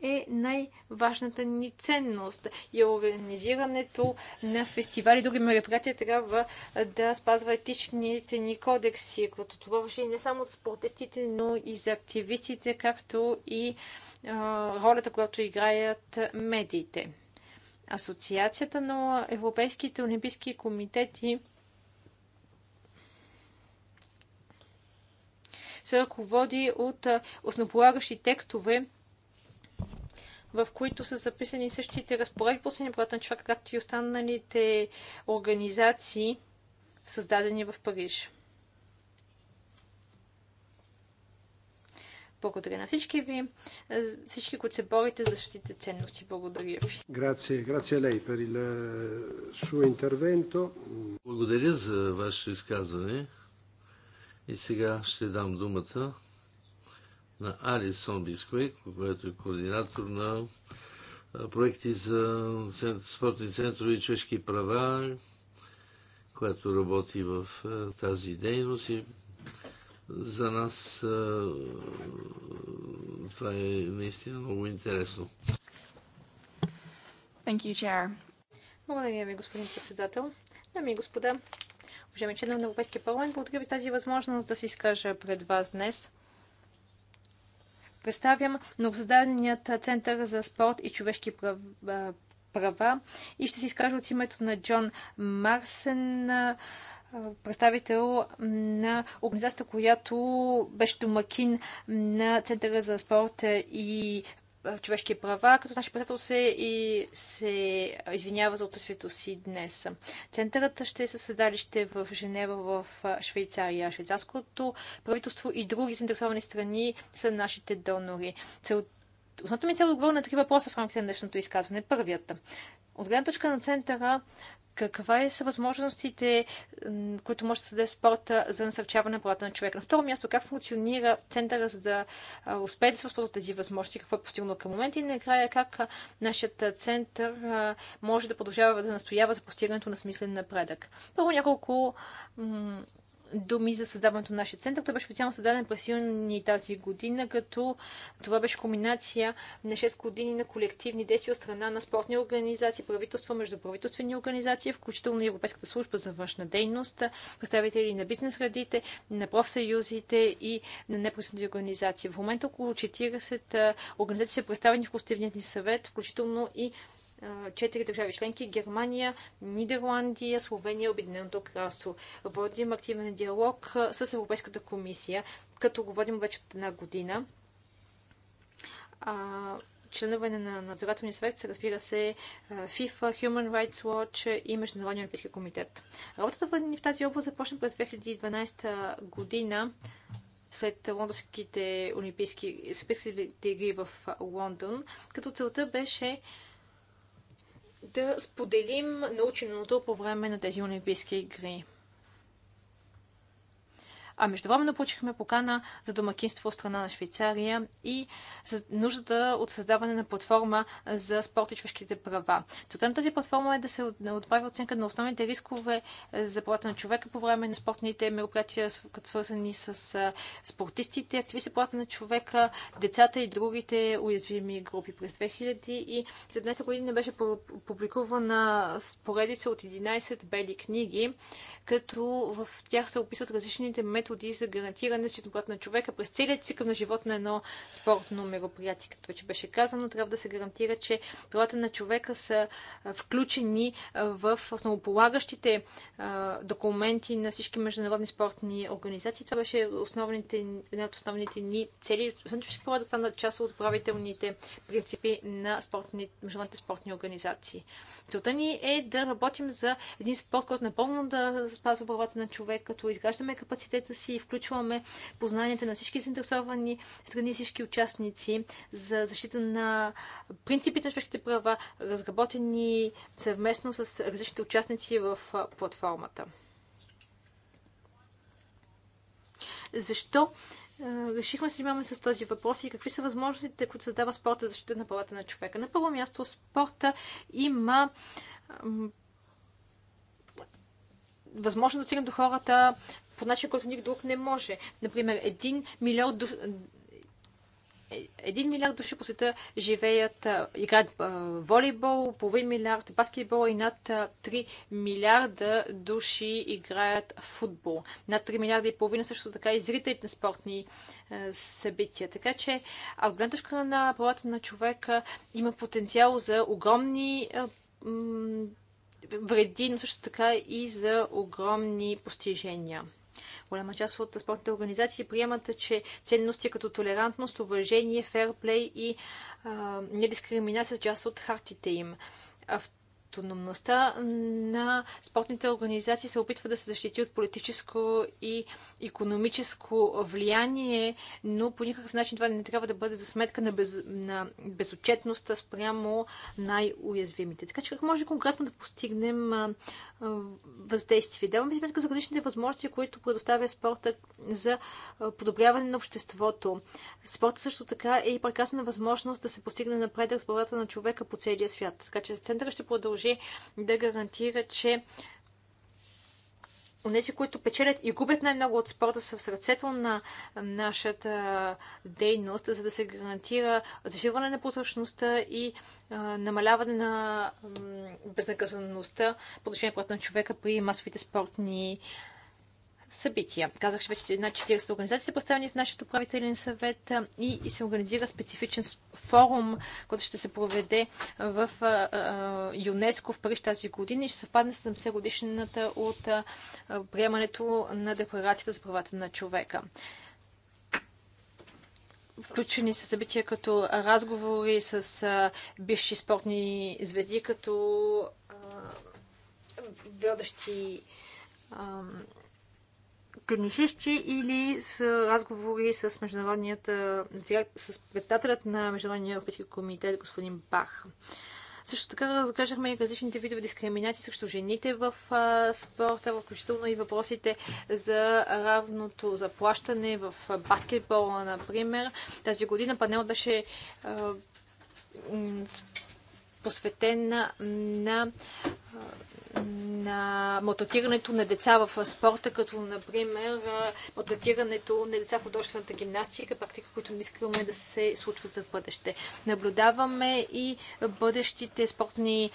е най-важната ни ценност. И организирането на фестивали и други мероприятия трябва да спазва етичните ни кодекси, като това въжи не само за протестите, но и за активистите, както и а, ролята, която играят медиите. Асоциацията на Европейските олимпийски комитети се ръководи от основополагащи текстове в които са записани същите разпоредби по на правата на човека, както и останалите организации, създадени в Париж. Благодаря на всички ви, всички, които се борите за същите ценности. Благодаря ви. Грация, Лей lei per il Благодаря за вашето изказване. И сега ще дам думата на Алисон Бисквей, който е координатор на проекти за спортни центрове и човешки права, която работи в тази дейност и за нас това е наистина много интересно. Thank you, Chair. Благодаря ви, господин председател. Дами и господа, уважаеми членове на Европейския парламент, благодаря ви тази възможност да се изкажа пред вас днес представям новосъздаденият Център за спорт и човешки права и ще се изкажа от името на Джон Марсен, представител на организацията, която беше домакин на Центъра за спорт и човешки права, като нашия председател се, и, се извинява за отсъствието си днес. Центърът ще е със седалище в Женева, в Швейцария. Швейцарското правителство и други заинтересовани страни са нашите донори. Цел... Основната ми цел е отговор на три въпроса в рамките на днешното изказване. Първият. От гледна точка на центъра, каква е са възможностите, които може да се даде спорта за насърчаване на правата на човека? На второ място, как функционира центъра, за да успее да се възползва тези възможности, какво е постигнало към момента и накрая как нашият център може да продължава да настоява за постигането на смислен напредък. Първо няколко думи за създаването на нашия център. Той беше официално създаден през юни тази година, като това беше комбинация на 6 години на колективни действия от страна на спортни организации, правителства, междуправителствени организации, включително и Европейската служба за външна дейност, представители на бизнес средите, на профсъюзите и на непросъдни организации. В момента около 40 организации са представени в Костивният ни съвет, включително и четири държави членки Германия, Нидерландия, Словения, Обединеното кралство. Водим активен диалог с Европейската комисия, като го водим вече от една година. членове на надзорателния съвет се разбира се, FIFA, Human Rights Watch и Международния олимпийски комитет. Работата ни в тази област започна през 2012 година след лондонските олимпийски игри в Лондон, като целта беше да споделим наученото по време на тези Олимпийски игри. А междувременно получихме покана за домакинство в страна на Швейцария и за нуждата от създаване на платформа за спорт и човешките права. Целта на тази платформа е да се отправи оценка на основните рискове за правата на човека по време на спортните мероприятия, свързани с спортистите, активисти правата на човека, децата и другите уязвими групи. През 2017 година беше публикувана споредица от 11 бели книги, като в тях се описват различните методи, методи за гарантиране счетоплат на човека през целият цикъл на живот на едно спортно мероприятие. Като вече беше казано, трябва да се гарантира, че правата на човека са включени в основополагащите документи на всички международни спортни организации. Това беше основните, една от основните ни цели. Освен, че да станат част от правителните принципи на спортни, международните спортни организации. Целта ни е да работим за един спорт, който напълно да спазва правата на човек, като изграждаме капацитета си включваме познанията на всички заинтересовани страни, всички участници за защита на принципите на човешките права, разработени съвместно с различните участници в платформата. Защо решихме да се занимаваме с този въпрос и какви са възможностите, които създава спорта за защита на правата на човека. На първо място спорта има възможност да достигнем до хората по начин, който никой друг не може. Например, един милиард душ... Един милиард души по света живеят, играят волейбол, половин милиард баскетбол и над 3 милиарда души играят футбол. Над 3 милиарда и половина също така и зрителите на спортни събития. Така че, в гледна точка на правата на човека има потенциал за огромни вреди, но също така и за огромни постижения. Голяма част от спортните организации приемат, че ценности като толерантност, уважение, ферплей и а, недискриминация са част от хартите им автономността на спортните организации се опитва да се защити от политическо и економическо влияние, но по никакъв начин това не трябва да бъде за сметка на, без, на безотчетността спрямо най-уязвимите. Така че как може конкретно да постигнем а, а, въздействие? Даваме сметка за различните възможности, които предоставя спорта за подобряване на обществото. Спорта също така е и прекрасна възможност да се постигне напредък с правата на човека по целия свят. Така че за центъра ще продължим продължи да гарантира, че онези, които печелят и губят най-много от спорта, са в сърцето на нашата дейност, за да се гарантира заживане на прозрачността и намаляване на безнаказаността по отношение на човека при масовите спортни а, събития. Казах, че вече над 40 организации са представени в нашия управителен съвет и се организира специфичен форум, който ще се проведе в ЮНЕСКО в Париж тази година и ще съвпадне с 70 годишната от приемането на Декларацията за правата на човека включени са събития като разговори с а, бивши спортни звезди, като а, а, книжищи или с разговори с международният, с председателят на Международния европейски комитет, господин Бах. Също така разглеждахме и различните видове дискриминации срещу жените в спорта, включително и въпросите за равното заплащане в баскетбола, например. Тази година панел беше посветен на на мототирането на деца в спорта, като например мототирането на деца в художествената гимнастика, практика, които не искаме да се случват за бъдеще. Наблюдаваме и бъдещите спортни,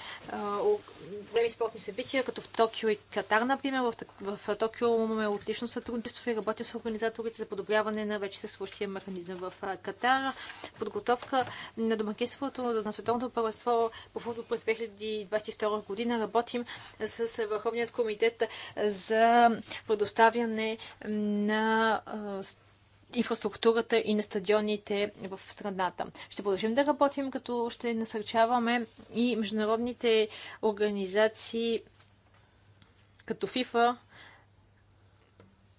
големи спортни събития, като в Токио и Катар, например. В, в Токио имаме отлично сътрудничество и работим с организаторите за подобряване на вече съществуващия механизъм в Катар. Подготовка на домакинството на световното първенство по футбол през 2022 година работим с Върховният комитет за предоставяне на инфраструктурата и на стадионите в страната. Ще продължим да работим, като ще насърчаваме и международните организации като ФИФА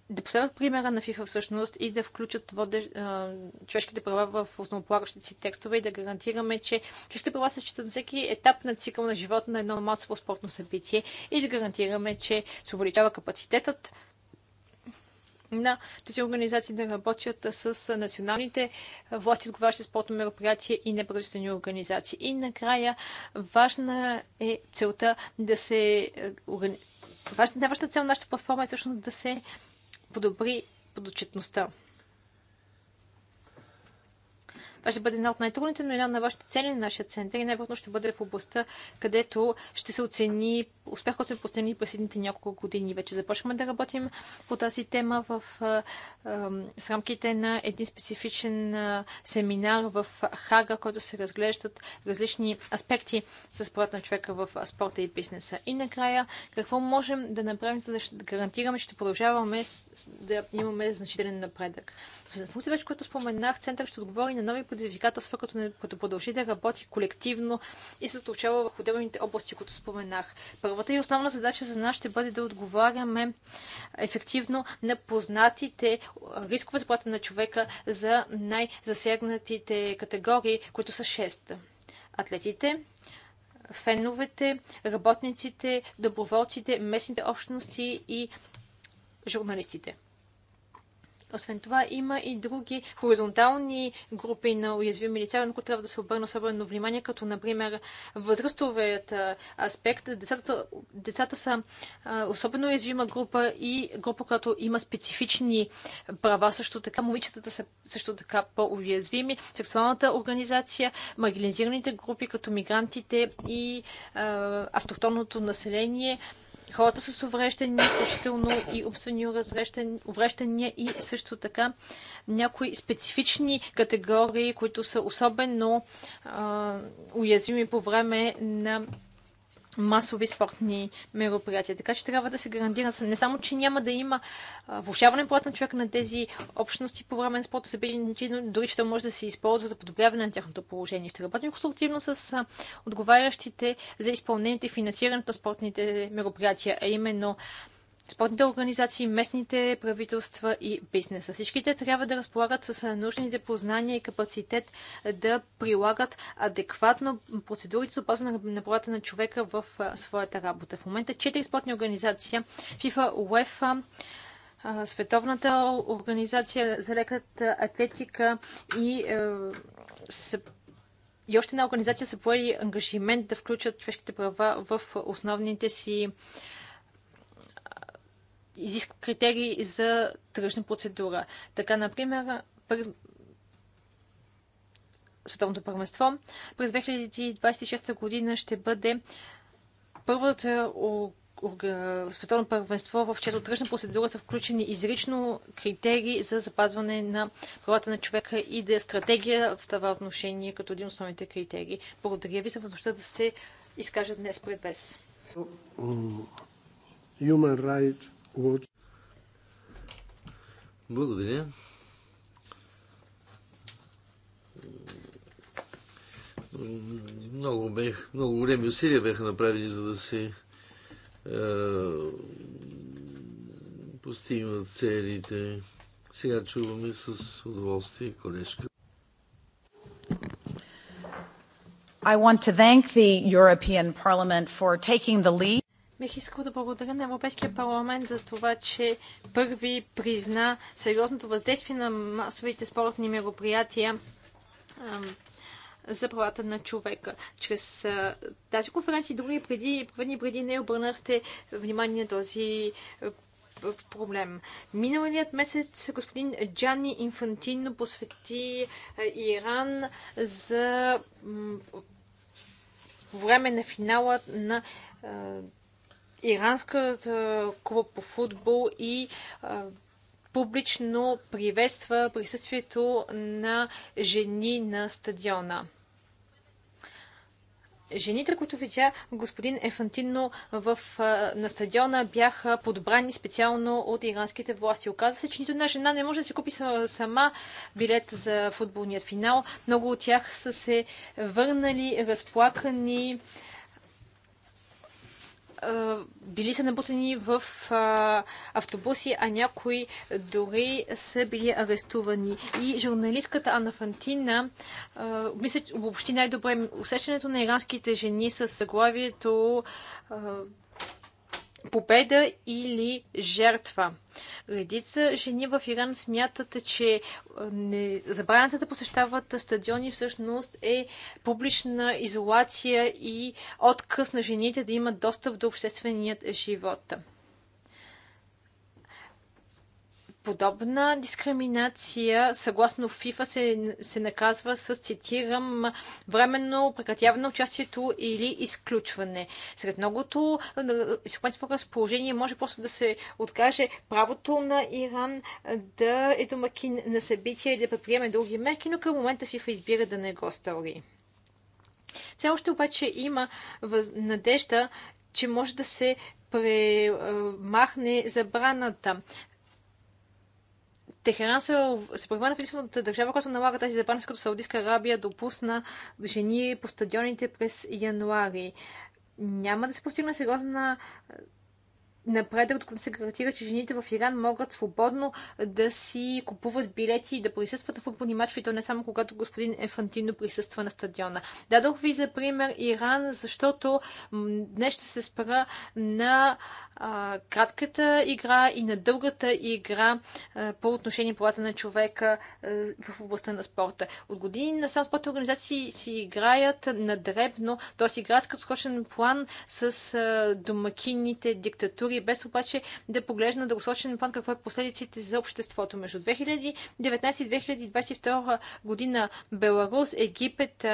да последват примера на ФИФА всъщност и да включат водеж, а, човешките права в основополагащите си текстове и да гарантираме, че човешките права се считат на всеки етап на цикъл на живота на едно масово спортно събитие и да гарантираме, че се увеличава капацитетът на тези организации да работят с националните власти, отговарящи спортно мероприятие и неправителствени организации. И накрая важна е целта да се е, Важната цел на нашата платформа е всъщност да се подобри подотчетността. Това ще бъде една от най-трудните, но една на вашите цели на нашия център и най-вероятно ще бъде в областта, където ще се оцени успех, който сме постигнали през следните няколко години. Вече започваме да работим по тази тема в, срамките с рамките на един специфичен семинар в Хага, който се разглеждат различни аспекти с правата на човека в спорта и бизнеса. И накрая, какво можем да направим, за да гарантираме, че ще продължаваме да имаме значителен напредък. За функция, вече, което споменах, център ще отговори на нови предизвикателства, като, не, като продължи да работи колективно и се случава в отделните области, които споменах. Първата и основна задача за нас ще бъде да отговаряме ефективно на познатите рискове заплата на човека за най-засегнатите категории, които са 6. Атлетите, феновете, работниците, доброволците, местните общности и журналистите. Освен това, има и други хоризонтални групи на уязвими лица, на които трябва да се обърне особено внимание, като, например, възрастовият аспект. Децата, децата са особено уязвима група и група, която има специфични права. Също така, момичетата са също така по-уязвими. Сексуалната организация, маргинализираните групи, като мигрантите и автохтонното население – хората с увреждания, включително и обствени увреждания и също така някои специфични категории, които са особено а, уязвими по време на масови спортни мероприятия. Така че трябва да се гарантира не само, че няма да има влушаване плата на човека на тези общности по време на спорта се но дори че може да се използва за подобряване на тяхното положение. Ще работим конструктивно с отговарящите за изпълнението и финансирането на спортните мероприятия, а именно спортните организации, местните правителства и бизнеса. Всички те трябва да разполагат с нужните познания и капацитет да прилагат адекватно процедурите за опазване на правата на човека в своята работа. В момента четири спортни организации FIFA, UEFA, Световната организация за леката атлетика и, и още една организация са поели ангажимент да включат човешките права в основните си изисква критерии за тръжна процедура. Така, например, пър... Световното първенство през 2026 година ще бъде първото световно първенство, в чето тръжна процедура са включени изрично критерии за запазване на правата на човека и да е стратегия в това отношение като един от основните критерии. Благодаря ви за възможността да се изкажа днес пред без. Human rights благодаря. Много, бех, много големи усилия бяха направени, за да се е, постигнат целите. Сега чуваме с удоволствие колежка. I want to thank the European Parliament for taking the lead. Бих искал да благодаря на Европейския парламент за това, че първи призна сериозното въздействие на масовите спортни мероприятия за правата на човека. Чрез тази конференция и други преди, преди, преди не обърнахте внимание на този проблем. Миналият месец господин Джани Инфантино посвети Иран за време на финала на иранската клуб по футбол и публично приветства присъствието на жени на стадиона. Жените, които видя господин Ефантино в, на стадиона, бяха подобрани специално от иранските власти. Оказа се, че нито една жена не може да си купи сама билет за футболният финал. Много от тях са се върнали разплакани били са набутени в автобуси, а някои дори са били арестувани. И журналистката Анна Фантина мисля, обобщи най-добре усещането на иранските жени с заглавието победа или жертва. Редица жени в Иран смятат, че е, не... забраната да посещават стадиони всъщност е публична изолация и отказ на жените да имат достъп до общественият живот. подобна дискриминация, съгласно ФИФА, се, се наказва с, цитирам, временно прекратяване на участието или изключване. Сред многото изключително разположение може просто да се откаже правото на Иран да е домакин на събития и да предприеме други мерки, но към момента ФИФА избира да не го стори. Все още обаче има надежда, че може да се премахне забраната. Техеран се, се превърна в единствената държава, която налага тази забрана, като Саудитска Арабия допусна жени по стадионите през януари. Няма да се постигне сериозна напредък, докато се гарантира, че жените в Иран могат свободно да си купуват билети и да присъстват на футболни матчове, то не само когато господин Ефантино присъства на стадиона. Дадох ви за пример Иран, защото днес ще се спра на кратката игра и на дългата игра по отношение правата на човека в областта на спорта. От години на сам спорта организации си играят надребно, т.е. играят като скочен план с домакинните диктатури, без обаче да поглежда на дългосрочен план какво е последиците за обществото. Между 2019 и 2022 година Беларус, Египет,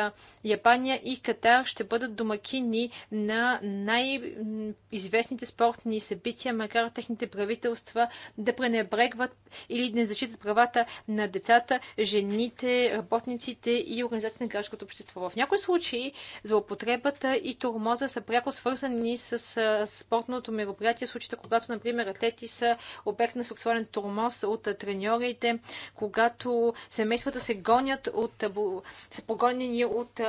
Япания и Катар ще бъдат домакини на най-известните спортни конкретни събития, макар техните правителства да пренебрегват или да не зачитат правата на децата, жените, работниците и организацията на гражданското общество. В някои случаи злоупотребата и турмоза са пряко свързани с, с спортното мероприятие, в случаите, когато, например, атлети са обект на сексуален турмоз от треньорите, когато семействата се гонят от, са погонени от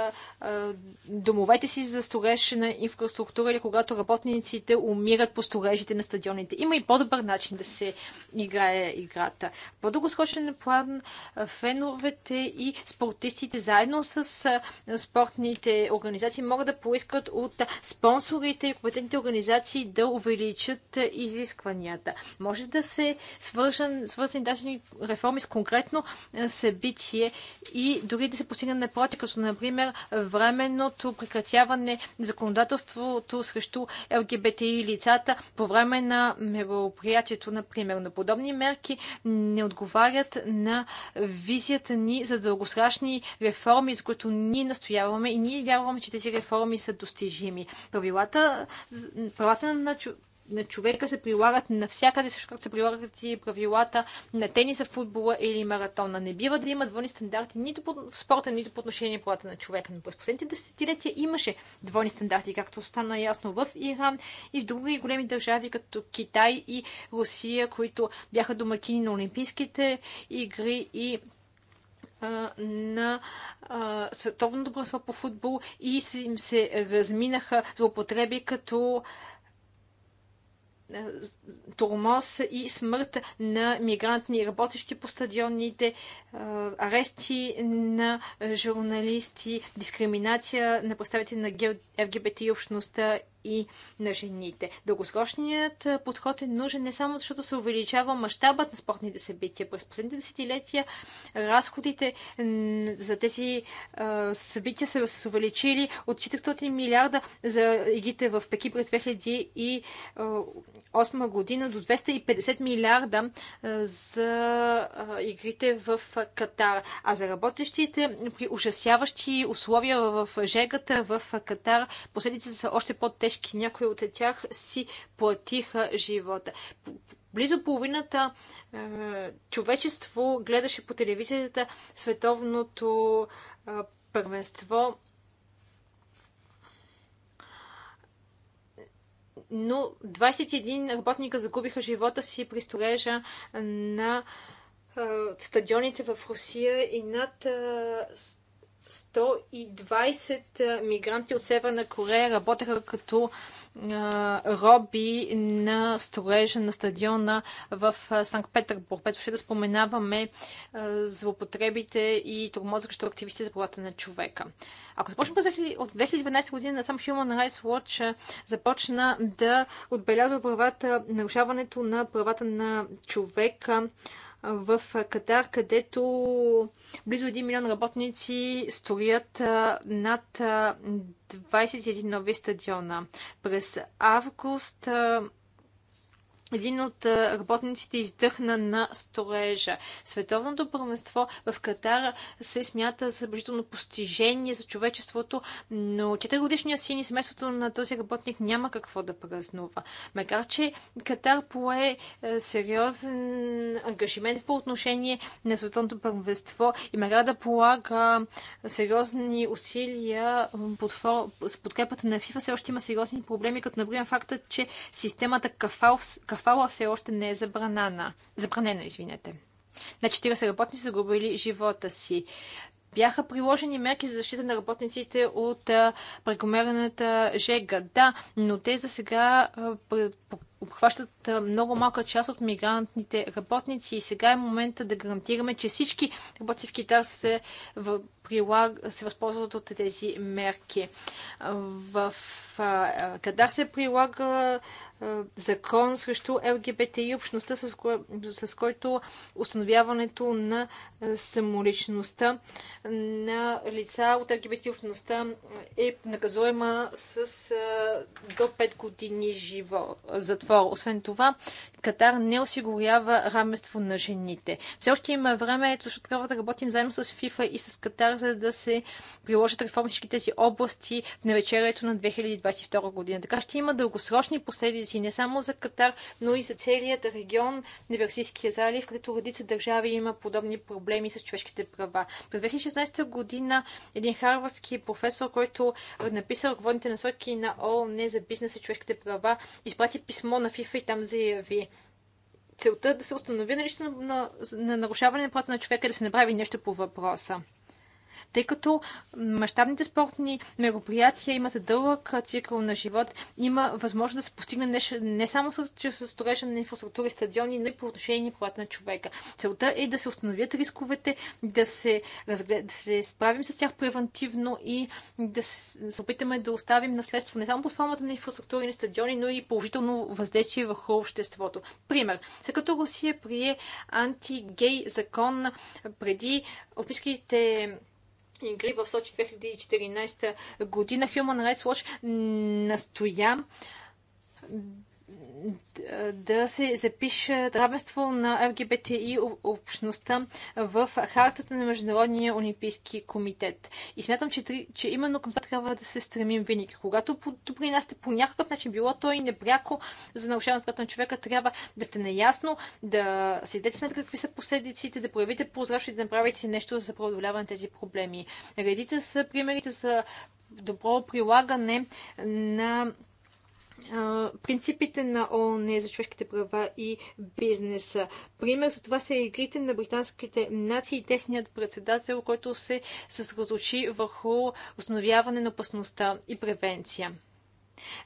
домовете си за сторещ на инфраструктура или когато работниците умират по столежите на стадионите. Има и по-добър начин да се играе играта. По-дългосрочен план феновете и спортистите заедно с спортните организации могат да поискат от спонсорите и компетентните организации да увеличат изискванията. Може да се свържен, свързани даже реформи с конкретно събитие и дори да се постигне на като например временното прекратяване на законодателството срещу ЛГБТИ лицата по време на мероприятието, например. Но подобни мерки не отговарят на визията ни за дългосрашни реформи, за които ние настояваме и ние вярваме, че тези реформи са достижими. Правилата, правата на на човека се прилагат навсякъде, също както се прилагат и правилата на тениса, футбола или маратона. Не бива да има двойни стандарти нито в спорта, нито по отношение на правата на човека. Но през последните десетилетия имаше двойни стандарти, както стана ясно в Иран и в други големи държави, като Китай и Русия, които бяха домакини на Олимпийските игри и на а, световното първенство по футбол и им се разминаха злоупотреби като тормоз и смърт на мигрантни работещи по стадионите, арести на журналисти, дискриминация на представители на ЛГБТ и общността и на жените. Дългосрочният подход е нужен не само защото се увеличава мащабът на спортните събития. През последните десетилетия разходите за тези събития са се увеличили от 400 милиарда за игрите в Пеки през 2008 година до 250 милиарда за игрите в Катар, а за работещите при ужасяващи условия в жегата в Катар, последиците са още по-тежки. Някои от тях си платиха живота. Близо половината е, човечество гледаше по телевизията световното е, първенство. но 21 работника загубиха живота си при сторежа на стадионите в Русия и над 120 мигранти от Северна Корея работеха като роби на строежа на стадиона в Санкт-Петербург. Пето ще да споменаваме злопотребите и тормоза срещу активисти за правата на човека. Ако започнем от 2012 година, сам Human Rights Watch започна да отбелязва правата, нарушаването на правата на човека в Катар, където близо 1 милион работници строят над 21 нови стадиона. През август един от работниците издъхна на сторежа. Световното първенство в Катара се смята за бъдително постижение за човечеството, но 4 годишния син и семейството на този работник няма какво да празнува. Макар, че Катар пое е, сериозен ангажимент по отношение на световното първенство и макар да полага сериозни усилия под фор... с подкрепата на ФИФА, все още има сериозни проблеми, като например факта, че системата Кафал Фала все още не е забранена. Забранена, извинете. На 40 работници загубили живота си. Бяха приложени мерки за защита на работниците от прекомерната жега. Да, но те за сега обхващат много малка част от мигрантните работници и сега е момента да гарантираме, че всички работници в Китар се, в, прилаг, се възползват от тези мерки. В, в Кадар се прилага закон срещу ЛГБТ и общността, с, кое, с който установяването на самоличността на лица от ЛГБТ общността е наказуема с до 5 години живо, затвор. Освен това, Катар не осигурява равенство на жените. Все още има време, защото трябва да работим заедно с ФИФА и с Катар, за да се приложат реформи всички тези области в навечерието на 2022 година. Така ще има дългосрочни последици не само за Катар, но и за целият регион Неверсийския залив, където редица държави има подобни проблеми с човешките права. През 2016 година един харвардски професор, който написал ръководните насоки на ООН е за бизнеса и човешките права, изпрати писмо на ФИФА и там заяви целта е да се установи налично на, на нарушаване на правата на човека да се направи нещо по въпроса тъй като мащабните спортни мероприятия имат дълъг цикъл на живот, има възможност да се постигне не, не само с строежа на инфраструктури и стадиони, но и по отношение на правата на човека. Целта е да се установят рисковете, да се, разглед... да се справим с тях превентивно и да се опитаме да оставим наследство не само под формата на инфраструктури и на стадиони, но и положително въздействие върху обществото. Пример, след като Русия прие антигей закон преди описките игри в Сочи 2014 година. на Rights Лош настоя да се запише равенство на ЛГБТИ общността в хартата на Международния олимпийски комитет. И смятам, че, че именно към това трябва да се стремим винаги. Когато сте по някакъв начин, било то и непряко за нарушаването правата на човека, трябва да сте наясно, да си дете сметка какви са последиците, да проявите прозрачност и да направите нещо за преодоляване на тези проблеми. Редица са примерите за добро прилагане на принципите на ООН за човешките права и бизнеса. Пример за това са игрите на британските нации и техният председател, който се съсредоточи върху установяване на опасността и превенция.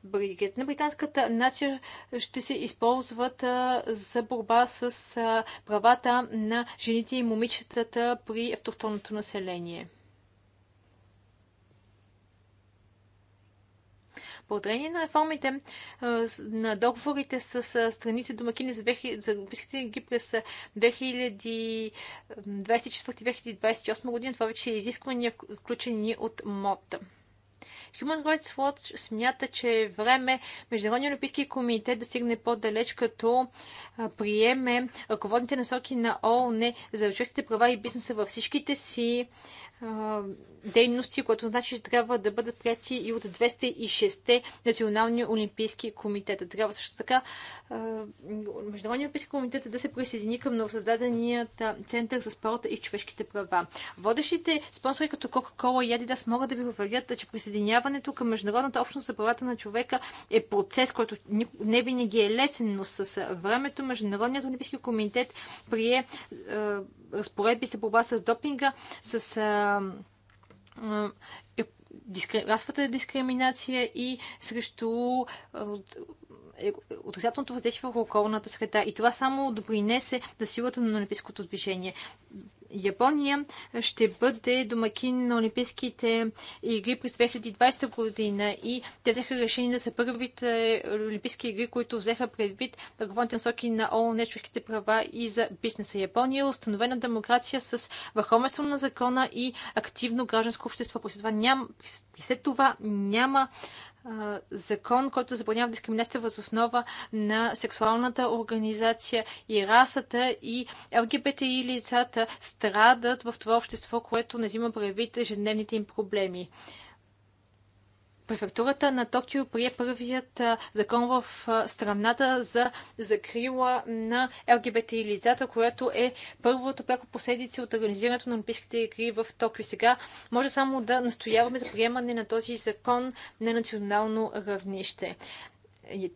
Бригет на британската нация ще се използват а, за борба с а, правата на жените и момичетата при автохтонното население. Благодарение на реформите на договорите с страните домакини за, 2000, за Олимпийските игри през 2024-2028 година, това вече е изисквания, включени от МОД. Human Rights Watch смята, че е време Международния олимпийски комитет да стигне по-далеч, като приеме ръководните насоки на ООН за човешките права и бизнеса във всичките си дейности, което значи, че трябва да бъдат прияти и от 206 национални олимпийски комитета. Трябва също така Международния олимпийски комитет да се присъедини към новосъздаденият Център за спорта и човешките права. Водещите спонсори като Coca-Cola и Adidas могат да ви уверят, че присъединяването към Международната общност за правата на човека е процес, който не винаги е лесен, но с времето Международният олимпийски комитет прие разпоредби за борба с допинга, с е, расовата дискриминация и срещу е, отрицателното въздействие върху околната среда. И това само допринесе за силата на олимпийското движение. Япония ще бъде домакин на Олимпийските игри през 2020 година и те взеха решение да са първите Олимпийски игри, които взеха предвид ръководните насоки на ООН, човешките права и за бизнеса. Япония е установена демокрация с върховенство на закона и активно гражданско общество. При след това, няма след това няма закон, който забранява дискриминация въз основа на сексуалната организация и расата и ЛГБТ и лицата страдат в това общество, което не взима правите ежедневните им проблеми. Префектурата на Токио прие първият закон в страната за закрила на ЛГБТ лицата, което е първото пряко последици от организирането на Олимпийските игри в Токио. Сега може само да настояваме за приемане на този закон на национално равнище.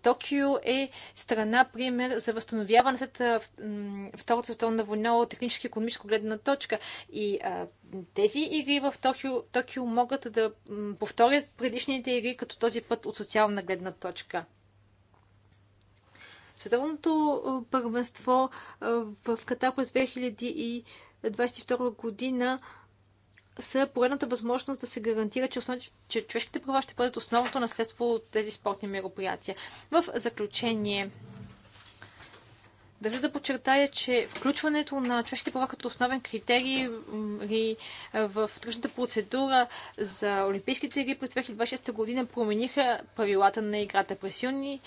Токио е страна, пример, за възстановяване след Втората световна война от технически и економическо гледна точка. И а, тези игри в Токио, Токио могат да повторят предишните игри, като този път от социална гледна точка. Световното първенство в Катар през 2022 година са поредната възможност да се гарантира, че, основните, че човешките права ще бъдат основното наследство от тези спортни мероприятия. В заключение, Държа да подчертая, че включването на човешките права като основен критерий в тръжната процедура за Олимпийските игри през 2026 година промениха правилата на играта. През юни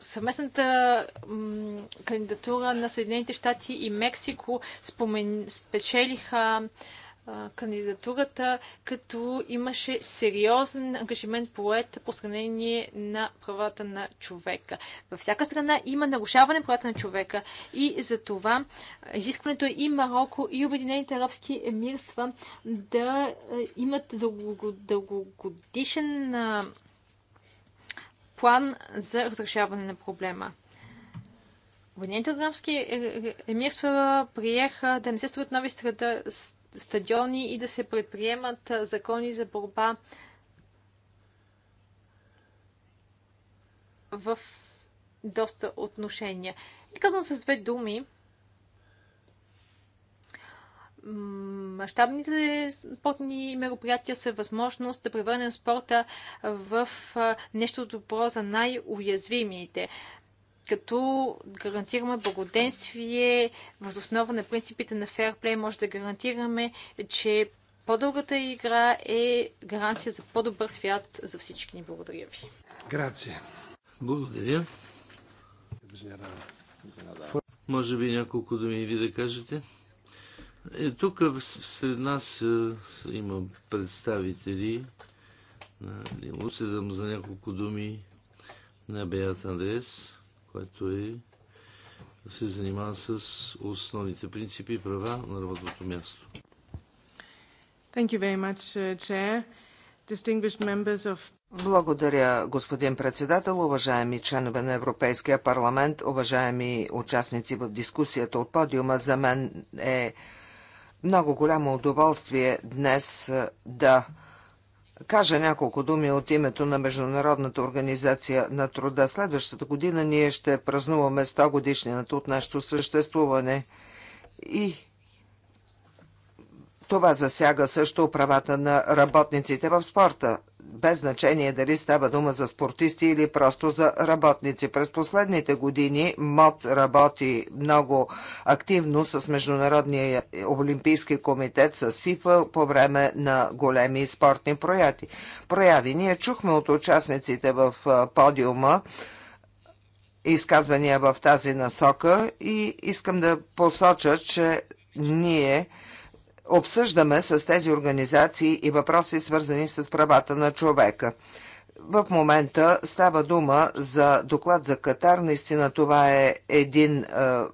съвместната кандидатура на Съединените щати и Мексико спомен... спечелиха а, кандидатурата, като имаше сериозен ангажимент поет по сравнение на правата на човека. Във всяка страна има нарушаване правата на човека и за това изискването е и Марокко, и Обединените арабски емирства да имат дългогодишен дълго план за разрешаване на проблема. Обединените арабски е, е, емирства приеха да не се строят нови стадиони и да се предприемат закони за борба в доста отношения. И казвам с две думи, мащабните спортни мероприятия са възможност да превърнем спорта в нещо добро за най-уязвимите като гарантираме благоденствие въз основа на принципите на фейрплей, може да гарантираме, че по-дългата игра е гаранция за по-добър свят за всички ни. Благодаря ви. Грация. Благодаря. Може би няколко думи ви да кажете. Е, тук сред нас е, има представители Нали, Уседам за няколко думи на Беат Андрес, който е, се занимава с основните принципи и права на работното място. Thank you very much, uh, Chair. Distinguished members of благодаря, господин председател, уважаеми членове на Европейския парламент, уважаеми участници в дискусията от подиума. За мен е много голямо удоволствие днес е, да кажа няколко думи от името на Международната организация на труда. Следващата година ние ще празнуваме 100 годишнината от нашето съществуване и това засяга също правата на работниците в спорта без значение дали става дума за спортисти или просто за работници. През последните години МОД работи много активно с Международния олимпийски комитет, с ФИФА по време на големи спортни прояти. прояви. Ние чухме от участниците в подиума изказвания в тази насока и искам да посоча, че ние обсъждаме с тези организации и въпроси, свързани с правата на човека. В момента става дума за доклад за Катар. Наистина това е един е,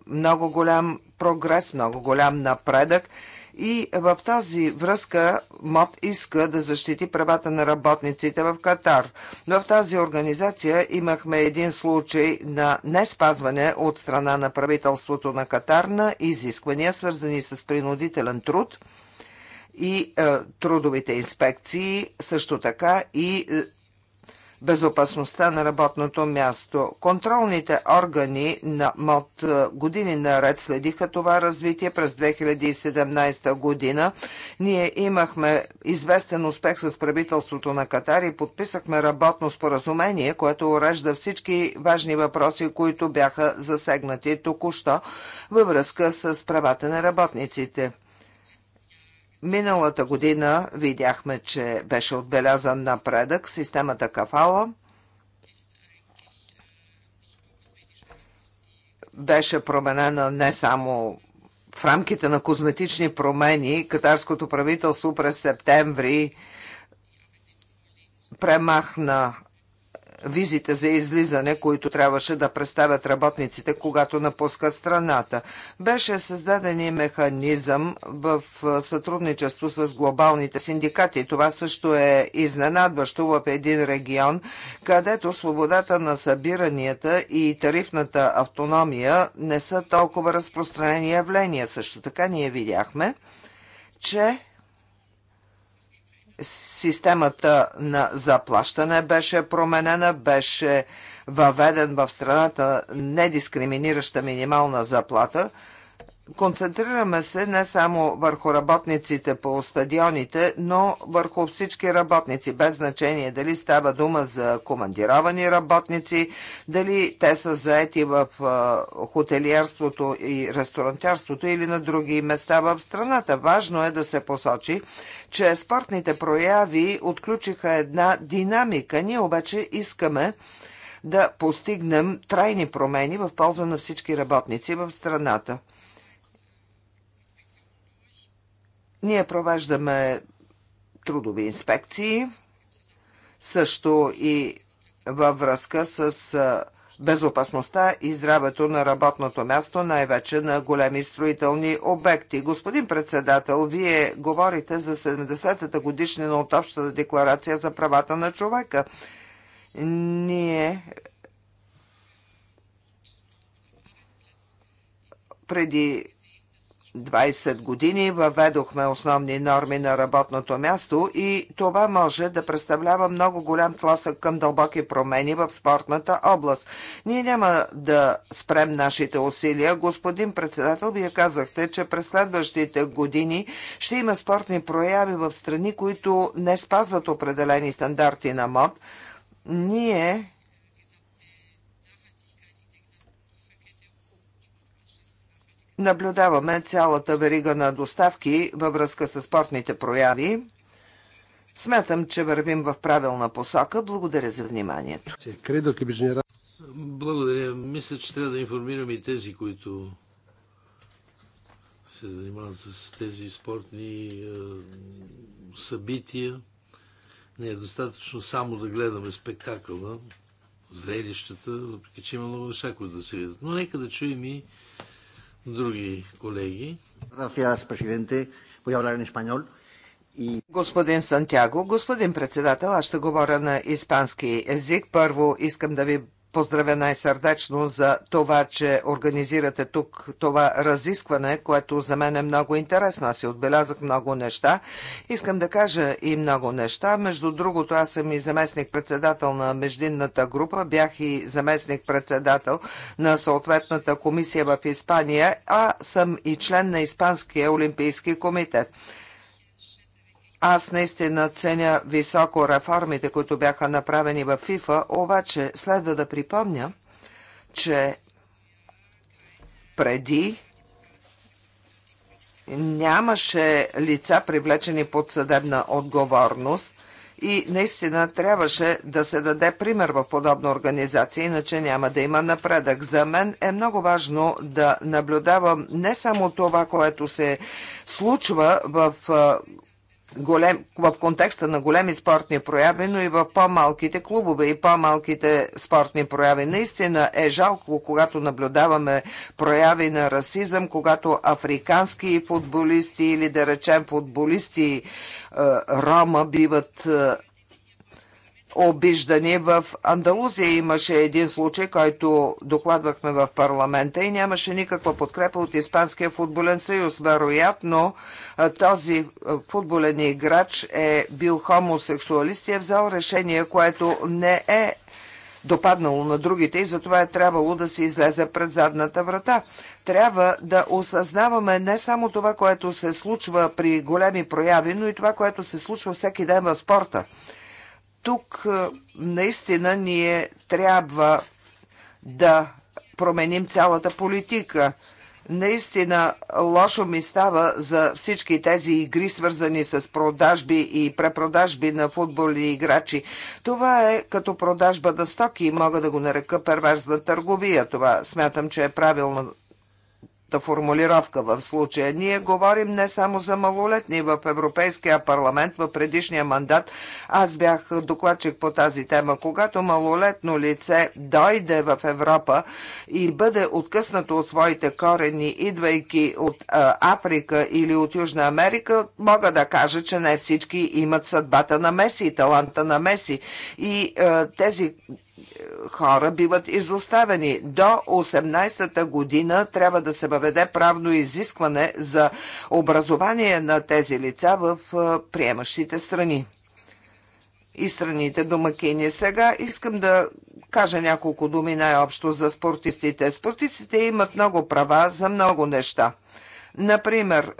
много голям прогрес, много голям напредък. И в тази връзка МОД иска да защити правата на работниците в Катар. Но в тази организация имахме един случай на не спазване от страна на правителството на Катар на изисквания, свързани с принудителен труд и е, трудовите инспекции, също така и е, безопасността на работното място. Контролните органи на МОД е, години наред следиха това развитие през 2017 година. Ние имахме известен успех с правителството на Катар и подписахме работно споразумение, което урежда всички важни въпроси, които бяха засегнати току-що във връзка с правата на работниците. Миналата година видяхме, че беше отбелязан напредък системата Кафала. Беше променена не само в рамките на козметични промени. Катарското правителство през септември премахна визите за излизане, които трябваше да представят работниците, когато напускат страната. Беше създаден и механизъм в сътрудничество с глобалните синдикати. Това също е изненадващо в един регион, където свободата на събиранията и тарифната автономия не са толкова разпространени явления. Също така ние видяхме, че системата на заплащане беше променена, беше въведен в страната недискриминираща минимална заплата – Концентрираме се не само върху работниците по стадионите, но върху всички работници, без значение дали става дума за командировани работници, дали те са заети в хотелиерството и ресторантярството или на други места в страната. Важно е да се посочи, че спортните прояви отключиха една динамика. Ние обаче искаме да постигнем трайни промени в полза на всички работници в страната. Ние провеждаме трудови инспекции, също и във връзка с безопасността и здравето на работното място, най-вече на големи строителни обекти. Господин председател, вие говорите за 70-та годишнина от Общата декларация за правата на човека. Ние преди 20 години въведохме основни норми на работното място и това може да представлява много голям тласък към дълбоки промени в спортната област. Ние няма да спрем нашите усилия. Господин председател, вие казахте, че през следващите години ще има спортни прояви в страни, които не спазват определени стандарти на мод. Ние наблюдаваме цялата верига на доставки във връзка с спортните прояви. Смятам, че вървим в правилна посока. Благодаря за вниманието. Благодаря. Мисля, че трябва да информираме и тези, които се занимават с тези спортни е, събития. Не е достатъчно само да гледаме спектакъла, зрелищата, въпреки че има много неща, които да се видят. Но нека да чуем и други колеги. Gracias, presidente. Voy a hablar en español. И... Господин Сантьяго, господин председател, аз ще говоря на испански език. Първо искам да ви поздравя най-сърдечно е за това, че организирате тук това разискване, което за мен е много интересно. Аз си отбелязах много неща. Искам да кажа и много неща. Между другото, аз съм и заместник-председател на междинната група, бях и заместник-председател на съответната комисия в Испания, а съм и член на Испанския олимпийски комитет. Аз наистина ценя високо реформите, които бяха направени в ФИФА, обаче следва да припомня, че преди нямаше лица привлечени под съдебна отговорност и наистина трябваше да се даде пример в подобна организация, иначе няма да има напредък. За мен е много важно да наблюдавам не само това, което се случва в голем, в контекста на големи спортни прояви, но и в по-малките клубове и по-малките спортни прояви. Наистина е жалко, когато наблюдаваме прояви на расизъм, когато африкански футболисти или да речем футболисти е, Рома биват е, обиждани. В Андалузия имаше един случай, който докладвахме в парламента и нямаше никаква подкрепа от Испанския футболен съюз. Вероятно, този футболен играч е бил хомосексуалист и е взел решение, което не е допаднало на другите и затова е трябвало да се излезе пред задната врата. Трябва да осъзнаваме не само това, което се случва при големи прояви, но и това, което се случва всеки ден в спорта. Тук наистина ние трябва да променим цялата политика – Наистина лошо ми става за всички тези игри, свързани с продажби и препродажби на футболни играчи. Това е като продажба на стоки и мога да го нарека перверзна търговия. Това смятам, че е правилно формулировка в случая. Ние говорим не само за малолетни в Европейския парламент в предишния мандат. Аз бях докладчик по тази тема. Когато малолетно лице дойде в Европа и бъде откъснато от своите корени, идвайки от а, Африка или от Южна Америка, мога да кажа, че не всички имат съдбата на Меси и таланта на Меси. И а, тези хора биват изоставени. До 18-та година трябва да се въведе правно изискване за образование на тези лица в приемащите страни и страните домакини. Сега искам да кажа няколко думи най-общо за спортистите. Спортистите имат много права за много неща. Например,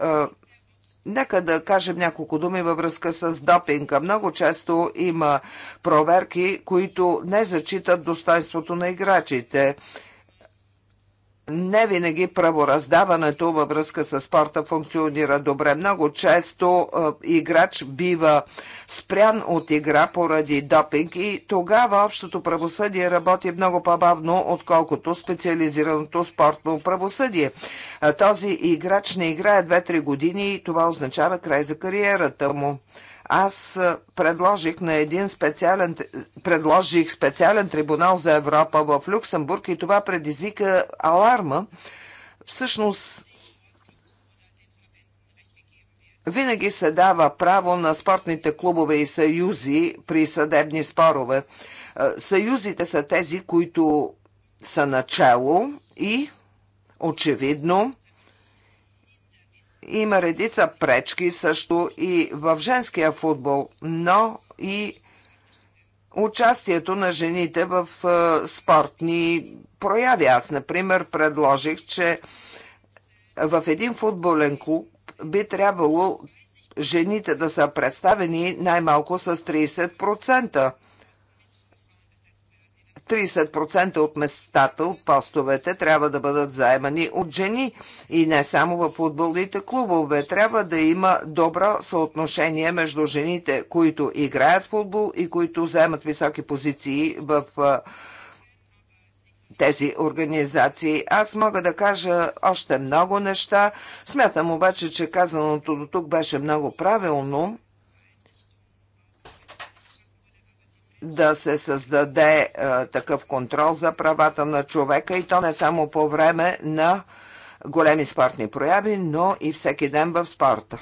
Нека да кажем няколко думи във връзка с допинга. Много често има проверки, които не зачитат достоинството на играчите не винаги правораздаването във връзка с спорта функционира добре. Много често е, играч бива спрян от игра поради допинг и тогава общото правосъдие работи много по-бавно, отколкото специализираното спортно правосъдие. Е, този играч не играе 2-3 години и това означава край за кариерата му. Аз предложих на един специален, предложих специален трибунал за Европа в Люксембург и това предизвика аларма. Всъщност, винаги се дава право на спортните клубове и съюзи при съдебни спорове. Съюзите са тези, които са начало и очевидно има редица пречки също и в женския футбол, но и участието на жените в спортни прояви. Аз, например, предложих, че в един футболен клуб би трябвало жените да са представени най-малко с 30%. 30% от местата, от постовете трябва да бъдат заемани от жени и не само в футболните клубове. Трябва да има добро съотношение между жените, които играят футбол и които заемат високи позиции в тези организации. Аз мога да кажа още много неща. Смятам обаче, че казаното до тук беше много правилно. да се създаде е, такъв контрол за правата на човека и то не само по време на големи спортни прояви, но и всеки ден в спорта.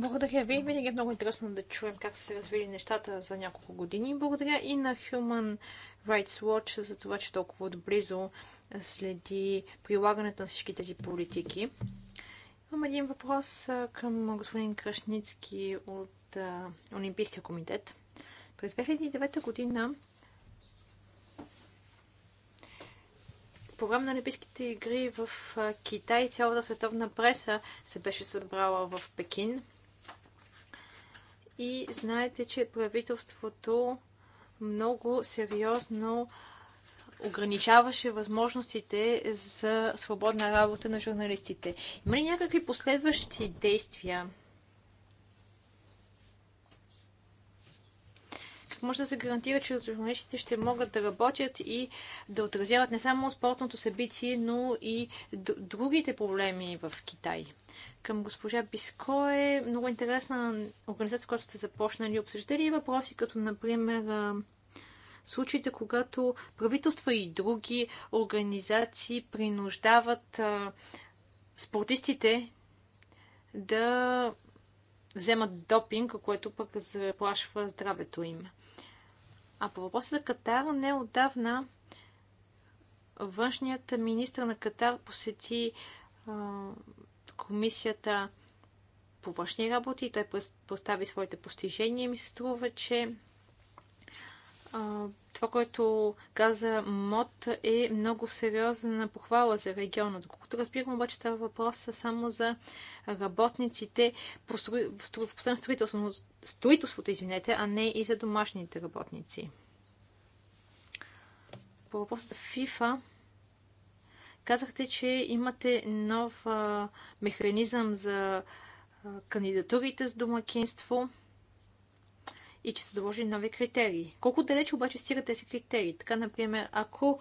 Благодаря ви. Винаги е много интересно да чуем как са се развили нещата за няколко години. Благодаря и на Human Rights Watch за това, че толкова отблизо следи прилагането на всички тези политики. Имам един въпрос към господин Кръшницки от Олимпийския комитет. През 2009 година по време на Олимпийските игри в Китай цялата световна преса се беше събрала в Пекин. И знаете, че правителството много сериозно ограничаваше възможностите за свободна работа на журналистите. Има ли някакви последващи действия? Как може да се гарантира, че журналистите ще могат да работят и да отразяват не само спортното събитие, но и другите проблеми в Китай? Към госпожа Биско е много интересна организация, която сте започнали. Обсъждали въпроси, като, например, случаите, когато правителства и други организации принуждават спортистите да вземат допинг, което пък заплашва здравето им. А по въпроса за Катар, не отдавна външният министр на Катар посети а, комисията по външни работи и той представи своите постижения. Ми се струва, че това, което каза МОД е много сериозна похвала за региона. Доколкото разбирам, обаче става въпрос само за работниците в на строителство, строителството, извинете, а не и за домашните работници. По въпроса за ФИФА, казахте, че имате нов механизъм за кандидатурите за домакинство и че са заложени нови критерии. Колко далеч обаче стигат тези критерии? Така, например, ако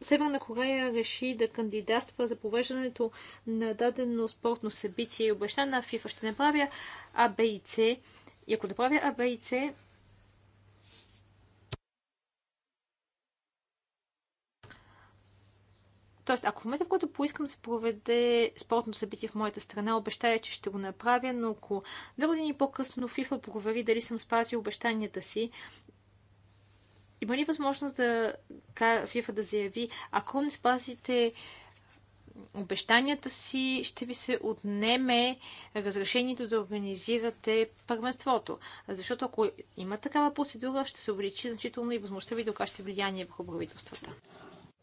Северна Корея реши да кандидатства за провеждането на дадено спортно събитие и обеща на ФИФА ще направя АБИЦ. И ако направя АБИЦ, Тоест, ако в момента, в който поискам да се проведе спортно събитие в моята страна, обещая, че ще го направя, но ако две години по-късно FIFA провери дали съм спазил обещанията си, има ли възможност да FIFA да заяви, ако не спазите обещанията си ще ви се отнеме разрешението да организирате първенството. Защото ако има такава процедура, ще се увеличи значително и възможността ви да окажете влияние върху правителствата.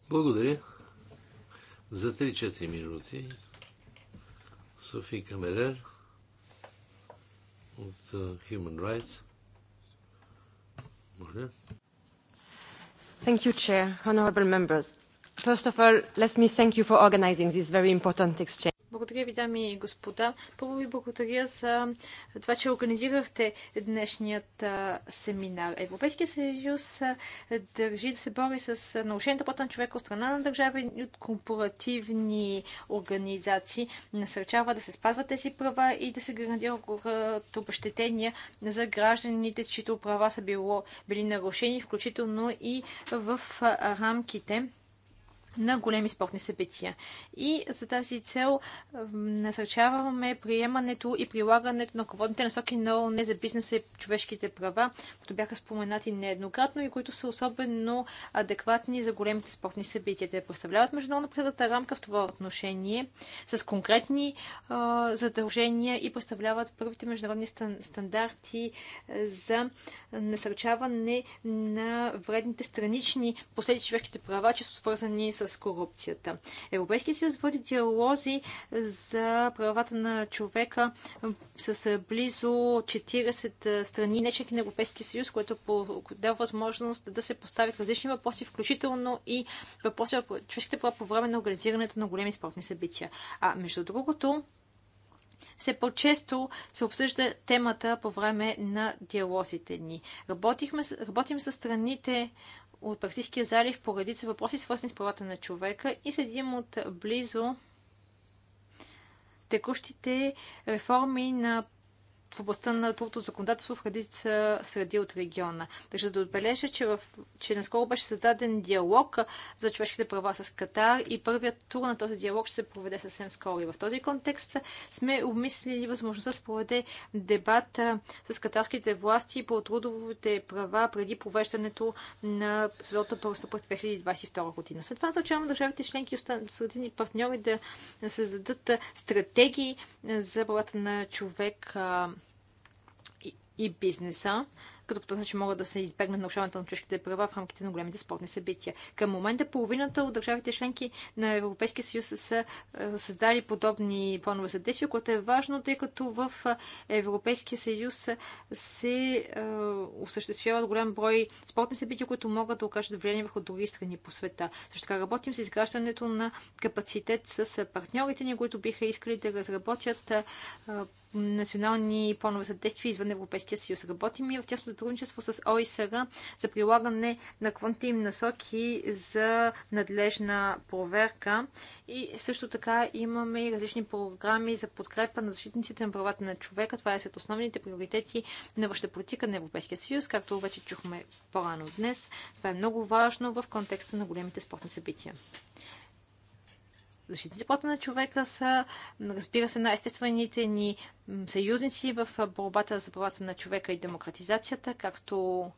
Благодаря за 3-4 минути. Софи Камерер от Human Rights. Моля. Thank you, Chair, honorable members. First of all, let me thank you for organizing this very important exchange. Благодаря ви, дами и господа. Първо ви благодаря за това, че организирахте днешният семинар. Европейския съюз държи да се бори с нарушените на на човека от страна на държави и от корпоративни организации. Насърчава да се спазват тези права и да се гарантират обещетения за гражданите, чието права са било, били нарушени, включително и в рамките на големи спортни събития. И за тази цел насърчаваме приемането и прилагането на ръководните насоки на ООН за бизнеса и човешките права, които бяха споменати нееднократно и които са особено адекватни за големите спортни събития. Те представляват международно предата рамка в това отношение с конкретни а, задължения и представляват първите международни стандарти е, за насърчаване на вредните странични последици човешките права, че са свързани с с корупцията. Европейския съюз води диалози за правата на човека с близо 40 страни, не на Европейския съюз, което дава възможност да се поставят различни въпроси, включително и въпроси за човешките права по време на организирането на големи спортни събития. А между другото, все по-често се обсъжда темата по време на диалозите ни. Работихме, работим с страните от Персийския залив по редица въпроси, свързани с правата на човека и следим от близо текущите реформи на в областта на трудното законодателство в редица среди от региона. Държа да отбележа, че, в, че наскоро беше създаден диалог за човешките права с Катар и първият тур на този диалог ще се проведе съвсем скоро. И в този контекст сме обмислили възможността да се проведе дебат с катарските власти по трудовите права преди провеждането на Световната първенство през 2022 година. След това означавам държавите членки и средини партньори да създадат стратегии за правата на човек и бизнеса, като по този начин могат да се избегнат нарушаването на човешките права в рамките на големите спортни събития. Към момента половината от държавите членки на Европейския съюз са създали подобни планове за действие, което е важно, тъй като в Европейския съюз се осъществяват голям брой спортни събития, които могат да окажат влияние върху други страни по света. Също така работим с изграждането на капацитет с партньорите ни, които биха искали да разработят национални планове за действие извън Европейския съюз. Работим и в тясно сътрудничество с ОИСР за прилагане на квантим насоки за надлежна проверка. И също така имаме и различни програми за подкрепа на защитниците на правата на човека. Това е след основните приоритети на въща политика на Европейския съюз, както вече чухме по-рано днес. Това е много важно в контекста на големите спортни събития защитните плата на човека са, разбира се, най-естествените ни съюзници в борбата за правата на човека и демократизацията, както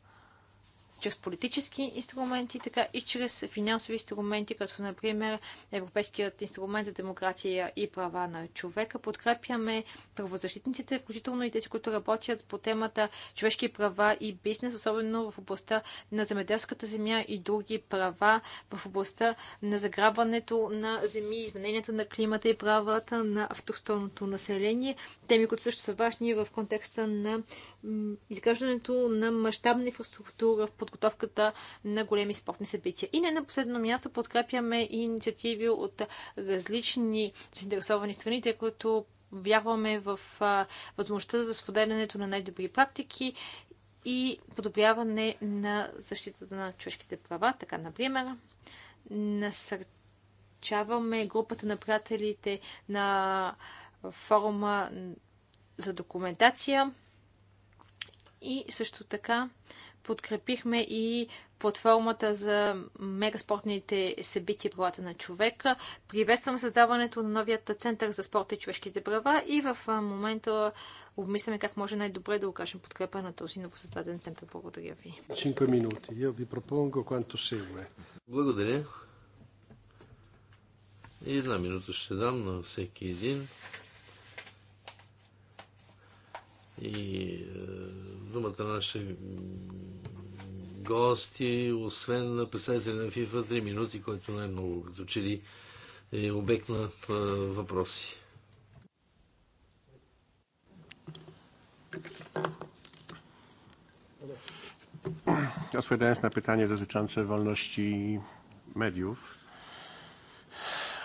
чрез политически инструменти, така и чрез финансови инструменти, като например Европейският инструмент за демокрация и права на човека. Подкрепяме правозащитниците, включително и тези, които работят по темата човешки права и бизнес, особено в областта на земеделската земя и други права, в областта на заграбването на земи, измененията на климата и правата на автохтонното население. Теми, които също са важни в контекста на изграждането на мащабна инфраструктура в подготовката на големи спортни събития. И не на последно място подкрепяме и инициативи от различни заинтересовани страни, тъй като вярваме в възможността за споделянето на най-добри практики и подобряване на защитата на човешките права, така например насърчаваме групата на приятелите на форума за документация и също така подкрепихме и платформата за мегаспортните събития правата на човека. Приветствам създаването на новият център за спорта и човешките права и в момента обмисляме как може най-добре да окажем подкрепа на този новосъздаден център. Благодаря ви. 5 минути. Я ви пропонго quanto segue. Благодаря. И една минута ще дам на всеки един и думата на наши гости, освен на представители на FIFA, 3 минути, който най-много като че ли е обект на въпроси. Odpowiadając na pytanie dotyczące wolności mediów,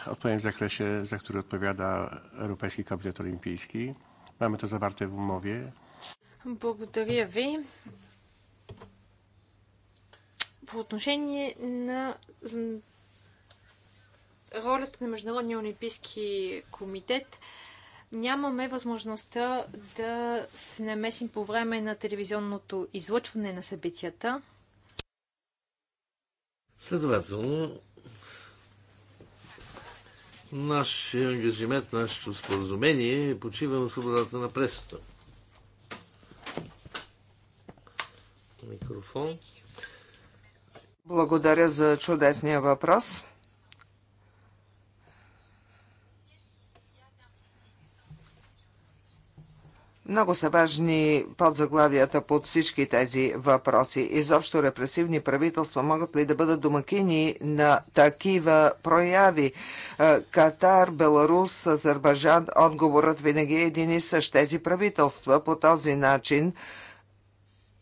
odpowiem w zakresie, za który odpowiada Europejski Komitet Olimpijski. Mamy to zawarte w umowie. Благодаря ви. По отношение на ролята на Международния олимпийски комитет, нямаме възможността да се намесим по време на телевизионното излъчване на събитията. Следователно, Нашия ангажимент, нашето споразумение е почива на свободата на пресата. Микрофон. Благодаря за чудесния въпрос. Много са важни подзаглавията под всички тези въпроси. Изобщо репресивни правителства могат ли да бъдат домакини на такива прояви? Е, Катар, Беларус, Азербайджан, отговорът винаги е един и същ. Тези правителства по този начин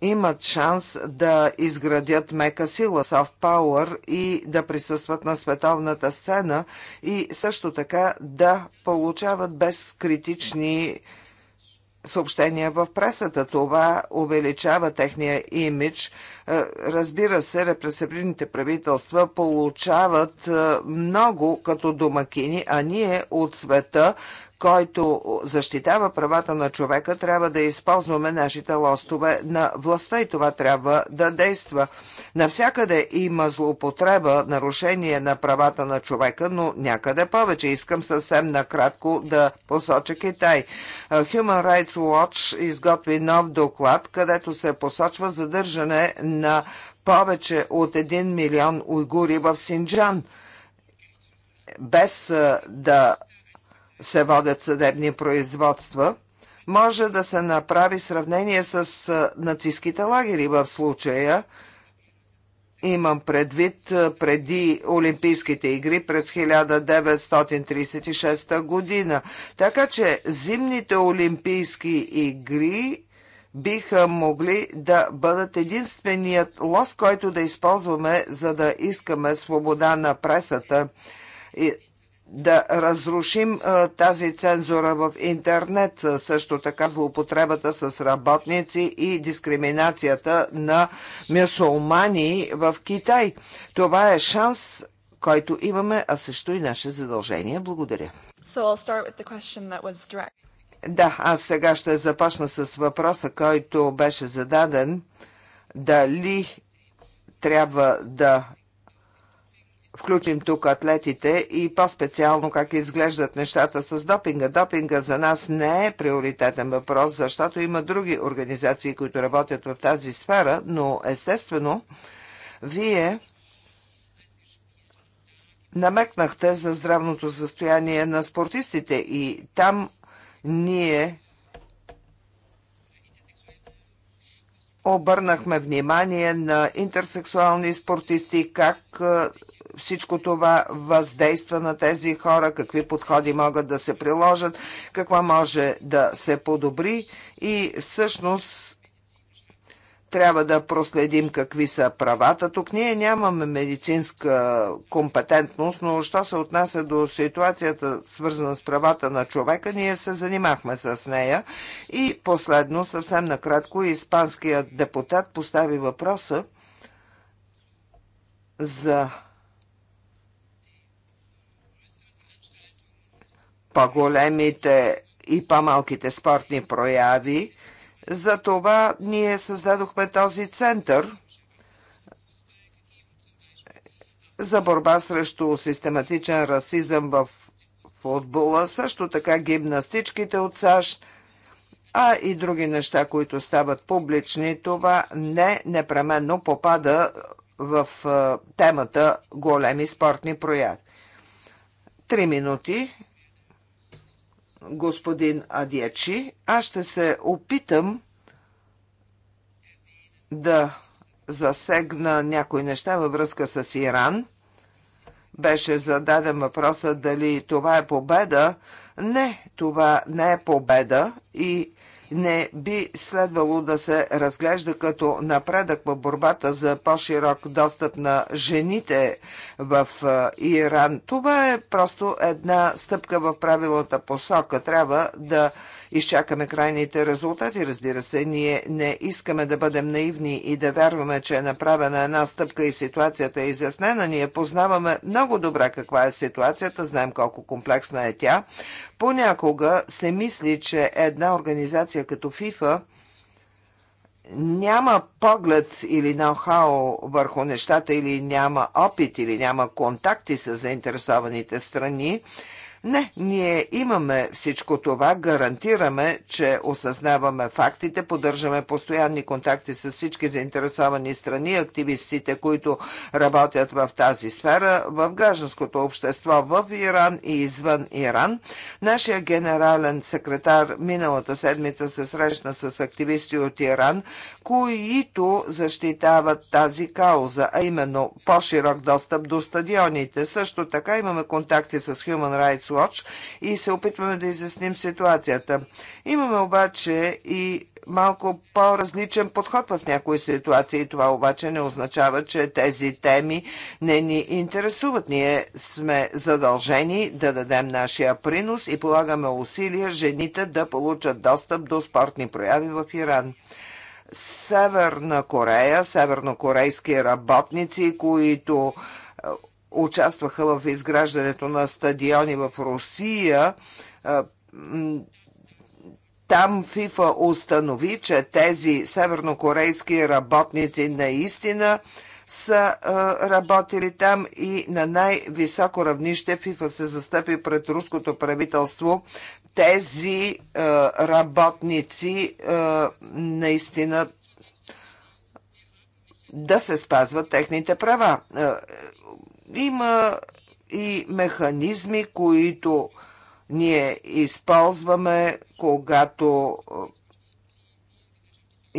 имат шанс да изградят мека сила, soft power и да присъстват на световната сцена и също така да получават безкритични критични съобщения в пресата. Това увеличава техния имидж. Е, разбира се, репресивните правителства получават е, много като домакини, а ние от света който защитава правата на човека, трябва да използваме нашите лостове на властта и това трябва да действа. Навсякъде има злоупотреба, нарушение на правата на човека, но някъде повече. Искам съвсем накратко да посоча Китай. Human Rights Watch изготви нов доклад, където се посочва задържане на повече от 1 милион уйгури в Синджан без да се водят съдебни производства, може да се направи сравнение с нацистските лагери в случая. Имам предвид преди Олимпийските игри през 1936 година. Така че зимните Олимпийски игри биха могли да бъдат единственият лост, който да използваме, за да искаме свобода на пресата. И да разрушим тази цензура в интернет, също така злоупотребата с работници и дискриминацията на мюсулмани в Китай. Това е шанс, който имаме, а също и наше задължение. Благодаря. So да, аз сега ще започна с въпроса, който беше зададен. Дали трябва да включим тук атлетите и по-специално как изглеждат нещата с допинга. Допинга за нас не е приоритетен въпрос, защото има други организации, които работят в тази сфера, но естествено, вие намекнахте за здравното състояние на спортистите и там ние обърнахме внимание на интерсексуални спортисти, как всичко това въздейства на тези хора, какви подходи могат да се приложат, какво може да се подобри и всъщност трябва да проследим какви са правата. Тук ние нямаме медицинска компетентност, но що се отнася до ситуацията свързана с правата на човека, ние се занимахме с нея. И последно, съвсем накратко, испанският депутат постави въпроса за по-големите и по-малките спортни прояви. Затова ние създадохме този център за борба срещу систематичен расизъм в футбола, също така гимнастичките от САЩ, а и други неща, които стават публични. Това не непременно попада в темата големи спортни прояви. Три минути господин Адиечи. Аз ще се опитам да засегна някои неща във връзка с Иран. Беше зададен въпроса дали това е победа. Не, това не е победа и не би следвало да се разглежда като напредък в борбата за по-широк достъп на жените в Иран. Това е просто една стъпка в правилната посока. Трябва да изчакаме крайните резултати. Разбира се, ние не искаме да бъдем наивни и да вярваме, че е направена една стъпка и ситуацията е изяснена. Ние познаваме много добре каква е ситуацията, знаем колко комплексна е тя. Понякога се мисли, че една организация като ФИФА няма поглед или ноу-хау върху нещата или няма опит или няма контакти с заинтересованите страни не, ние имаме всичко това, гарантираме, че осъзнаваме фактите, поддържаме постоянни контакти с всички заинтересовани страни, активистите, които работят в тази сфера, в гражданското общество в Иран и извън Иран. Нашия генерален секретар миналата седмица се срещна с активисти от Иран, които защитават тази кауза, а именно по-широк достъп до стадионите. Също така имаме контакти с Human Rights Watch и се опитваме да изясним ситуацията. Имаме обаче и малко по-различен подход в някои ситуации. Това обаче не означава, че тези теми не ни интересуват. Ние сме задължени да дадем нашия принос и полагаме усилия жените да получат достъп до спортни прояви в Иран. Северна Корея, севернокорейски работници, които участваха в изграждането на стадиони в Русия, там ФИФА установи, че тези севернокорейски работници наистина са работили там и на най-високо равнище ФИФА се застъпи пред руското правителство. Тези работници наистина да се спазват техните права. Има и механизми, които ние използваме, когато е,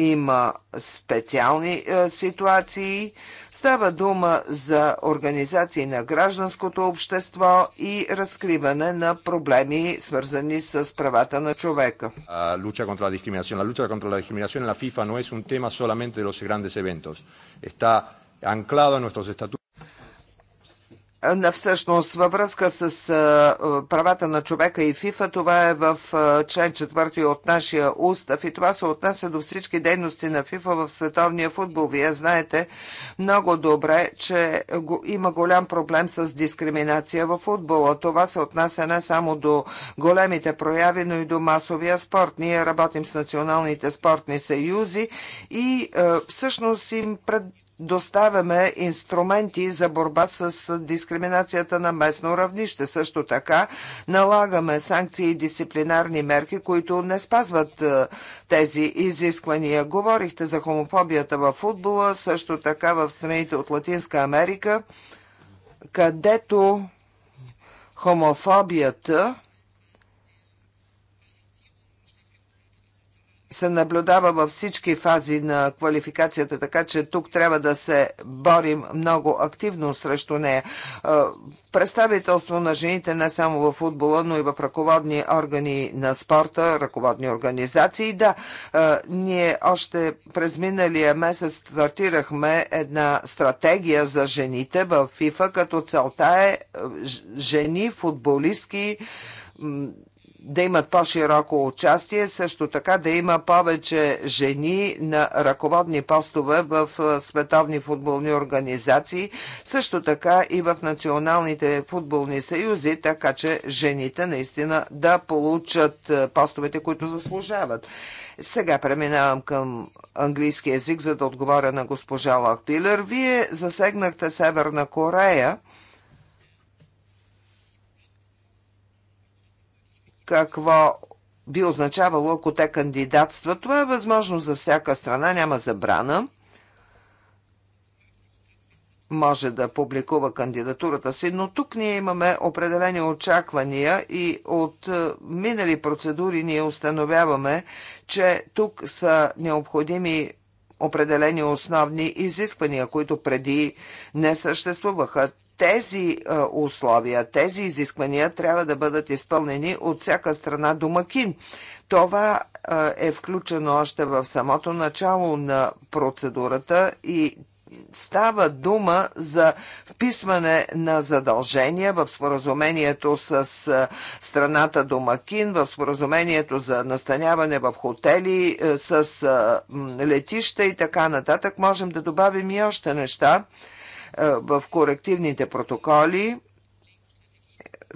има специални е, ситуации. Става дума за организации на гражданското общество и разкриване на проблеми, свързани с правата на човека. Луча контра ла дискриминация. Луча контра ла дискриминация на ФИФА не е no es un tema solamente de los grandes eventos. Está anclado en nuestros estatutos на всъщност във връзка с правата на човека и ФИФА. Това е в член 4 от нашия устав и това се отнася до всички дейности на ФИФА в световния футбол. Вие знаете много добре, че има голям проблем с дискриминация в футбола. Това се отнася не само до големите прояви, но и до масовия спорт. Ние работим с националните спортни съюзи и всъщност им пред доставяме инструменти за борба с дискриминацията на местно равнище. Също така налагаме санкции и дисциплинарни мерки, които не спазват е, тези изисквания. Говорихте за хомофобията в футбола, също така в страните от Латинска Америка, където хомофобията се наблюдава във всички фази на квалификацията, така че тук трябва да се борим много активно срещу нея. Е, представителство на жените не само в футбола, но и в ръководни органи на спорта, ръководни организации. Да, е, ние още през миналия месец стартирахме една стратегия за жените в ФИФА, като целта е, е жени, футболистки, да имат по-широко участие, също така да има повече жени на ръководни постове в световни футболни организации, също така и в националните футболни съюзи, така че жените наистина да получат постовете, които заслужават. Сега преминавам към английски язик, за да отговоря на госпожа Лахпилер. Вие засегнахте Северна Корея какво би означавало, ако те кандидатстват. Това е възможно за всяка страна, няма забрана. Може да публикува кандидатурата си, но тук ние имаме определени очаквания и от е, минали процедури ние установяваме, че тук са необходими определени основни изисквания, които преди не съществуваха тези условия, тези изисквания трябва да бъдат изпълнени от всяка страна домакин. Това е включено още в самото начало на процедурата и става дума за вписване на задължения в споразумението с страната домакин, в споразумението за настаняване в хотели, с летища и така нататък. Можем да добавим и още неща. Е, в корективните протоколи.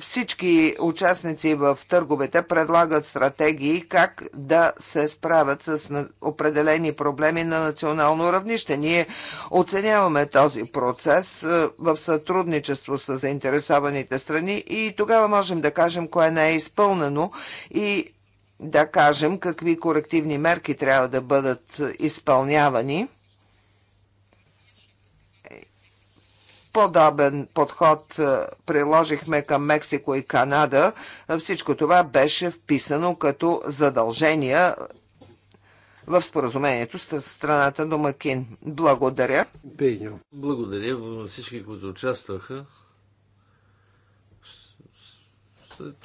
Всички участници в търговете предлагат стратегии как да се справят с определени проблеми на национално равнище. Ние оценяваме този процес е, в сътрудничество с заинтересованите страни и тогава можем да кажем кое не е изпълнено и да кажем какви корективни мерки трябва да бъдат изпълнявани. Подобен подход е, приложихме към Мексико и Канада. Е, всичко това беше вписано като задължения е, в споразумението с страната Домакин. Благодаря. Пеню. Благодаря на всички, които участваха. След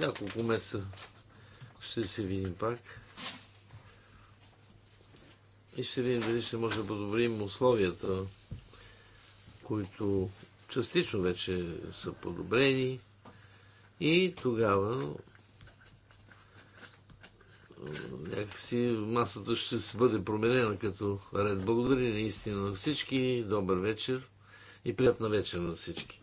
няколко месеца ще се видим пак. И ще видим дали ще може да подобрим условията които частично вече са подобрени и тогава някакси масата ще се бъде променена като ред. Благодаря наистина на всички. Добър вечер и приятна вечер на всички.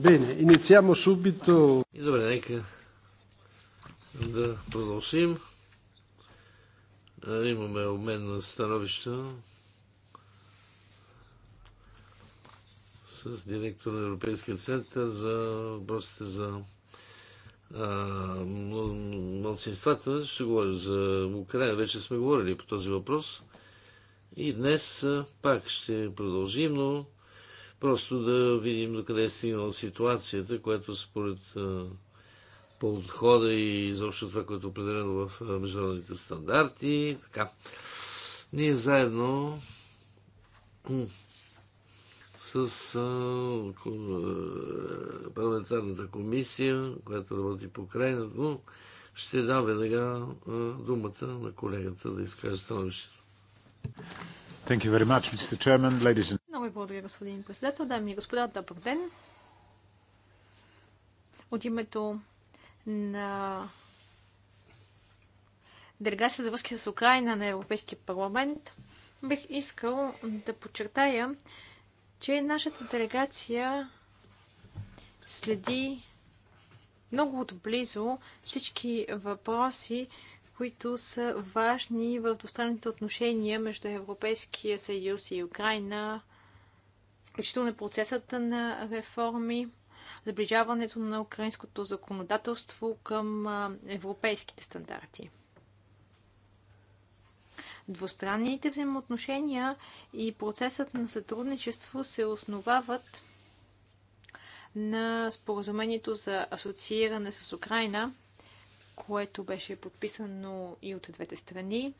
Bene, iniziamo subito. И добре, нека да продължим. Е, имаме обмен на становища с директор на Европейския център за въпросите за младсинствата. Ще говорим за Украина. Вече сме говорили по този въпрос. И днес пак ще продължим, но Просто да видим до къде е стигнала ситуацията, която според подхода и изобщо това, което е определено в международните стандарти. Така. Ние заедно с парламентарната комисия, която работи по крайното, ще дам веднага думата на колегата да изкаже становището. Thank you very much, Mr. Chairman, ladies and ви благодаря, господин председател. Дами и господа, добър ден. От името на делегация за връзки с Украина на Европейския парламент бих искал да подчертая, че нашата делегация следи много отблизо всички въпроси, които са важни в двустранните отношения между Европейския съюз и Украина, включително процесът на реформи, заближаването на украинското законодателство към европейските стандарти. Двустранните взаимоотношения и процесът на сътрудничество се основават на споразумението за асоцииране с Украина, което беше подписано и от двете страни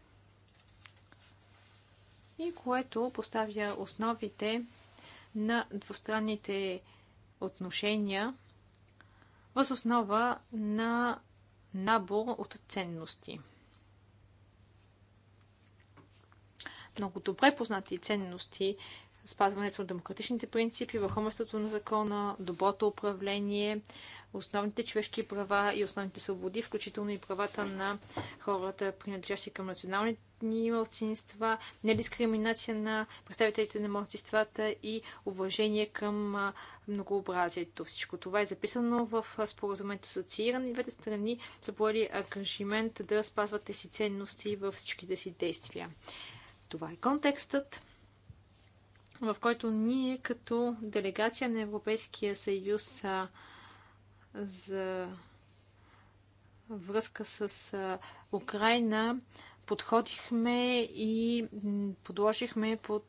и което поставя основите на двустранните отношения въз основа на набор от ценности. Много добре познати ценности спазването на демократичните принципи, върховенството на закона, доброто управление, основните човешки права и основните свободи, включително и правата на хората, принадлежащи към националните малцинства, недискриминация на представителите на малцинствата и уважение към многообразието. Всичко това е записано в споразумението с асоцииране и двете страни са поели ангажимент да спазват тези ценности във всичките си действия. Това е контекстът в който ние като делегация на Европейския съюз за връзка с Украина подходихме и подложихме под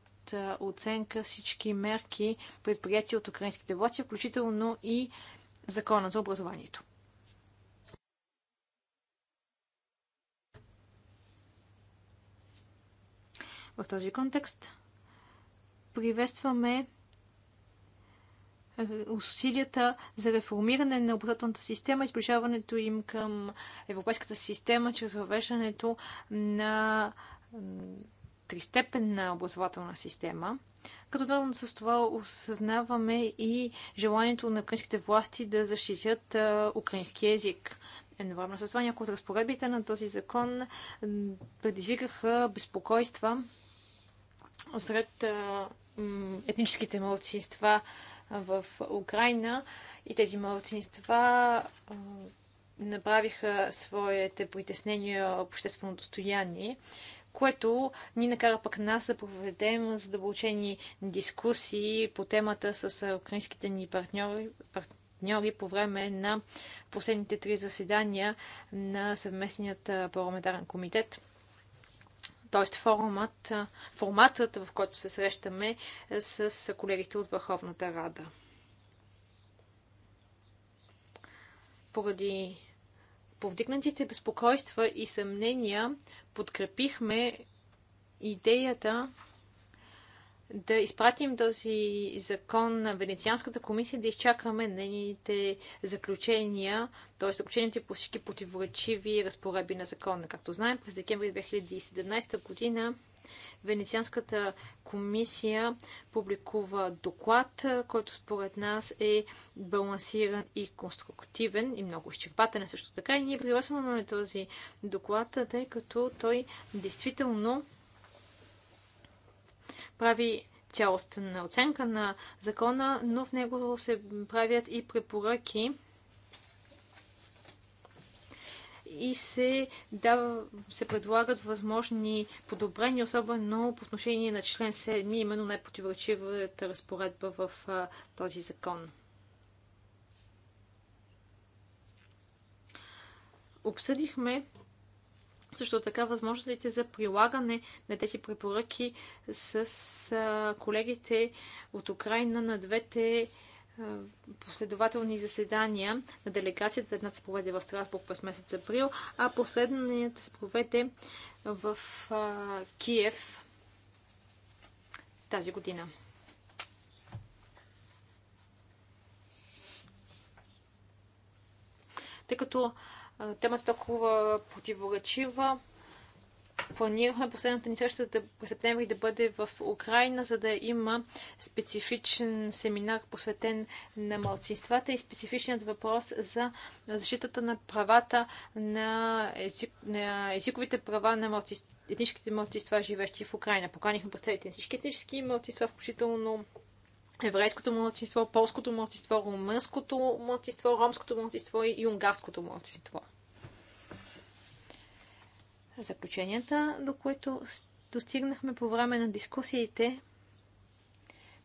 оценка всички мерки, предприяти от украинските власти, включително и Закона за образованието. В този контекст приветстваме е, усилията за реформиране на образователната система изближаването им към европейската система чрез въвеждането на тристепенна образователна система. Като главно с това осъзнаваме и желанието на украинските власти да защитят е, украински език. Едновременно с това някои от разпоредбите на този закон предизвикаха безпокойства сред е, етническите младсинства в Украина и тези малцинства направиха своите притеснения обществено достояние, което ни накара пък нас да проведем задълбочени дискусии по темата с украинските ни партньори, партньори по време на последните три заседания на съвместният парламентарен комитет т.е. Формат, форматът, в който се срещаме е с колегите от Върховната Рада. Поради повдигнатите безпокойства и съмнения подкрепихме идеята да изпратим този закон на Венецианската комисия, да изчакаме нейните заключения, т.е. заключените по всички противоречиви разпоредби на закона. Както знаем, през декември 2017 година Венецианската комисия публикува доклад, който според нас е балансиран и конструктивен и много изчерпателен също така. И ние приветстваме този доклад, тъй като той действително прави цялостна оценка на закона, но в него се правят и препоръки и се, дава, се предлагат възможни подобрения, особено по отношение на член 7, именно най-противоречивата разпоредба в а, този закон. Обсъдихме също така възможностите за прилагане на тези препоръки с колегите от Украина на двете последователни заседания на делегацията. Едната се проведе в Страсбург през месец април, а последната се проведе в Киев тази година. Тъй като темата е толкова противоречива. Планирахме последната ни среща да, през септември да бъде в Украина, за да има специфичен семинар, посветен на младсинствата и специфичният въпрос за защитата на правата на, език, на езиковите права на младсинствата етническите младсинства, живещи в Украина. Поканихме представители на всички етнически младсинства, включително еврейското младсинство, полското младсинство, румънското младсинство, ромското младсинство и унгарското младсинство. Заключенията, до които достигнахме по време на дискусиите,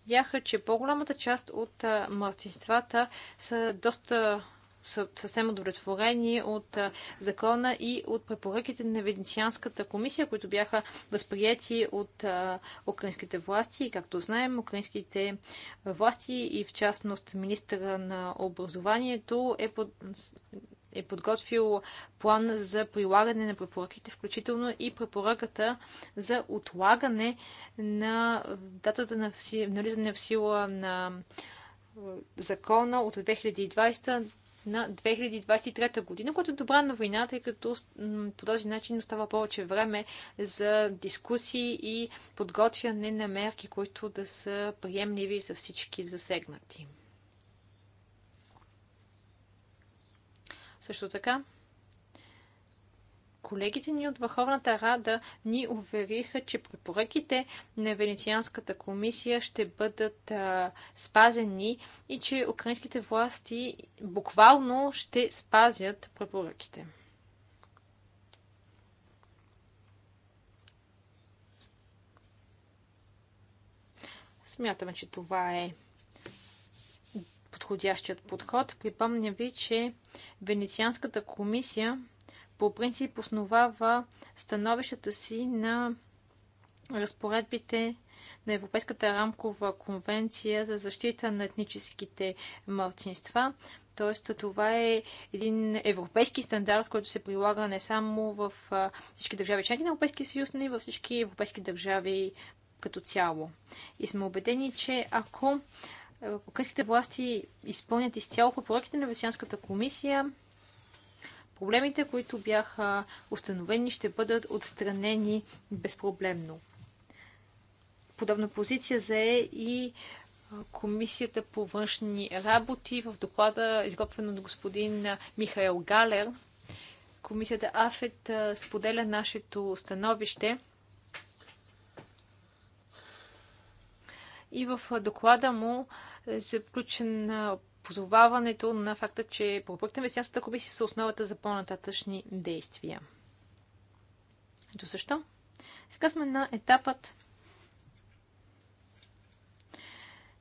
бяха, че по-голямата част от младсинствата са доста съвсем удовлетворени от закона и от препоръките на Венецианската комисия, които бяха възприяти от украинските власти. И както знаем, украинските власти и в частност министра на образованието е под е подготвил план за прилагане на препоръките, включително и препоръката за отлагане на датата на влизане в сила на закона от 2020 на 2023 година, което е добра новина, тъй като по този начин остава повече време за дискусии и подготвяне на мерки, които да са приемливи за всички засегнати. Също така, Колегите ни от Върховната Рада ни увериха, че препоръките на Венецианската комисия ще бъдат а, спазени и че украинските власти буквално ще спазят препоръките. Смятаме, че това е подходящият подход. Припомня ви, че Венецианската комисия по принцип основава становищата си на разпоредбите на Европейската рамкова конвенция за защита на етническите мълцинства. Т.е. това е един европейски стандарт, който се прилага не само в всички държави членки на Европейския съюз, но и във всички европейски държави като цяло. И сме убедени, че ако украинските власти изпълнят изцяло по проектите на Весианската комисия, Проблемите, които бяха установени, ще бъдат отстранени безпроблемно. Подобна позиция зае и Комисията по външни работи в доклада, изготвен от господин Михаил Галер. Комисията АФЕТ споделя нашето становище. И в доклада му е заключен позоваването на факта, че пропъкта Весенската комисия са основата за по-нататъчни действия. Ето също. Сега сме на етапът,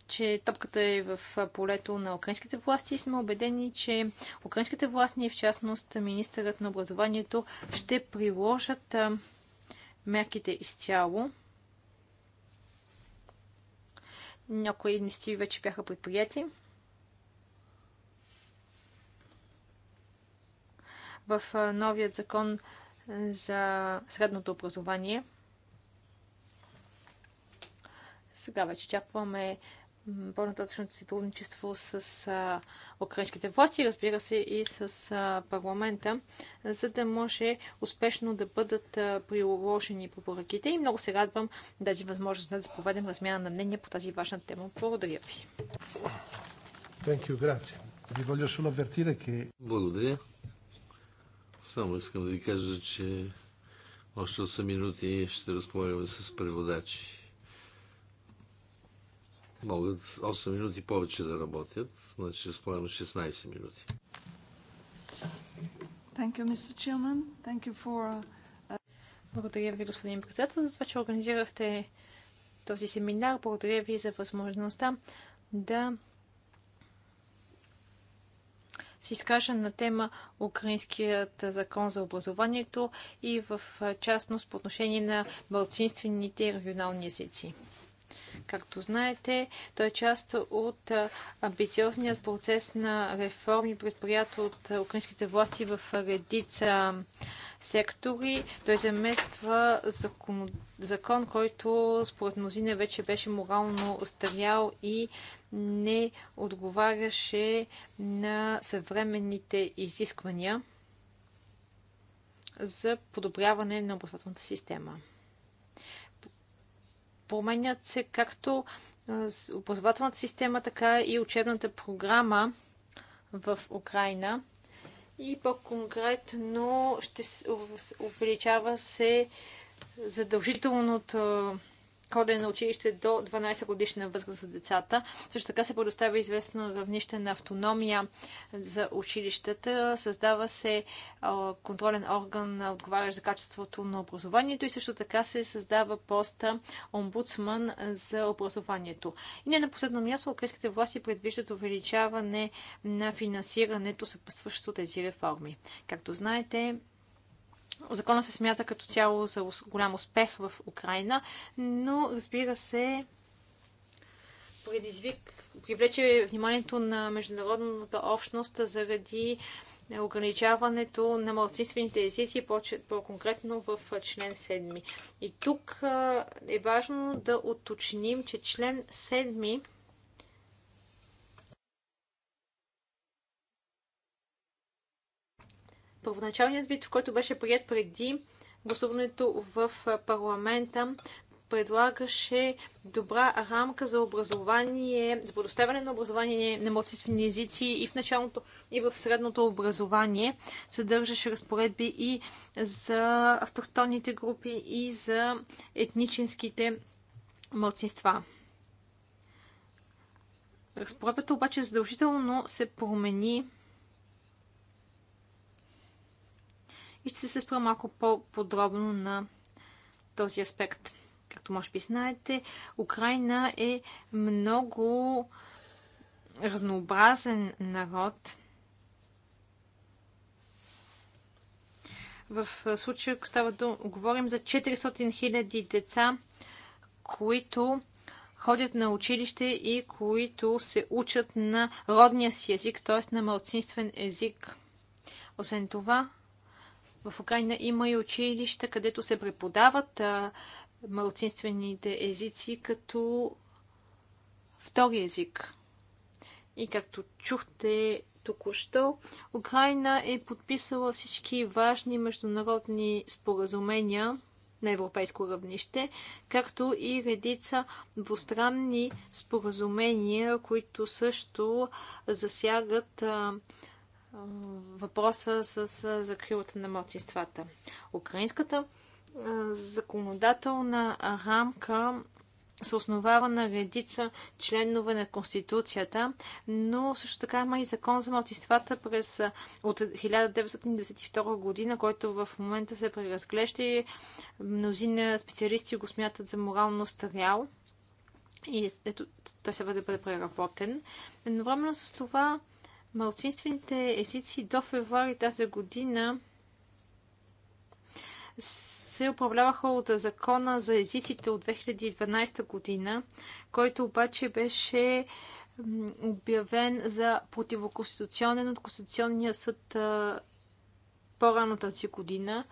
че топката е в полето на украинските власти и сме убедени, че украинските власти и в частност министърът на образованието ще приложат мерките изцяло. Някои инициативи вече бяха предприяти. в новият закон за средното образование. Сега вече очакваме по-нататъчното сътрудничество с а, украинските власти, разбира се, и с а, парламента, за да може успешно да бъдат а, приложени препоръките. И много се радвам тази възможност да заповедем размяна на мнение по тази важна тема. Благодаря ви. Благодаря. Само искам да ви кажа, че още 8 минути ще разполагаме с преводачи. Могат 8 минути повече да работят, значи разполагаме 16 минути. Thank you, Mr. Thank you for... Uh, Благодаря ви, господин председател, за това, че организирахте този семинар. Благодаря ви за възможността да се изкажа на тема Украинският закон за образованието и в частност по отношение на малцинствените регионални езици. Както знаете, той е част от амбициозният процес на реформи, предприятия от украинските власти в редица сектори. Той замества закон, закон който според мнозина вече беше морално остарял и не отговаряше на съвременните изисквания за подобряване на образователната система. Променят се както образователната система, така и учебната програма в Украина. И по-конкретно ще увеличава се задължителното ходене на училище до 12 годишна възраст за децата. Също така се предоставя известно равнище на автономия за училищата. Създава се контролен орган, отговарящ за качеството на образованието и също така се създава поста омбудсман за образованието. И не на последно място, украинските власти предвиждат увеличаване на финансирането, съпътстващо тези реформи. Както знаете, Закона се смята като цяло за голям успех в Украина, но разбира се, предизвик, привлече вниманието на международната общност заради ограничаването на малцинствените езици, по-конкретно в член 7. И тук е важно да уточним, че член 7 първоначалният вид, в който беше прият преди гласуването в парламента, предлагаше добра рамка за образование, за предоставяне на образование на малцинствени езици и в началното, и в средното образование. Съдържаше разпоредби и за автохтонните групи, и за етническите младсинства. Разпоредбата обаче задължително се промени и ще се спра малко по-подробно на този аспект. Както може би знаете, Украина е много разнообразен народ. В случая става да говорим за 400 000 деца, които ходят на училище и които се учат на родния си език, т.е. на малцинствен език. Освен това, в Украина има и училища, където се преподават малцинствените езици като втори език. И както чухте току-що, Украина е подписала всички важни международни споразумения на европейско равнище, както и редица двустранни споразумения, които също засягат въпроса с закрилата на младсинствата. Украинската законодателна рамка се основава на редица членове на Конституцията, но също така има и закон за младсинствата през от 1992 година, който в момента се преразглежда и мнозина специалисти го смятат за морално старял. И ето, той се бъде преработен. Едновременно с това малцинствените езици до февруари тази година се управляваха от закона за езиците от 2012 година, който обаче беше обявен за противоконституционен от Конституционния съд по-рано тази година,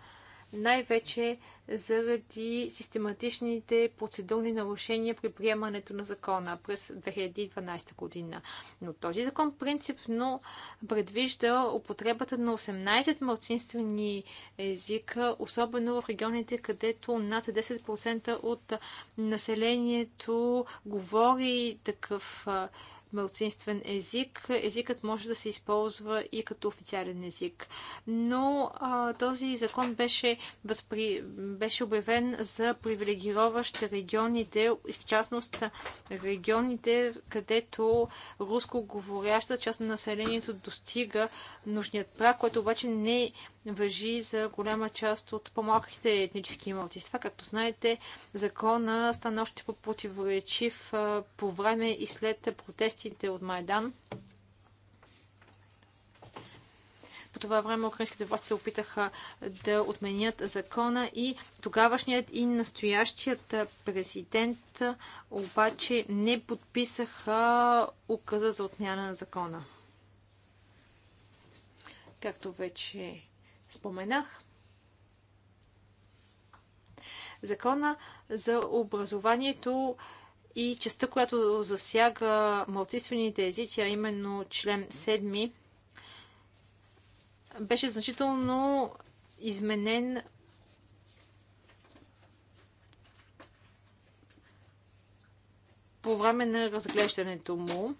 най-вече заради систематичните процедурни нарушения при приемането на закона през 2012 година. Но този закон принципно предвижда употребата на 18 младсинствени езика, особено в регионите, където над 10% от населението говори такъв език мълцинствен език. Езикът може да се използва и като официален език. Но а, този закон беше, възпри... беше обявен за привилегироващ регионите, в частност регионите, където руско говоряща част на населението достига нужният прак, което обаче не въжи за голяма част от по-малките етнически малцинства. Както знаете, закона стана още по-противоречив по време и след протестите от Майдан. По това време украинските власти се опитаха да отменят закона и тогавашният и настоящият президент обаче не подписаха указа за отмяна на закона. Както вече споменах. Закона за образованието и частта, която засяга малцинствените езици, а именно член 7, беше значително изменен по време на разглеждането му.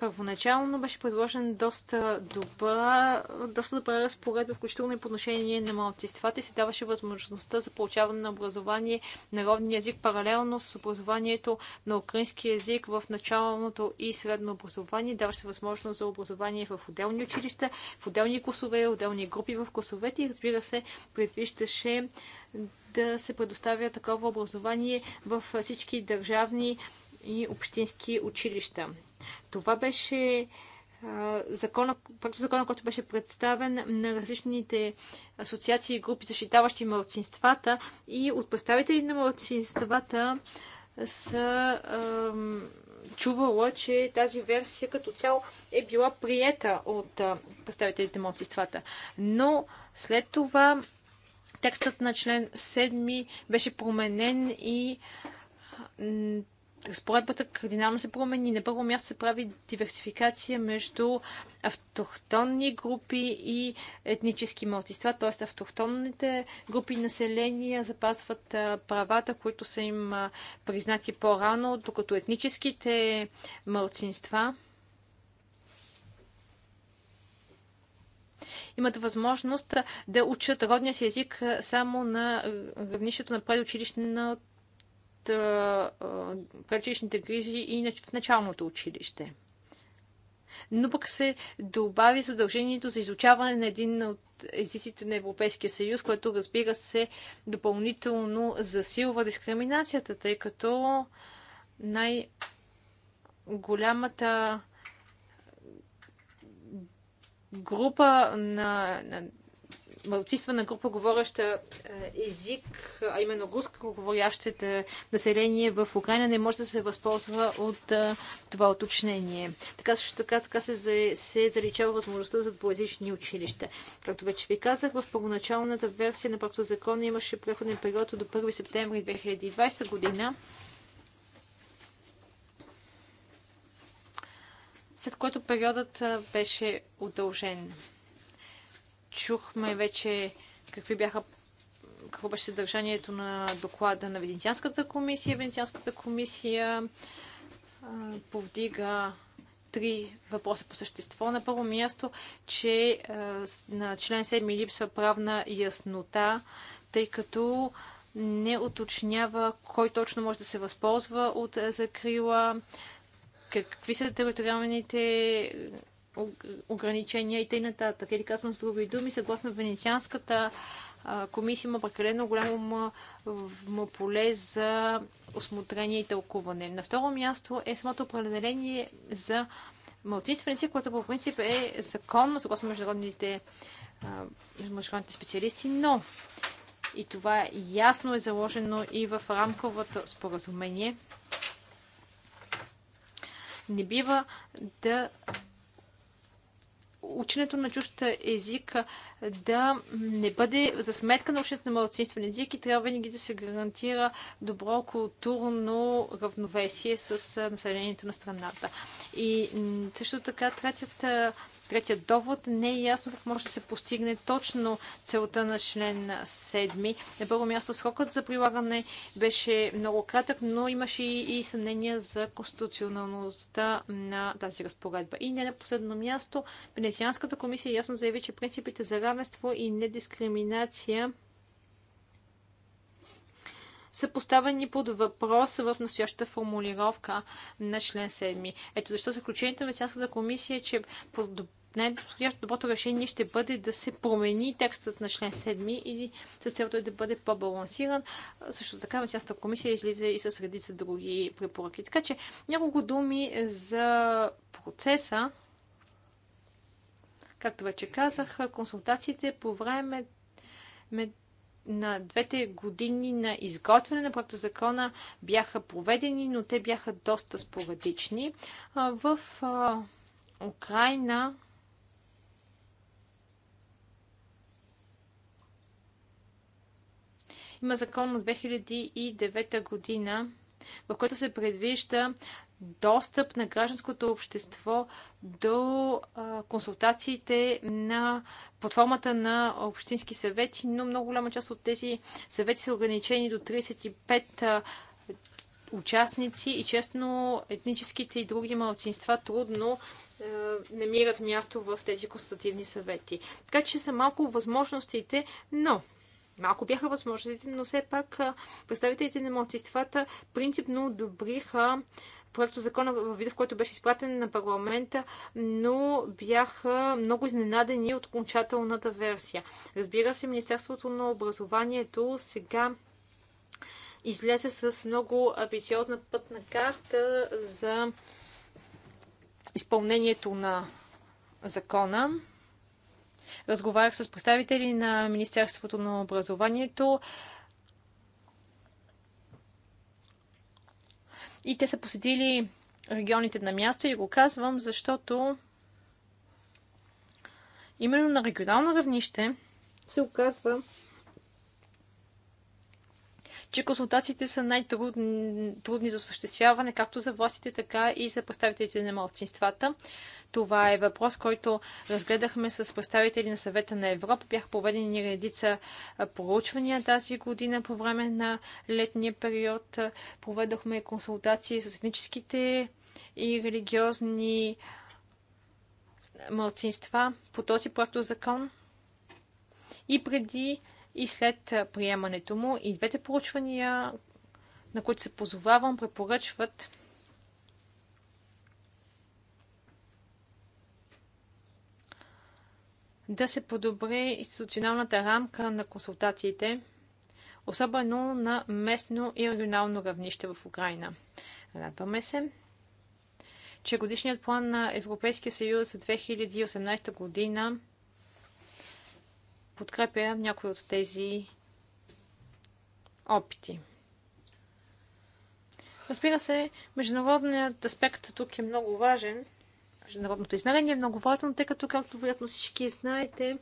Първоначално беше предложен доста добра, доста добра разпоредба, включително и по отношение на малцинствата и се даваше възможността за получаване на образование на родния език паралелно с образованието на украински язик в началното и средно образование. Даваше се възможност за образование в отделни училища, в отделни класове, отделни групи в класовете и разбира се, предвиждаше да се предоставя такова образование в всички държавни и общински училища. Това беше закона, проекто закона, който беше представен на различните асоциации и групи, защитаващи младсинствата и от представители на младсинствата са ам, чувала, че тази версия като цяло е била приета от представителите на младсинствата. Но след това текстът на член 7 беше променен и разпоредбата кардинално се промени. На първо място се прави диверсификация между автохтонни групи и етнически младсиства, т.е. автохтонните групи населения запазват правата, които са им признати по-рано, докато етническите младсинства имат възможност да учат родния си език само на равнището на предучилищно а, предишните грижи и в началното училище. Но пък се добави задължението за изучаване на един от езиците на Европейския съюз, което разбира се допълнително засилва дискриминацията, тъй като най-голямата група на, на малцинствена група, говореща е, език, а именно руско говорящите население в Украина, не може да се възползва от е, това уточнение. Така също така, така се, за, се заличава възможността за двоязични училища. Както вече ви казах, в първоначалната версия на проекта закон имаше преходен период до 1 септември 2020 година. след което периодът е, беше удължен. Чухме вече какви бяха какво беше съдържанието на доклада на Венецианската комисия. Венецианската комисия повдига три въпроса по същество. На първо място, че на член 7 липсва правна яснота, тъй като не уточнява кой точно може да се възползва от закрила, какви са териториалните ограничения и т.н. Или казвам с други думи, съгласно Венецианската комисия има прекалено голямо поле за осмотрение и тълкуване. На второ място е самото определение за малцинствен език, което по принцип е законно, съгласно международните, международните специалисти, но и това ясно е заложено и в рамковото споразумение. Не бива да ученето на чужд език да не бъде за сметка на ученето на младсинствен език и трябва винаги да се гарантира добро културно равновесие с населението на страната. И също така третият Третия довод не е ясно как може да се постигне точно целта на член 7. На първо място срокът за прилагане беше много кратък, но имаше и съмнения за конституционалността на тази разпоредба. И не на последно място, Венецианската комисия ясно заяви, че принципите за равенство и недискриминация са поставени под въпрос в настоящата формулировка на член 7. Ето защо заключението на Венецианската комисия е, че най-подходящо доброто решение ще бъде да се промени текстът на член 7 или с цел да бъде по-балансиран. Също така, Венецианската комисия излиза и с редица други препоръки. Така че няколко думи за процеса. Както вече казах, консултациите по време на двете години на изготвяне на проекта закона бяха проведени, но те бяха доста спорадични. В Украина Има закон от 2009 година, в който се предвижда достъп на гражданското общество до а, консултациите на платформата на общински съвети, но много голяма част от тези съвети са ограничени до 35 а, участници и честно етническите и други малцинства трудно а, намират място в тези консултативни съвети. Така че са малко възможностите, но Малко бяха възможностите, но все пак представителите на младсиствата принципно одобриха проекто закона във вида, в който беше изпратен на парламента, но бяха много изненадени от окончателната версия. Разбира се, Министерството на образованието сега излезе с много амбициозна пътна карта за изпълнението на закона. Разговарях с представители на Министерството на образованието. И те са посетили регионите на място и го казвам, защото именно на регионално равнище се оказва, че консултациите са най-трудни за осъществяване, както за властите, така и за представителите на малцинствата. Това е въпрос, който разгледахме с представители на съвета на Европа. Бяха проведени редица проучвания тази година по време на летния период. Проведохме консултации с етническите и религиозни малцинства по този проект закон. И преди и след приемането му. И двете проучвания, на които се позовавам, препоръчват да се подобри институционалната рамка на консултациите, особено на местно и регионално равнище в Украина. Радваме се, че годишният план на Европейския съюз за 2018 година подкрепя някои от тези опити. Разбира се, международният аспект тук е много важен. Международното измерение е много важно, тъй като, както вероятно всички знаете,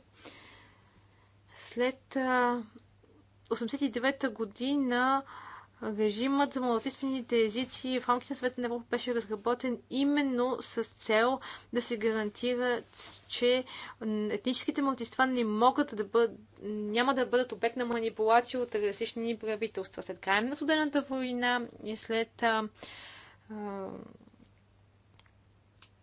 след 89-та година режимът за малоцисмените езици в рамките на Света на Европа беше разработен именно с цел да се гарантира, че етническите малцинства не могат да бъдат, няма да бъдат обект на манипулация от различни правителства. След края на Судената война и след а, а,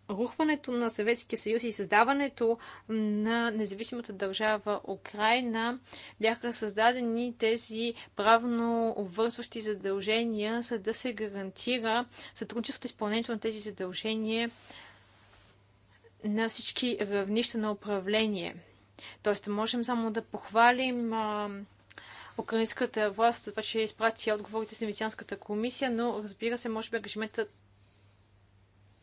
рухването на Съветския съюз и създаването на независимата държава Украина бяха създадени тези правно обвързващи задължения, за да се гарантира сътрудничеството и изпълнението на тези задължения на всички равнища на управление. Тоест, можем само да похвалим а, украинската власт за това, че е изпрати отговорите с Невицианската комисия, но разбира се, може би ангажиментът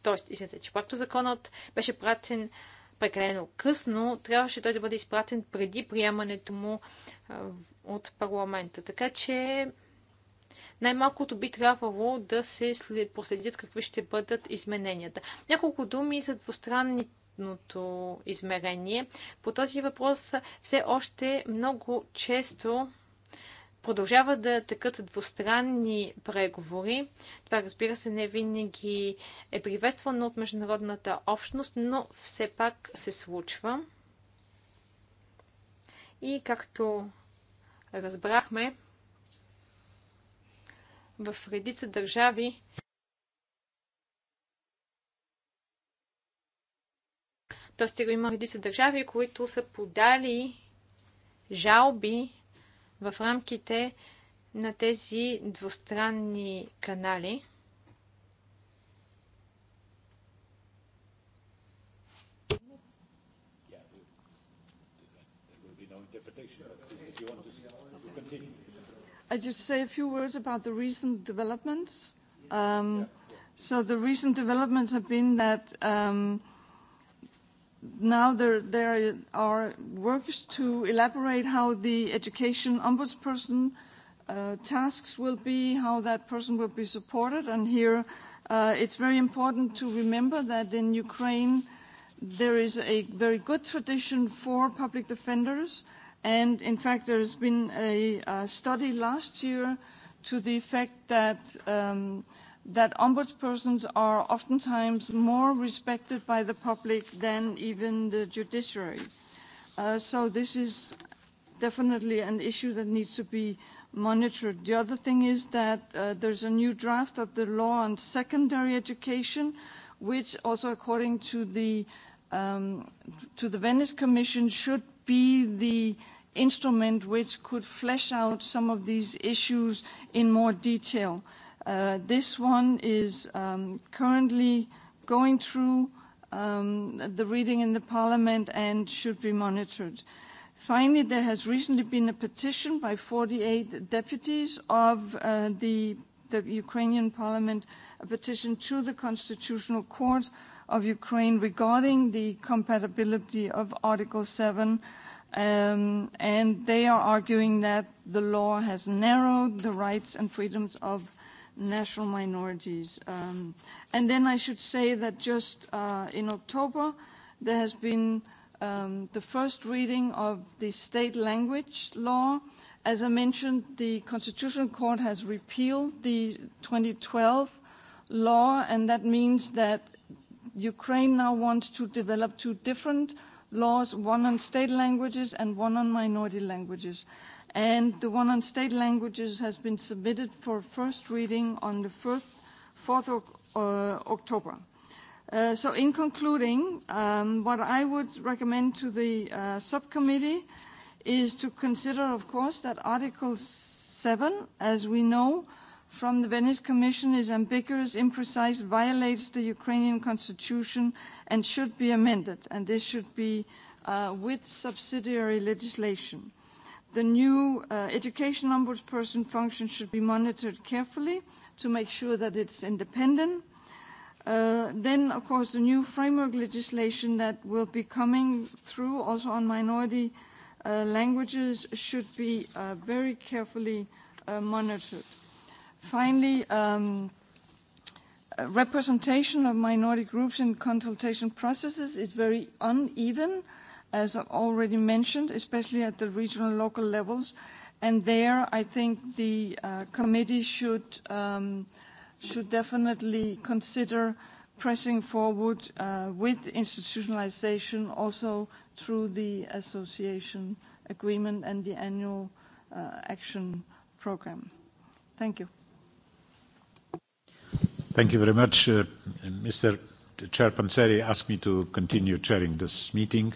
Тоест, истината че пакто законът беше пратен прекалено късно, трябваше той да бъде изпратен преди приемането му от парламента. Така че най-малкото би трябвало да се след, проследят какви ще бъдат измененията. Няколко думи за двустранното измерение. По този въпрос все още много често Продължава да текат двустранни преговори. Това, разбира се, не винаги е приветствано от международната общност, но все пак се случва. И както разбрахме, в редица държави Тоест, има редица държави, които са подали жалби в рамките на тези двустранни канали. I just say a few words about the recent developments. Um, so the recent developments have been that um, now there, there are works to elaborate how the education ombudsperson uh, tasks will be, how that person will be supported. And here uh, it's very important to remember that in Ukraine there is a very good tradition for public defenders. And in fact, there has been a, uh study last year to the effect that um, – that ombudspersons are oftentimes more respected by the public than even the judiciary. Uh, so this is definitely an issue that needs to be monitored. The other thing is that uh, there's a new draft of the law on secondary education, which also according to the, um, to the Venice Commission should be the instrument which could flesh out some of these issues in more detail. Uh, Uh, this one is um, currently going through um, the reading in the parliament and should be monitored. Finally, there has recently been a petition by 48 deputies of uh, the, the Ukrainian parliament, a petition to the Constitutional Court of Ukraine regarding the compatibility of Article 7 um, and they are arguing that the law has narrowed the rights and freedoms of national minorities. Um, and then I should say that just uh, in October, there has been um, the first reading of the state language law. As I mentioned, the Constitutional Court has repealed the 2012 law, and that means that Ukraine now wants to develop two different laws, one on state languages and one on minority languages. And the one on state languages has been submitted for first reading on the 1st, 4th of uh, October. Uh, so in concluding, um, what I would recommend to the uh, subcommittee is to consider, of course, that Article 7, as we know from the Venice Commission, is ambiguous, imprecise, violates the Ukrainian constitution, and should be amended. And this should be uh, with subsidiary legislation. The new uh, education ombudsperson function should be monitored carefully to make sure that it's independent. Uh, then, of course, the new framework legislation that will be coming through also on minority uh, languages should be uh, very carefully uh, monitored. Finally, um, representation of minority groups in consultation processes is very uneven. Uh, as already mentioned, especially at the regional and local levels. And there, I think the uh, committee should, um, should definitely consider pressing forward uh, with institutionalization also through the association agreement and the annual uh, action program. Thank you. Thank you very much. Uh, Mr. Chair Panseri asked me to continue chairing this meeting.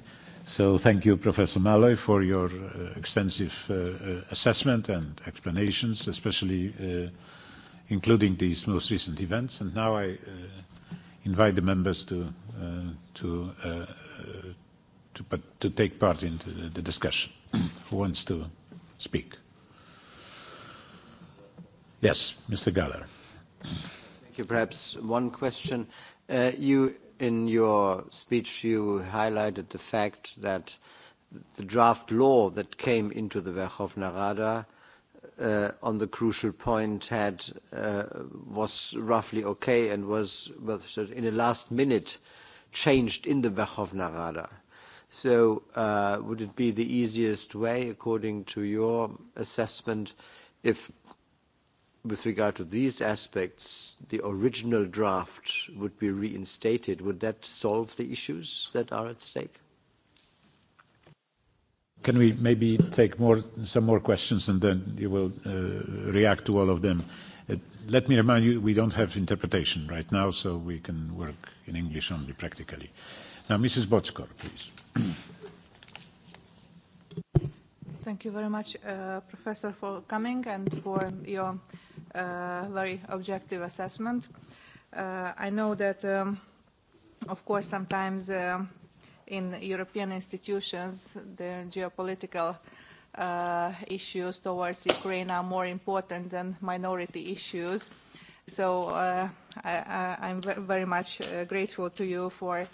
So thank you, Professor Malloy, for your uh, extensive uh, assessment and explanations, especially uh, including these most recent events. And now I uh, invite the members to uh, to uh, to, but to take part in the, the discussion. Who wants to speak? Yes, Mr. Galler. Thank you. Perhaps one question. Uh, you in your speech, you highlighted the fact that the draft law that came into the Verkhovna Rada uh, on the crucial point had uh, was roughly okay and was, was in the last minute changed in the Verkhovna Rada. So uh, would it be the easiest way, according to your assessment, if with regard to these aspects, the original draft would be reinstated. Would that solve the issues that are at stake? Can we maybe take more, some more questions, and then you will uh, react to all of them? Uh, let me remind you, we don't have interpretation right now, so we can work in English only practically. Now, Mrs. Botskor, please. Thank you very much, uh, Professor, for coming and for your uh, very objective assessment. Uh, I know that, um, of course, sometimes uh, in European institutions, the geopolitical uh, issues towards Ukraine are more important than minority issues. So uh, I, I, I'm very much uh, grateful to you for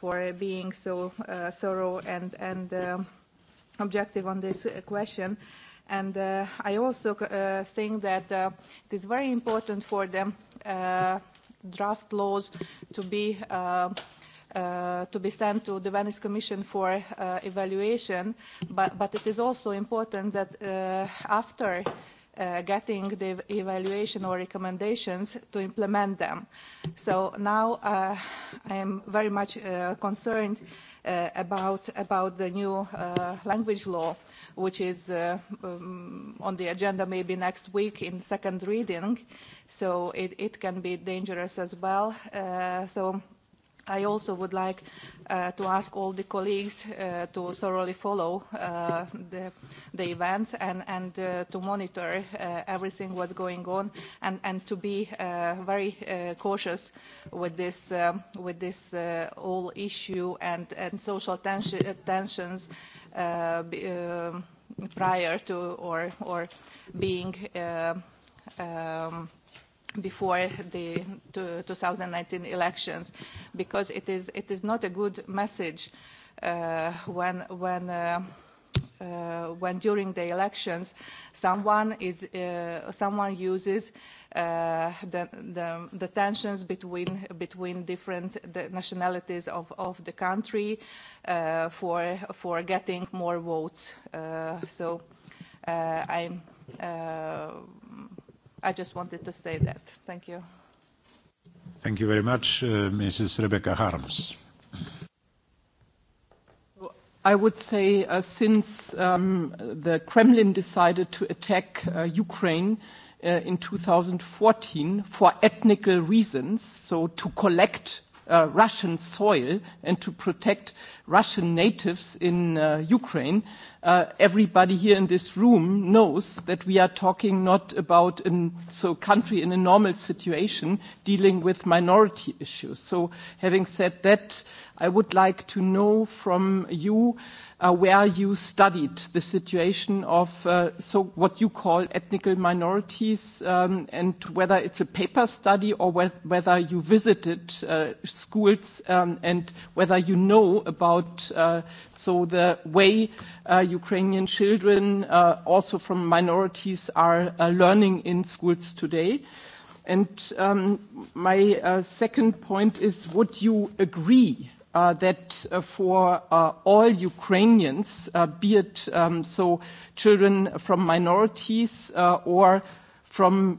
for being so uh, thorough and and um, objective on this question. Uh, And uh, I also uh, think that uh, it is very important for the uh, draft laws to be uh, uh, to be sent to the Venice Commission for uh, evaluation, but, but it is also important that uh, after uh, getting the evaluation or recommendations to implement them. So now uh, I am very much uh, concerned uh, about, about the new uh, language law uh, which is uh, on the agenda maybe next week in second reading. So it, it can be dangerous as well. Uh, so I also would like uh, to ask all the colleagues uh, to thoroughly follow uh, the, the events and, and uh, to monitor uh, everything what's going on and, and to be uh, very uh, cautious with this, um, with this uh, whole issue and, and social tension, tensions uh, b uh, prior to or, or being uh, um, before the 2019 elections because it is it is not a good message uh, when when uh, uh, when during the elections someone is uh, someone uses uh, the, the the tensions between between different the nationalities of, of the country uh, for for getting more votes uh, so uh, I'm uh, I just wanted to say that. Thank you. Thank you very much, uh, Mrs. Rebecca Harms. I would say uh, since um, the Kremlin decided to attack uh, Ukraine uh, in 2014 for ethnical reasons, so to collect uh, Russian soil and to protect Russian natives in uh, Ukraine, uh, everybody here in this room knows that we are talking not about a so country in a normal situation dealing with minority issues. So having said that, I would like to know from you uh, where you studied the situation of uh, so what you call ethnical minorities um, and whether it's a paper study or whether you visited uh, schools um, and whether you know about about uh, so the way uh, Ukrainian children, uh, also from minorities, are uh, learning in schools today. And um, my uh, second point is: Would you agree? Uh, that uh, for uh, all Ukrainians, uh, be it um, so children from minorities uh, or from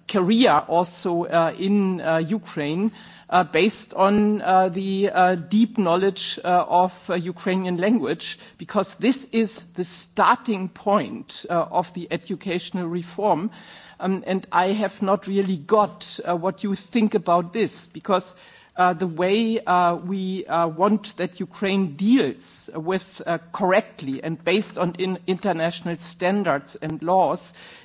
Korea also uh, in uh, Ukraine uh, based on uh, the uh, deep knowledge uh, of uh, Ukrainian language because this is the starting point uh, of the educational reform. Um, and I have not really got uh, what you think about this because uh, the way uh, we uh, want that Ukraine deals with uh, correctly and based on in international standards and laws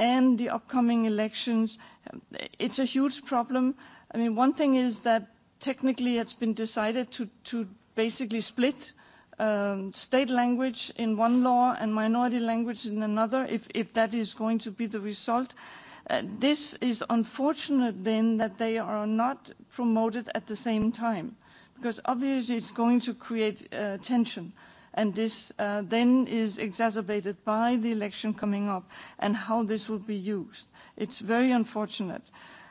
and the upcoming elections. It's a huge problem. I mean, one thing is that technically it's been decided to, to basically split um, state language in one law and minority language in another, if, if that is going to be the result. Uh, this is unfortunate then that they are not promoted at the same time, because obviously it's going to create uh, tension. Uh, and this uh, then is exacerbated by the election coming up and how this will be used. It's very unfortunate. Uh,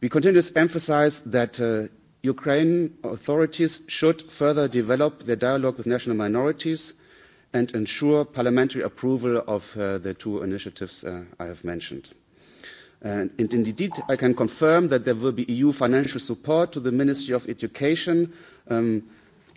We continue to emphasize that uh, Ukraine authorities should further develop their dialogue with national minorities and ensure parliamentary approval of uh, the two initiatives uh, I have mentioned. And indeed, I can confirm that there will be EU financial support to the Ministry of Education um,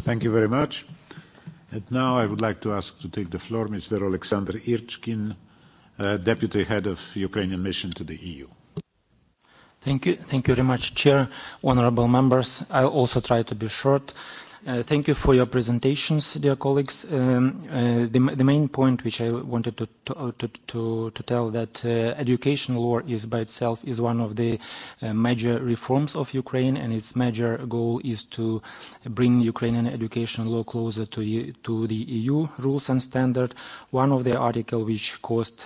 Thank you very much. And now I would like to ask to take the floor Mr. Oleksandr Irchkin, uh, Deputy Head of Ukrainian Mission to the EU. Thank you. Thank you very much, Chair, honorable members. I'll also try to be short. Uh, Thank you for your presentations, dear colleagues. The main point which I wanted to tell that education law is by itself is one of the major reforms of Ukraine, and its major goal is to bring Ukrainian education law closer to the EU rules and standard. One of the article which caused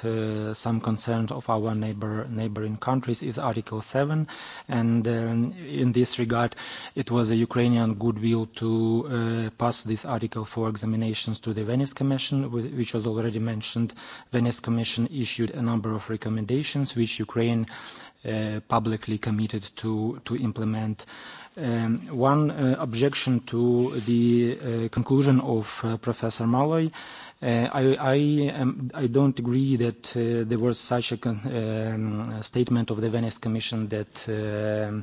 some concern of our neighboring countries is Article 7, and in this regard, it was a Ukrainian goodwill to uh, pass this article for examinations to the Venice Commission, which was already mentioned. Venice Commission issued a number of recommendations which Ukraine uh, publicly committed to, to implement. Um, one uh, objection to the uh, conclusion of uh, Professor Malloy uh I I am I don't agree that uh there was such a con um statement of the Venice Commission that uh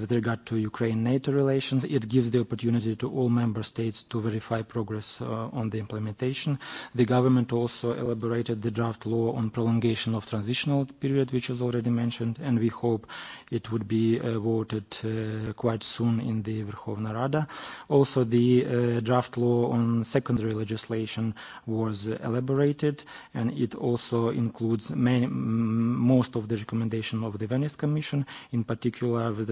with regard to Ukraine-NATO relations. It gives the opportunity to all member states to verify progress on the implementation. The government also elaborated the draft law on prolongation of transitional period, which is already mentioned, and we hope it would be voted quite soon in the Verkhovna Rada. Also, the draft law on secondary legislation was elaborated, and it also includes many, most of the recommendations of the Venice Commission, in particular with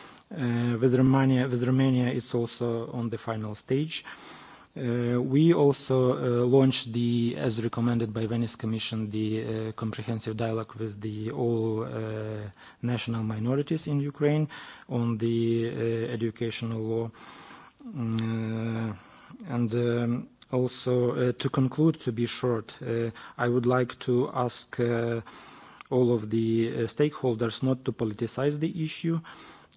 With Romania, with Romania, it's also on the final stage. We also launched the, as recommended by Venice Commission, the comprehensive dialogue with the all national minorities in Ukraine on the educational law. And also, to conclude, to be short, I would like to ask all of the stakeholders not to politicize the issue, uh,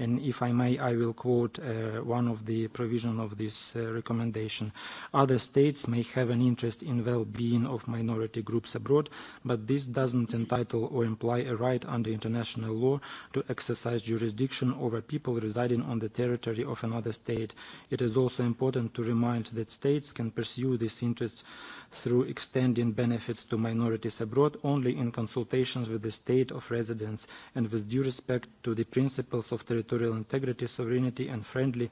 And if I may, I will quote uh, one of the provision of this uh, recommendation. Other states may have an interest in well-being of minority groups abroad, but this doesn't entitle or imply a right under international law to exercise jurisdiction over people residing on the territory of another state. It is also important to remind that states can pursue these interests through extending benefits to minorities abroad only in consultations with the state of residence and with due respect to the principles of territory territorial integrity, sovereignty and friendly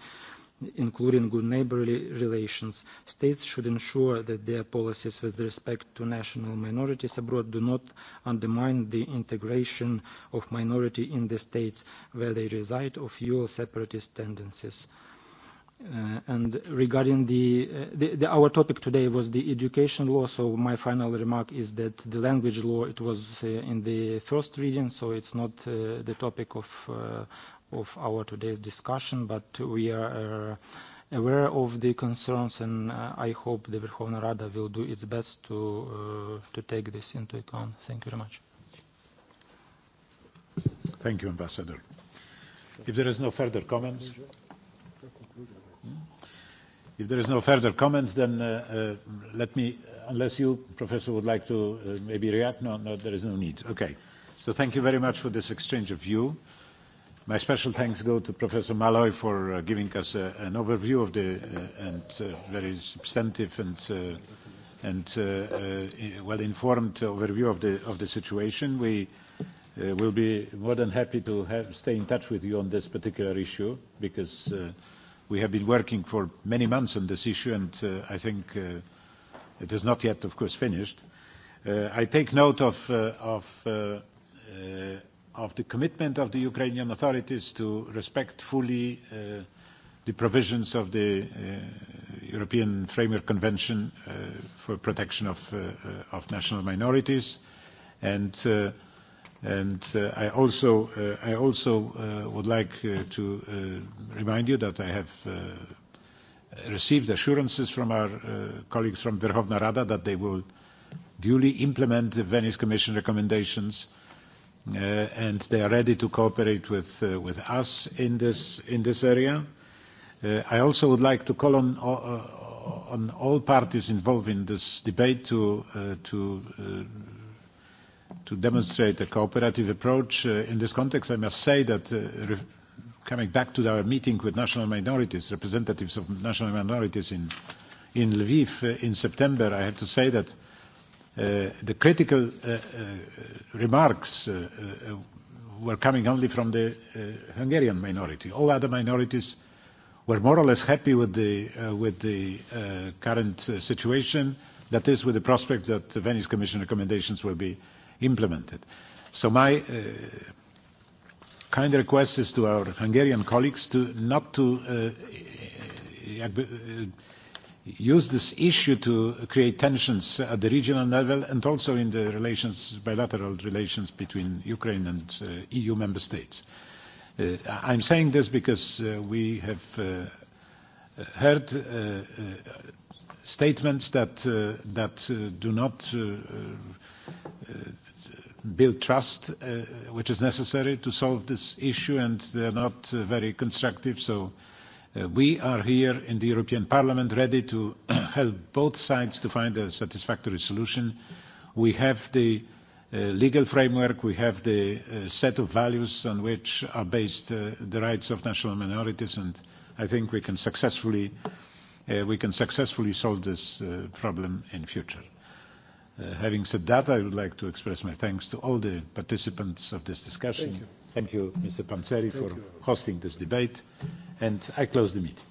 including good neighborly relations. States should ensure that their policies with respect to national minorities abroad do not undermine the integration of minority in the states where they reside or fuel separatist tendencies. Uh, and regarding the, uh, the, the, our topic today was the education law, so my final remark is that the language law, it was uh, in the first reading, so it's not uh, the topic of uh, of our today's discussion, but we are uh, aware of the concerns, and uh, I hope the Verkhovna Rada will do its best to, uh, to take this into account. Thank you very much. Thank you, Ambassador. If there is no further comments, if there is no further comments, then uh, uh, let me, unless you, Professor, would like to uh, maybe react, no, no, there is no need. Okay. So thank you very much for this exchange of view. My special thanks go to Professor Malloy for uh, giving us uh, an overview of the uh, and uh, very substantive and uh, and uh, uh, well-informed overview of the of the situation. We uh, will be more than happy to have, stay in touch with you on this particular issue because uh, we have been working for many months on this issue, and uh, I think uh, it is not yet, of course, finished. Uh, I take note of uh, of. Uh, of the commitment of the Ukrainian authorities to respect fully the provisions of the European Framework Convention for Protection of National Minorities. And I also would like to remind you that I have received assurances from our colleagues from Verkhovna Rada that they will duly implement the Venice Commission recommendations and they are ready to cooperate with us in this area. I also would like to call on all parties involved in this debate to demonstrate a cooperative approach. In this context, I must say that coming back to our meeting with national minorities, representatives of national minorities in Lviv in September, I have to say that the critical remarks were coming only from the Hungarian minority. All other minorities were more or less happy with the, uh, with the uh, current uh, situation, that is, with the prospect that the Venice Commission recommendations will be implemented. So my uh, kind request is to our Hungarian colleagues to not to uh, use this issue to create tensions at the regional level and also in the relations, bilateral relations between Ukraine and uh, EU member states. Uh, I'm saying this because uh, we have uh, heard uh, uh, statements that, uh, that uh, do not uh, uh, build trust, uh, which is necessary to solve this issue, and they're not uh, very constructive. So We are here in the European Parliament ready to help both sides to find a satisfactory solution. We have the legal framework, we have the set of values on which are based the rights of national minorities, and I think we can successfully solve this problem in future. Having said that, I would like to express my thanks to all the participants of this discussion. Thank you, Mr. Panzeri, for hosting this debate, and I close the meeting.